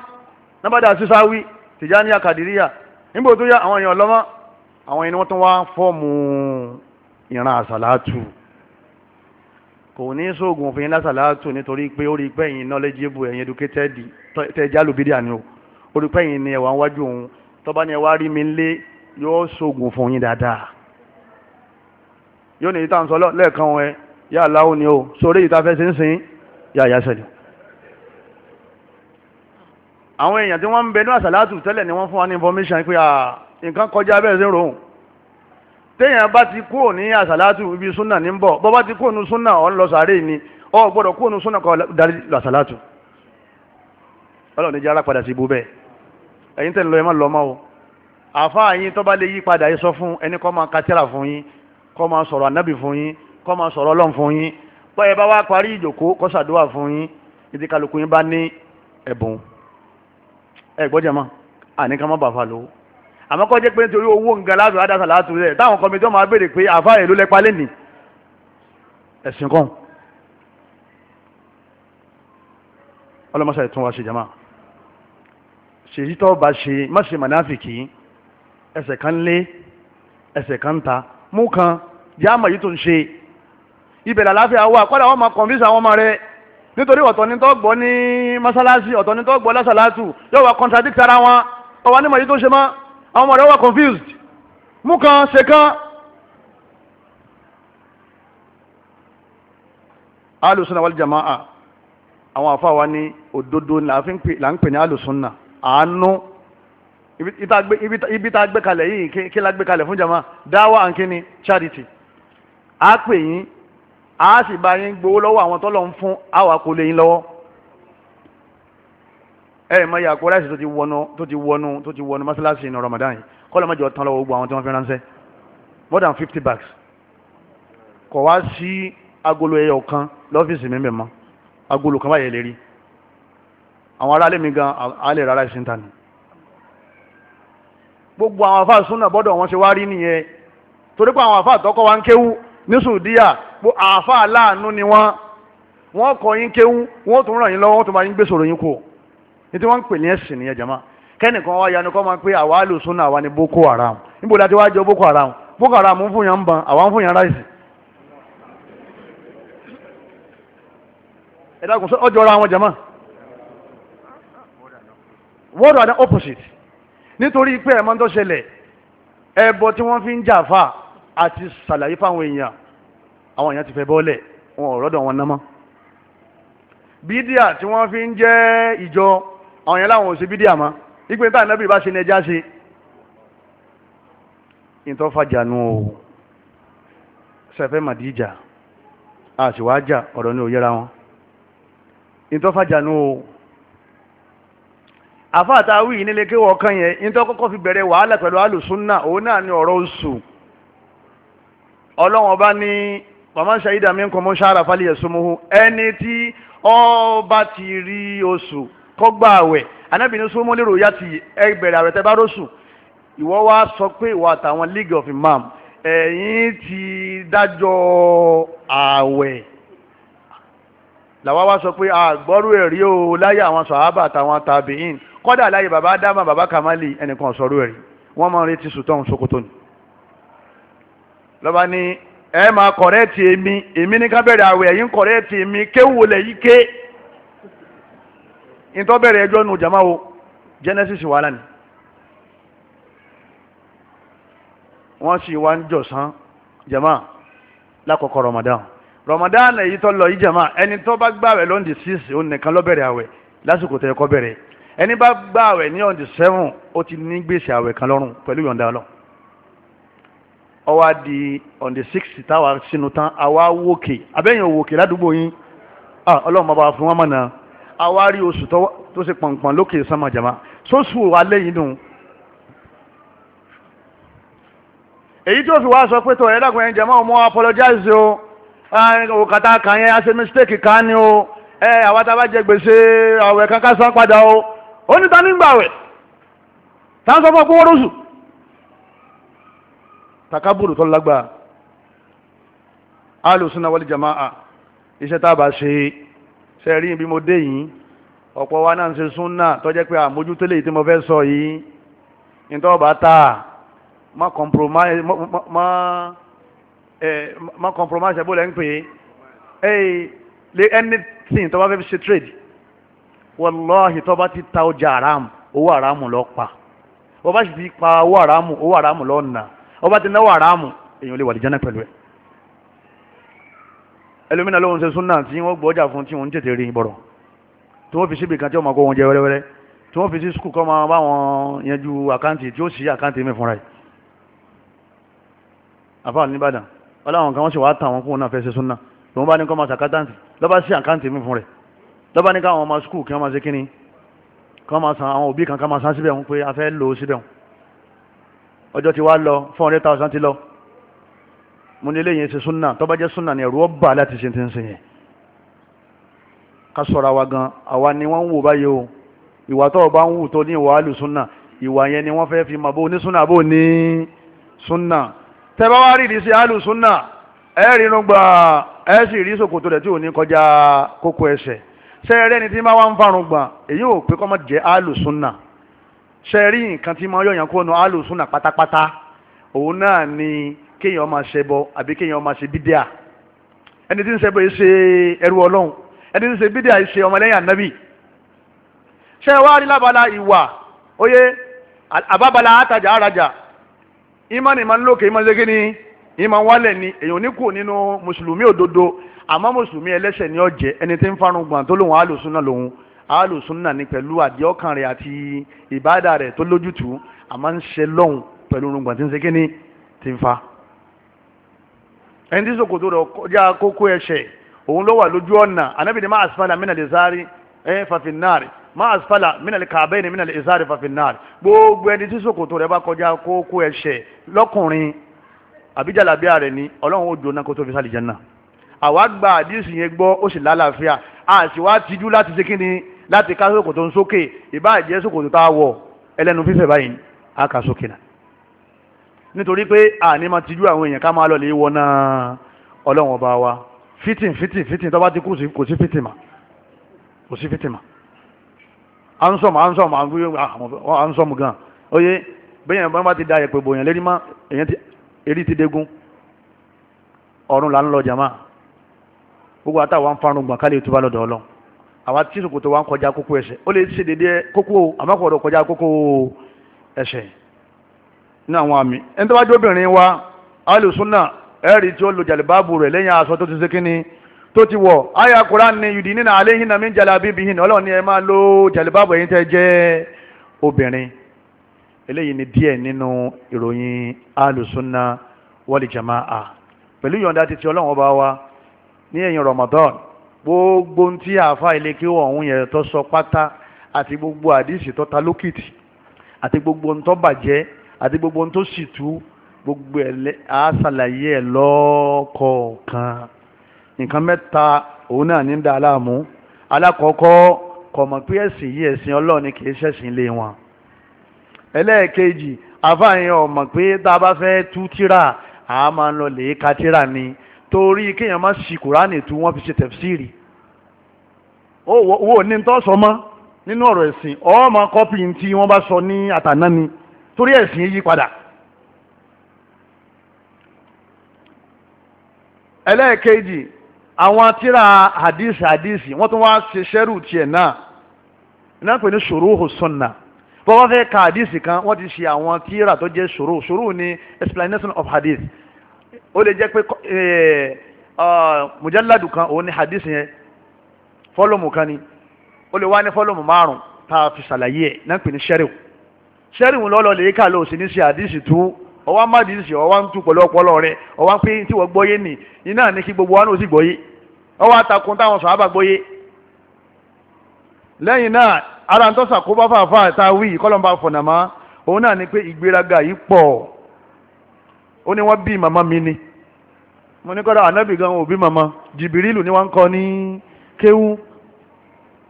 nábàdà sísáwí Tìjàníyà Kàdìríyà nígbà tó yá àwọn èèyàn lọ́mọ́ àwọn ẹni wọ́n tún wá fọ́ọ̀mù ìran àsàlátù kò ní sóògùn òfin lásàlátù nítorí pé ó rí pẹ́yìn knowledgeable ẹ̀yìn educated tẹ́jà lùbídíà ni o ó rí pẹ́yìn ni ẹ̀wà ń wájú òun tọ́ba ni ẹ̀wà rí mi lé yóò sóògùn fún yín dáadáa yóò ní ìta ń sọ lẹ́ẹ̀kan wọn yà láwù ni o sórí ìta fẹ́ sí ń sìn yà yà sẹ́lẹ̀ àwọn èèyàn tí wọ́n ń bẹnú àsàlátù tẹ́lẹ̀ ni wọ́n fún wa ní information pé nǹkan kọjá bẹ́ẹ̀ sí rohùn téèyàn bá ti kúrò ní àsàlátù ibi súnà ní ń bọ̀ bọ́ bá ti kúrò ní súnà ọ̀ ń lọ sàárè ni ọ gbọ́dọ̀ kúrò ní súnà kọ́ darí lọ àsàlátù ọlọ́run ní jẹ́ alápadà sí ibú bẹ́ẹ̀ ẹ̀yin tẹ̀ ń lọ ẹ má lọ mọ́ o àfáà yín tó bá lè yí padà yí sọ fún ẹni máa ka tẹ́ra fún yín kó máa sọ̀rọ̀ ànábì fún yín kó máa sọ̀rọ̀ ọlọ́run fún yín pé ẹ bá wá parí ìjòkó kó ṣàdúrà fún yín ìdí kálukú yín bá ní ẹ̀bùn ẹ gbọ́dọ̀ mọ́ àní ká má bàa fà lówó àmọ́ kọ́ jẹ́ pé nítorí owó nǹkan láti wá dáṣà rẹ̀ táwọn kọ́mítọ́ máa béèrè pé àfáàyè ló lẹ́pa lẹ́nìí ẹ̀sìn kan ọlọ́mọṣẹ́ ìtún wa ṣe jama ṣèyí tó bá ṣe má ṣe mànáfìkì ẹsẹ̀ kan lé ẹsẹ̀ kan ta mú kan jẹ́ àmọ̀ yìí tó ń ṣe ibẹ̀ làlàáfíà wà kọ́dà wọ́n máa kọ̀ǹfíìsì àwọn ọmọ rẹ̀ nítorí ọ̀tọ̀ ni tó gbọ́ ní mọ́sálásí ọ̀tọ̀ ni tó gbọ́ lásàlátù yóò wá contradict ara wọn ọwọ́ anímọ̀ yìí tó ṣe mọ́ àwọn ọmọ rẹ̀ wà confused mú kan ṣe kan. alùsùnà wal jama'a àwọn àfa wa ní òdodo là ń pè ní alùsùnà àánú ibi tá a gbé kalẹ̀ yìí kí la gbé kalẹ̀ fún jama dáwà ànkíní charity a pè yín a sì bá yín gbowó lọ́wọ́ àwọn tọ́lọ̀ ń fún àwa kò lè yín lọ́wọ́ ẹ mọ iye àkó ráìsì tó ti wọnú tó ti wọnú tó ti wọnú mọ́sálásì ní Ramadan yìí kọ́lọ́ mọ́jọ tán lọ́wọ́ gbogbo àwọn tí wọ́n fi ránṣẹ́ more than fifty bags kọ̀ wá sí agolo ẹyọ kan lọ́fíìsì mi mẹ́mọ́ agolo kan báyẹn lè rí àwọn aráalé mi gan alẹ́ rárá ìsìntàn ni gbogbo àwọn àfáà súnà bọ́dọ̀ wọn ṣe wá rí nìyẹn torí pé àwọn àfáà tọkọ wa ń kéwú ní sùdíà àfáà láàánú ni wọn kọ yín kéwú wọn tún ràn yín lọ́wọ́ wọn tún gbé kù tí wọ́n pè ní ẹ̀sìn nìyẹn jama kẹ́nìkan wá yanu kọ́ máa pé àwa súnà haram níbo la ti boko haram boko haram ń fún yàn ń ban àwa ń fún yàn ráìsì nítorí pé ẹ̀mọ́ tó ṣẹlẹ̀ ẹbọ tí wọ́n fi ń jà fà àti ṣàlàyé fáwọn èèyàn àwọn èèyàn ti fẹ́ bọ́ọ̀lẹ̀ wọn ò rọ́dọ̀ wọn námọ́ bídíà tí wọ́n fi ń jẹ́ ìjọ àwọn èèyàn láwọn ò sí bídíà mọ́ ìpín tá ànábì bá ṣe ní ẹja ṣe ìtọ́ fàjànú o sẹfẹ́ màdíjà àṣìwájà ọ̀rọ̀ ní òyẹ́ra wọn ìtọ́ fàjànú o àfáàtà wí nílé kéwọ́ kan yẹn ní tó kọ́kọ́ fi bẹ̀rẹ̀ wàhálà pẹ̀lú alùsùnà òun náà ni ọ̀rọ̀ oṣù ọlọ́wọ́n bá ní màmá ṣayídà mi ń kọ́ mọ́ ṣáàrà fálẹ̀ ẹ̀sùnmùhù ẹni tí ọba ti rí oṣù kọ́ àwẹ̀ anábìíní súnmọ́ lérò ya ti ẹ bẹ̀rẹ̀ àwẹ̀ tẹ́ bá rọ́ṣù ìwọ́ wa sọ pé ìwọ àtàwọn league of imam ẹ̀yin ti dájọ́ àwẹ̀ làwa wa sọ pé àgbọ́rú ẹ̀rí o láyé àwọn sàhábà àtàwọn tàbíìn kọ́dà láyé bàbá Adama bàbá Kamali ẹnìkan sọ̀rọ̀ ẹ̀rí wọ́n máa ń retí sùtọ́n Sokoto ni lọ́ba ní ẹ máa kọ̀rẹ́ẹ̀tì èmi èmi ní ká bẹ̀rẹ̀ àwẹ̀ ẹ̀yìn kọ̀rẹ́ẹ̀tì èmi kéwò lẹ̀ yí ké ìtọ́ bẹ̀rẹ̀ ẹjọ́ nu jama o Genesis wàhálà ni wọ́n sì wá ń jọ̀sán jama lákòókò Ramadan Ramadan èyí tó lọ yí jama ẹni tó bá gbàwẹ̀ lọ́ndì six òun nìkan lọ́bẹ̀rẹ̀ àwẹ̀ lásìkò tẹ̀ ẹ̀kọ́ bẹ̀rẹ̀ ẹni bá gba àwẹ̀ ní on the seven ó ti ní gbèsè àwẹ̀ kan lọ́rùn pẹ̀lú yọ̀ǹda lọ ó wá di on the six táwa sínú tán àwa wòkè abẹ́yìn òwòkè ládùúgbò yín ah, ọlọ́run bàbá fún wọn mọ̀nà àwa rí oṣù tó ṣe pọ̀npọ̀n lókè sánmọ̀jàmá sóṣù alẹ́ yìí dùn èyí tó fi wá sọ pé tó ẹ̀rọ ẹ̀dàkùnrin jẹ̀mọ́ ọmọ apologize o òkàtà kàn yẹn a ṣe mistake kan ni o ẹ̀ àwọn tá a bá jẹ gbèsè àwẹ̀ kankan san padà o ó ní ta ní gbàwẹ̀ ta ń sọ fún ọpọwọ́ lóṣù takaburu tó lágbà alùsùnà wal jama'a iṣẹ́ tá a bá ṣe ṣe rí ibi mo dé yìí ọ̀pọ̀ wa náà ń ṣe súnà tó jẹ́ pé àmójútélé yìí tí mo fẹ́ sọ yìí nítorí ọba tá a má compromise má bó lẹ́ ń pè é anything tó bá fẹ́ ṣe trade wàláhì tó bá ti ta ọjà àràmù owó àràmù lọ pa wọ́n bá sì ti pa owó àràmù owó àràmù lọ nà wọ́n bá ti náwó àràmù èèyàn lè wà lìjánà pẹ̀lú ẹ̀ ẹlòmínà lóhun ṣe súnà tí wọ́n gbọ́ ọjà fún tí wọ́n ń tètè rí bọ̀rọ̀ tí wọ́n fi síbi kan tí wọ́n máa kó wọn jẹ wẹ́rẹ́wẹ́rẹ́ tí wọ́n fi sí skul kọ́ máa bá wọn yanjú àkáǹtì tí ó sì àkáǹtì mi fúnra ẹ̀ àfáà nìbàdàn ọlọ́run kan wọ́n sì wá tà wọn kún un náà fẹ́ ṣe súnà lòun ní kọ́ máa ṣàkáǹtì lọ́ sí àkáǹtì mi fúnra ẹ̀ lọ́ba ní káwọn ọmọ skul kí wọ́n máa ṣe kíni kí wọ́n máa san àwọn òbí kan ká máa san síbẹ̀ wọn pé a fẹ́ lò ó síbẹ̀ wọn ọjọ́ ti wá lọ four hundred thousand ti lọ mo ní eléyìí ṣe súnà tọ́ba jẹ́ súnà ni ẹ̀rù ọba láti ṣe ti ń ṣe yẹn ká sọ̀rọ̀ àwa gan àwa ni wọ́n ń wò báyìí o ìwà tó ọba ń wù tó ní ìwà alùsúnà ìwà yẹn ni wọ́n fẹ́ fi mọ̀ bó ní súnà bó ní súnà tẹ́ bá wá rí ìdí sí alùsúnà ẹ̀ rínú gbà ẹ̀ sì rí ṣòkòtò rẹ̀ tí ò ní kọjá kókó ẹsẹ̀ sẹ́ẹ̀rẹ́ ẹni tí ma wá ń farun gbà èyí ò pé kọ́ máa jẹ́ alùsùnà ti nǹkan tí máa yọ̀yàn kó nu alùsùnà pátápátá òun náà ni kéèyàn máa ṣẹbọ àbí kéèyàn máa ṣe bídíà ẹni tí ń ṣẹbọ yìí ṣe ẹrú ọlọ́run ẹni tí ń ṣe bídíà yìí ṣe ọmọlẹ́yìn ànábì ṣe wá rí lábala ìwà àbábala àtàjà yìí máa wálẹ̀ ni èyàn ní kò nínú mùsùlùmí òdodo àmọ́ mùsùlùmí ẹlẹ́sẹ̀ ni ọ̀jẹ̀ ẹni tí ń farun gbọ̀n tó lòun àlùsùn náà lòun àlùsùn náà ni pẹ̀lú àdìọ́kàn rẹ̀ àti ìbáàdà rẹ̀ tó lójútùú àmọ́ ń ṣe lọ́hùn pẹ̀lú orungbọ̀n tí ń ṣe kíní ti ń fa. ẹni tí sòkòtò rẹ̀ kọjá kókó ẹsẹ̀ òun ló wà lójú ọ̀nà anábìrin máa asfala mínà lè asfala mínà lè kàbẹ́yìn mínà lè sáré gbogbo ẹni tí sòkòtò rẹ̀ bá kọjá kókó ẹsẹ̀ lọ́kùnrin àbíjàlábíà rẹ̀ ni ọlọ́run ó jóná kó tó fi sálìjẹ́ náà àwa gba àdísì yẹn gbọ́ ó sì lálàáfíà a sì wá tijú láti ṣe kíni láti ká sókòtò ń sókè ìbáàjẹ́ sókòtò tá a wọ̀ ẹlẹ́nu fífẹ̀ báyìí a kà sókè náà nítorí pé àní máa tijú àwọn èèyàn ká máa lọ lè wọ náà ọlọ́run ọba wa fitin fitin fitin tó ti kú kò sí fitin mà kò sí fitin mà à ń sọmù à ń sọmù à ń sọmù gan oye bẹ́ẹ̀ yẹn bá ti da ẹ̀pẹ̀ bòyàn lérí mọ́ èèyàn ti èrí ti dégún ọ̀run là ń lọ jàmá gbogbo àtàwọn afárun gbọ̀n kálí ìtúbà lọ́dọ̀ ọlọ́run àwọn tí sòkòtò wa ń kọjá kókó ẹsẹ̀ ó lè ṣe dédé kókó àmọ́kọ̀ọ́dọ̀ kọjá kókó ẹsẹ̀ ní àwọn àmì ẹni tó bá jó obìnrin wa alùsùnà ẹ̀rí tí ó lo jàlìbáàbù rẹ̀ lẹ́yìn aṣọ tó ti ṣe kíni tó ti wọ̀ àyà ni yùdí nínà aléhìnà min jalabibihinna ni ẹ máa lo tẹ́ jẹ́ eléyìí ni díẹ̀ nínú ìròyìn alùsùnà wọ́lì jama'a pẹ̀lú yọ̀ǹda títí ọlọ́run ọba wa ní ẹ̀yìn Ramadan gbogbo ń tí àáfà ilé kí ọ̀hún yẹn tó sọ pátá àti gbogbo àdìsí tó ta lókìtì àti gbogbo ń tó bàjẹ́ àti gbogbo ń tó sì tú gbogbo ẹ̀ á ṣàlàyé ẹ̀ lọ́kọ̀ọ̀kan nǹkan mẹ́ta òun náà ní dàlámù alákọ̀ọ́kọ́ kọ̀mọ̀ ẹ̀sìn yìí ẹ̀sìn ọlọ́ọ̀ni kì í ṣẹ̀sìn ilé wọn ẹlẹ́ẹ̀kejì àfààyàn ọ̀mọ̀ pé tá a bá fẹ́ tú tíra a máa ń lọ lè ka tíra ni torí kéèyàn má ṣì kúránì tú wọ́n fi ṣe tẹ̀fsíìrì wo ní tó sọ mọ́ nínú ọ̀rọ̀ ẹ̀sìn ọmọ kọ́pì tí wọ́n bá sọ ní àtàná ni torí ẹ̀sìn yí padà. ẹlẹ́ẹ̀kejì àwọn tíra hadith hadith wọ́n tún wá ṣe ṣẹ́rù tiẹ̀ náà iná pè ní ṣòro hosùn bọ́wọ́ fẹ́ ka hadith kan wọ́n ti ṣe àwọn tíra tó jẹ́ ṣòro ṣòro ni explanation of hadith ó lè jẹ́ pé mujalladu kan òun ni hadith yẹn fọ́lọ́mù kan ni ó lè wá ní fọ́lọ́mù márùn tá a fi ṣàlàyé ẹ̀ náà pè ní sẹ́ríw sẹ́ríw lọ́lọ́ lè kà lóò sí ní ṣe hadith tú ọwọ́ má hadith ọwọ́ ń tú pẹ̀lú ọpọlọ rẹ ọwọ́ pé tí wọ́n gbọ́yé nì iná ní kí gbogbo wa náà sì gbọ́yé ọwọ́ àtàkùn táwọn sọ̀ ara ń tọ́sà kó bá fàáfà tá a wí kọ́lọ́mbà fọ̀nàmá òun náà ni pé ìgbéraga yìí pọ̀ ó ní wọ́n bí màmá mi ni mo ní kọ́dà ànábì gan òbí màmá jìbìrìlù ni wọ́n ń kọ́ ní kéwú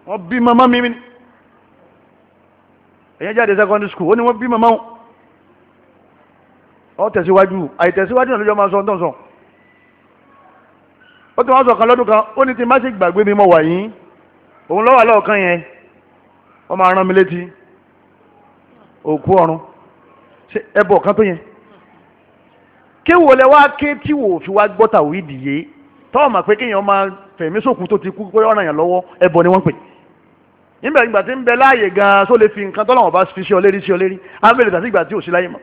wọ́n bí màmá mi ni èyàn jáde secondary school ó ní wọ́n bí màmá wọn ọ tẹ̀síwájú àìtẹ̀síwájú náà lójọ́ máa sọ ọ́ntọ́ sọ ó ti wọ́n sọ kan lọ́dún kan ó ní wọ́n máa rán mi létí òkú ọ̀run ṣe ẹbọ kan tó yẹn kéwò lẹ wá ké tí wò fi wá gbọ́ tàwídì yé tọ́wọ́ mà pé kéèyàn máa fẹ̀mí sòkú tó ti kú pé ọ̀ràn yàn lọ́wọ́ ẹbọ ni wọ́n pè nígbà ìgbà tí ń bẹ láàyè gan-an só lè fi nǹkan tọ́lọ́wọ́n bá fi ṣe ọlérí ṣe ọlérí ábẹ́lẹ̀ tàbí ìgbà tí ò sí láyé mọ́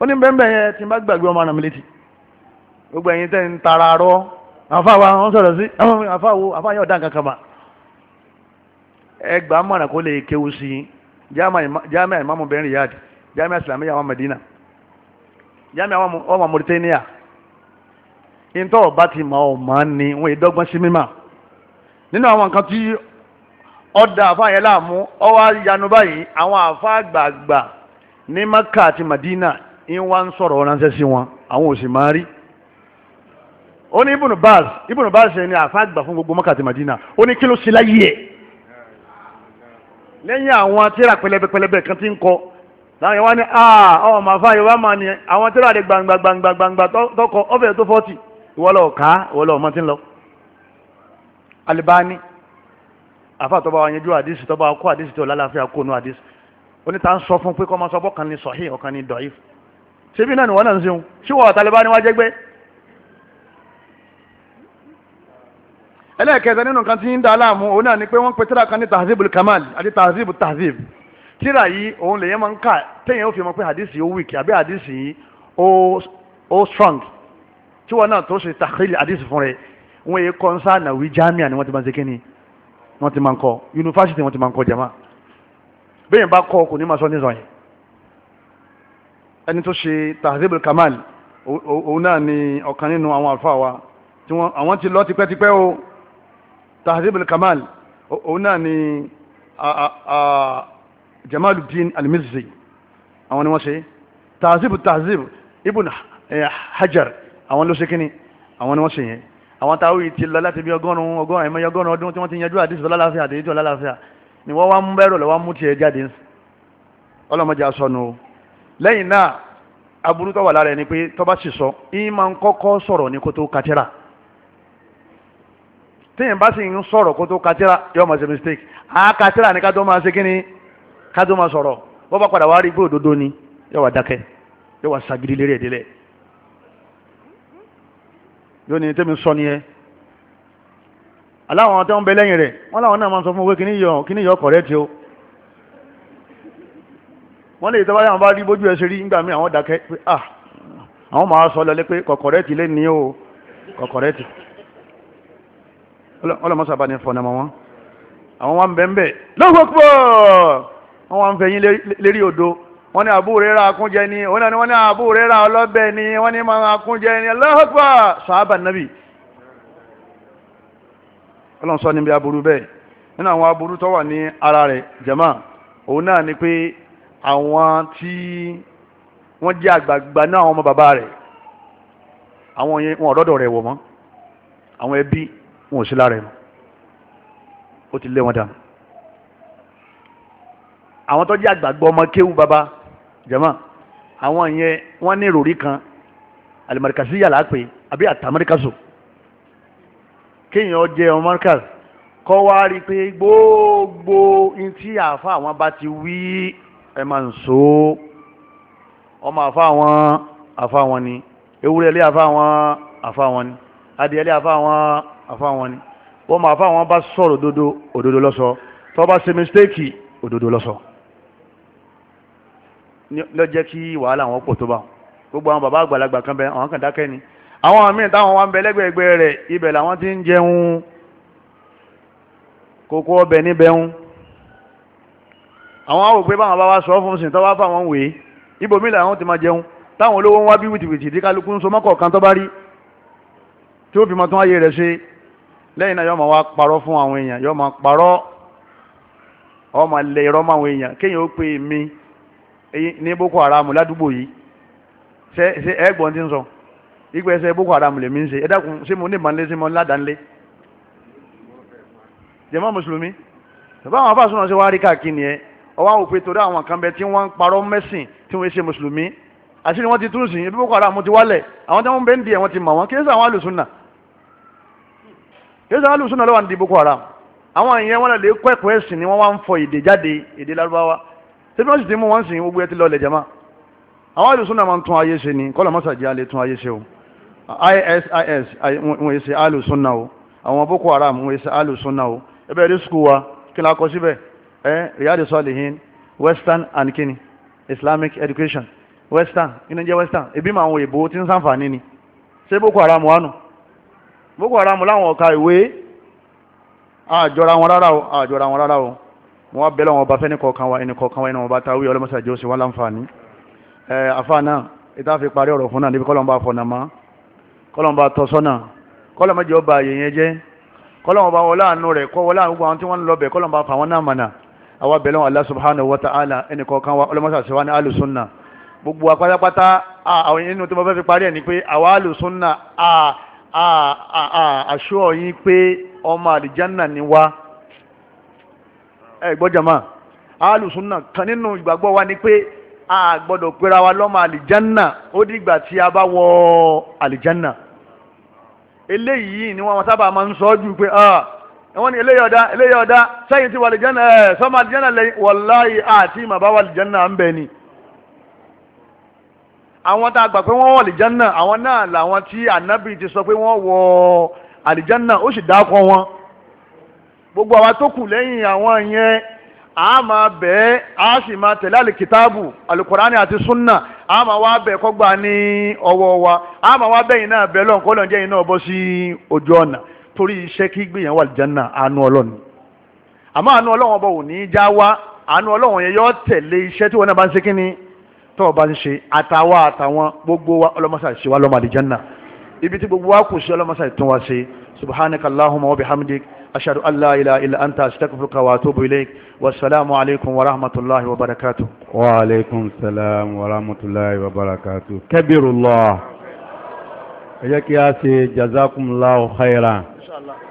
ó ní bẹ́ẹ̀ bẹ́ẹ̀ tí n bá gbàgbé ọmọ ara mi létí gbogbo ẹ̀yin tẹ́ ń tara rọ àfáwa wọ́n sọ̀rọ̀ sí àfáwo àfáyọ̀ dá nǹkan kan mà ẹgbàá mọ̀nà kó lè kéwu sí i jami'a imamu bin riyad jami'a islamiyya wa madina jami'a wa mauritania ìntọ́ ọba ti ma ọ̀ma ni wọ́n ìdọ́gbọ́n sí mímà nínú àwọn nǹkan tí ọ̀dà àfáà yẹn ọwọ́ yanu báyìí àwọn gbàgbà ní maka àti madina ń ń sọ̀rọ̀ ránṣẹ́ sí wọn àwọn máa rí ó ní ibùnú báàsì ibùnú báàsì gbà fún gbogbo maka àti madina ó ní kí ló ṣe lẹ́yìn àwọn tíra pẹlẹbẹpẹlẹbẹ kan ti ń kọ láwọn wá ní ah, ọ màfá yorùbá máa ní àwọn tíra rẹ gbangbangbangba tọkọ ọfẹ tó fọtì ìwọlọ ká ìwọlọ ọmọ ti ń lọ. Albani afa tọba wa yanjú àdìsí tọba kó àdìsí tó lálàáfíà kó nu àdìsí oníta ń sọ fún pé kọ́ máa sọ bọ́kàn ní sọ̀hí ọ̀kan ní dọ̀yìf ṣé bí náà ni wọ́n náà ń ṣeun ṣé wọ́n àtàlẹ́bá ni wọ́n á jẹ́gbẹ́ ẹlẹ́ẹ̀kẹta nínú nǹkan tí ń da aláàmú òun náà ni pé wọ́n pe tíra kan ní tahzib kamal àti tahzib tahzib tíra yìí òun lèyẹn máa ń kà téèyàn ó fi mọ̀ pé hadisi ó wíìkì àbí hadisi ó strong tí wọn náà tó ṣe tahrili hadisi fún rẹ wọn yìí kọ́ nsá nàwí jamiu ni wọ́n ti máa ń ṣe kínní wọ́n ti máa ń kọ́ yunifásitì wọ́n ti máa ń kọ́ jama bẹ́ẹ̀ bá kọ́ kò ní máa sọ ní sọ yẹn ẹni tó ṣe ni ọ̀kan nínú àwọn àlùfáà wa tí wọ́n àwọn tahzibul kamal òun náà ni jamaluddin al-mizzi àwọn ni wọ́n ṣe tahzibu tahzibu ibn eh, hajar àwọn ló ṣe kíní àwọn ni wọ́n ṣe yẹn àwọn táwí ti lọ láti bí ọgọ́rùn-ún ọgọ́rùn-ún ẹ̀mọ́ ọgọ́rùn-ún ọdún tí wọ́n ti yanjú àdíṣe lálàáfíà àdéhìí tó lálàáfíà ni wọ́n wá ń bẹ̀rù lọ́wọ́ mú tiẹ̀ jáde ọlọ́mọdé asọ́nu o lẹ́yìn náà aburú tó wà lára ẹni pé tó sì sọ ìyín máa sọ̀rọ̀ ní kó katira téèyàn bá sì ń sọ̀rọ̀ kó tó katira yóò máa ṣe mistake a katira ni ká tó máa ṣe kí ni ká tó máa sọ̀rọ̀ bó bá padà wá rí pé òdodo ni yóò wá dákẹ́ yóò wá sagiri lérí ẹ̀ délẹ̀ yóò ní tẹ́mi sọ nìyẹn aláwọn tó ń bẹ lẹ́yìn rẹ̀ wọ́n láwọn náà máa sọ fún owó kíní yọ kíní yọ correct o wọ́n lè tọ́wọ́ yàwọn bá rí bójú ẹsẹ̀ rí nígbà míì àwọn dákẹ́ pé ah àwọn máa sọ lọlé pé kọ̀kọ̀rẹ́tì lé ní o kọ̀kọ̀rẹ́tì ọlọ́mọsá bá ní fọ́nà mọ́ wọn àwọn wọn bẹ̀ ń bẹ̀ lọ́pọ̀pọ̀ wọn wọn fẹ̀yìn lérí odò wọn ní àbúrò rẹ̀ akúnjẹ ni wọn ní wọn ní àbúrò rẹ̀ ọlọ́bẹ̀ ni wọn ní máa akúnjẹ ni lọ́pọ̀ sàábà nàbì ọlọ́run sọ níbi aburú bẹ́ẹ̀ nínú àwọn aburú tó wà ní ara rẹ̀ jẹ̀mọ́ òun náà ni pé àwọn tí wọ́n jẹ́ àgbààgbà náà àwọn ọmọ bàbá rẹ̀ àwọn yẹn wọn ọ̀dọ́dọ̀ rẹ̀ wọ̀ mọ́ àwọn ẹbí wọn ò sí lára ẹ̀mọ́ ó ti lé wọn dànù àwọn tó jẹ́ àgbàgbọ́ ọmọ kéwù bàbá jẹ́mọ́ àwọn yẹn wọ́n ní ìròrí kan alimarikasi yàrá pé àbí àtàmọ́ríkàsó kéèyàn jẹ́ ọmọ mọ́ríkàsó kọ́ wá rí i pé gbogbo ntí àfa àwọn bá ti wí ẹ máa ń so ọmọ àfa àwọn àfa àwọn ni ewúrẹ́ ilé àfa àwọn àfa àwọn ni adìẹ ilé àfa àwọn àfáwọn ni wọ́n máa fáwọn bá sọ̀rọ̀ òdodo òdodo lọ́sọ tó bá ṣe mistake òdodo lọ́sọ ló jẹ́ kí wàhálà wọn pọ̀ tó bá gbogbo àwọn bàbá àgbàlagbà kan bẹ àwọn kan dákẹ́ ni àwọn àmì táwọn wà ń bẹ lẹ́gbẹ̀ẹ́gbẹ́ rẹ̀ ibẹ̀ làwọn ti ń jẹun kókó ọbẹ̀ níbẹ̀ ń àwọn àwò pé báwọn bá wá sọ fún sìn tó wá fáwọn wèé ibòmí làwọn ti máa jẹun táwọn olówó ń wá bí wìtìwìtì tí kálukú ń so mọ́kọ̀ọ̀kan tó bá rí tí ó fi mọ́ ayé rẹ̀ ṣe lẹ́yìn náà yóò máa wá parọ́ fún àwọn èèyàn yóò máa parọ́ ó máa lẹ irọ́ mọ́ àwọn èèyàn kéèyàn ó pe mi ní boko haram ládùúgbò yìí ṣe ṣe ẹ̀gbọ́n ti ń sọ ìgbà ẹsẹ̀ boko haram lèmi ń ṣe ẹ dákun ṣé mo ní ìmọ̀lẹ́ sí mo ládàánlé jàmá mùsùlùmí bàbá àwọn afáàsùn ṣe wá rí káàkiri nìyẹn ọwọ́ àwọn òpin torí àwọn kan bẹ tí wọ́n ń parọ́ mẹ́sìn tí wọ́n ṣe mùsùlùmí àṣírí wọn ti tún sí boko haram ti wálẹ̀ àwọn tí wọ́n bẹ́ẹ̀ ń di ẹ̀ wọ́n ti mọ̀ wọ́n kí ẹ sọ àwọn alùsùn náà kìí sọ alùsùn náà ló wà ní Boko Haram àwọn èèyàn wọn lè kọ́ ẹ̀kọ́ ẹ̀sìn ni wọ́n wá ń fọ èdè jáde èdè lárúbáwá tẹ́bí wọ́n sì ti mú wọ́n sìn gbogbo ẹ lọ ilẹ̀ jama àwọn alùsùn náà máa ń tún ayé ṣe ni kọ́lọ̀ mọ́sàjì alẹ́ tún ayé ṣe o ISIS wọn èsì alùsùn náà o àwọn Boko Haram wọn èsì alùsùn náà o ẹbẹ̀ rí skul wa kí ni a kọ síbẹ̀ ẹ Riyadu Salihin Western and kini Islamic education Western kí ni jẹ́ Western ebi máa ń wo ìbò tí ń boko haram láwọn ọ̀ka ìwé àjọra wọn rárá o àjọra wọn rárá o mo wá bẹ́lẹ̀ wọn ọba fẹ́ni kọ̀ọ̀kan wa ẹni kọ̀ọ̀kan wa ẹni wọn bá ta wíyọ ọlọ́mọṣà jẹ́ òṣèwọ́n láǹfààní ẹ̀ àfa náà ìta fi parí ọ̀rọ̀ fún náà níbi kọ́lọ́mbà fọ̀nàmá kọ́lọ́mbà tọ́sọ́nà kọ́lọ́mọdé ọba àyèyàn jẹ́ subhanahu wa ta'ala ẹni kọ̀ọ̀kan wa ọlọ́mọṣà ṣe wá ní alùsùnà gbogbo apátápátá àwọn inú tí mo fẹ́ fi parí ẹ̀ ni pé àwa alùsùnà àṣọ yín pé ọmọ àlìjánà ni wá ẹ gbọ́ jàmá alùsùnà kan nínú ìgbàgbọ́ wa ni pé a gbọ́dọ̀ pera wa lọ́mọ àlìjánà ó dìgbà tí a bá wọ àlìjánà eléyìí ni wọn sábà máa ń sọ jù pé wọ́n ní eléyìí ọ̀dá eléyìí ọ̀dá sẹ́yìn tí wà àlìjánà ẹ̀ sọ́mọ àlìjánà lẹ́yìn wàláyé àti ìmọ̀ bá wà àlìjánà ń bẹ ni àwọn tá a gbà pé wọ́n wọ àlìjánà àwọn náà làwọn tí ànábì ti sọ pé wọ́n wọ àlìjánà ó sì dákọ̀ wọn gbogbo àwa tó kù lẹ́yìn àwọn yẹn a máa bẹ́ẹ̀ a sì máa tẹ̀lé alikitaabu alukurani àti sunna a máa wá bẹ́ẹ̀ kọ́gbà ní ọwọ́ wa a máa wá bẹ́yìn náà bẹ́ẹ̀ lọ́nkọ́ lọ́njẹ́ yìí náà bọ́ sí ojú ọ̀nà torí iṣẹ́ kí gbìyànjú àlìjánà àánú ọlọ́run àmọ́ àánú ọlọ́run ọba ò já wá àánú ọlọ́run yẹn yọ tẹ̀lé iṣẹ́ tí wọn náà bá ń ṣe kí ni tọ́ ọba ń ṣe àtàwa àtàwọn gbogbo wa ọlọ́mọṣà ṣe wa lọ́mọ àlìjánná ibi tí gbogbo wa kù sí ọlọ́mọṣà ìtún wa ṣe subhanaka allahumma wa bihamdik ashhadu an la ilaha illa anta astaghfiruka wa atubu ilayk wa assalamu alaykum wa rahmatullahi wa barakatuh wa alaykum salam wa rahmatullahi wa barakatuh kabirullah ẹ jẹ́ kí a ṣe jazakumullahu khairan inshallah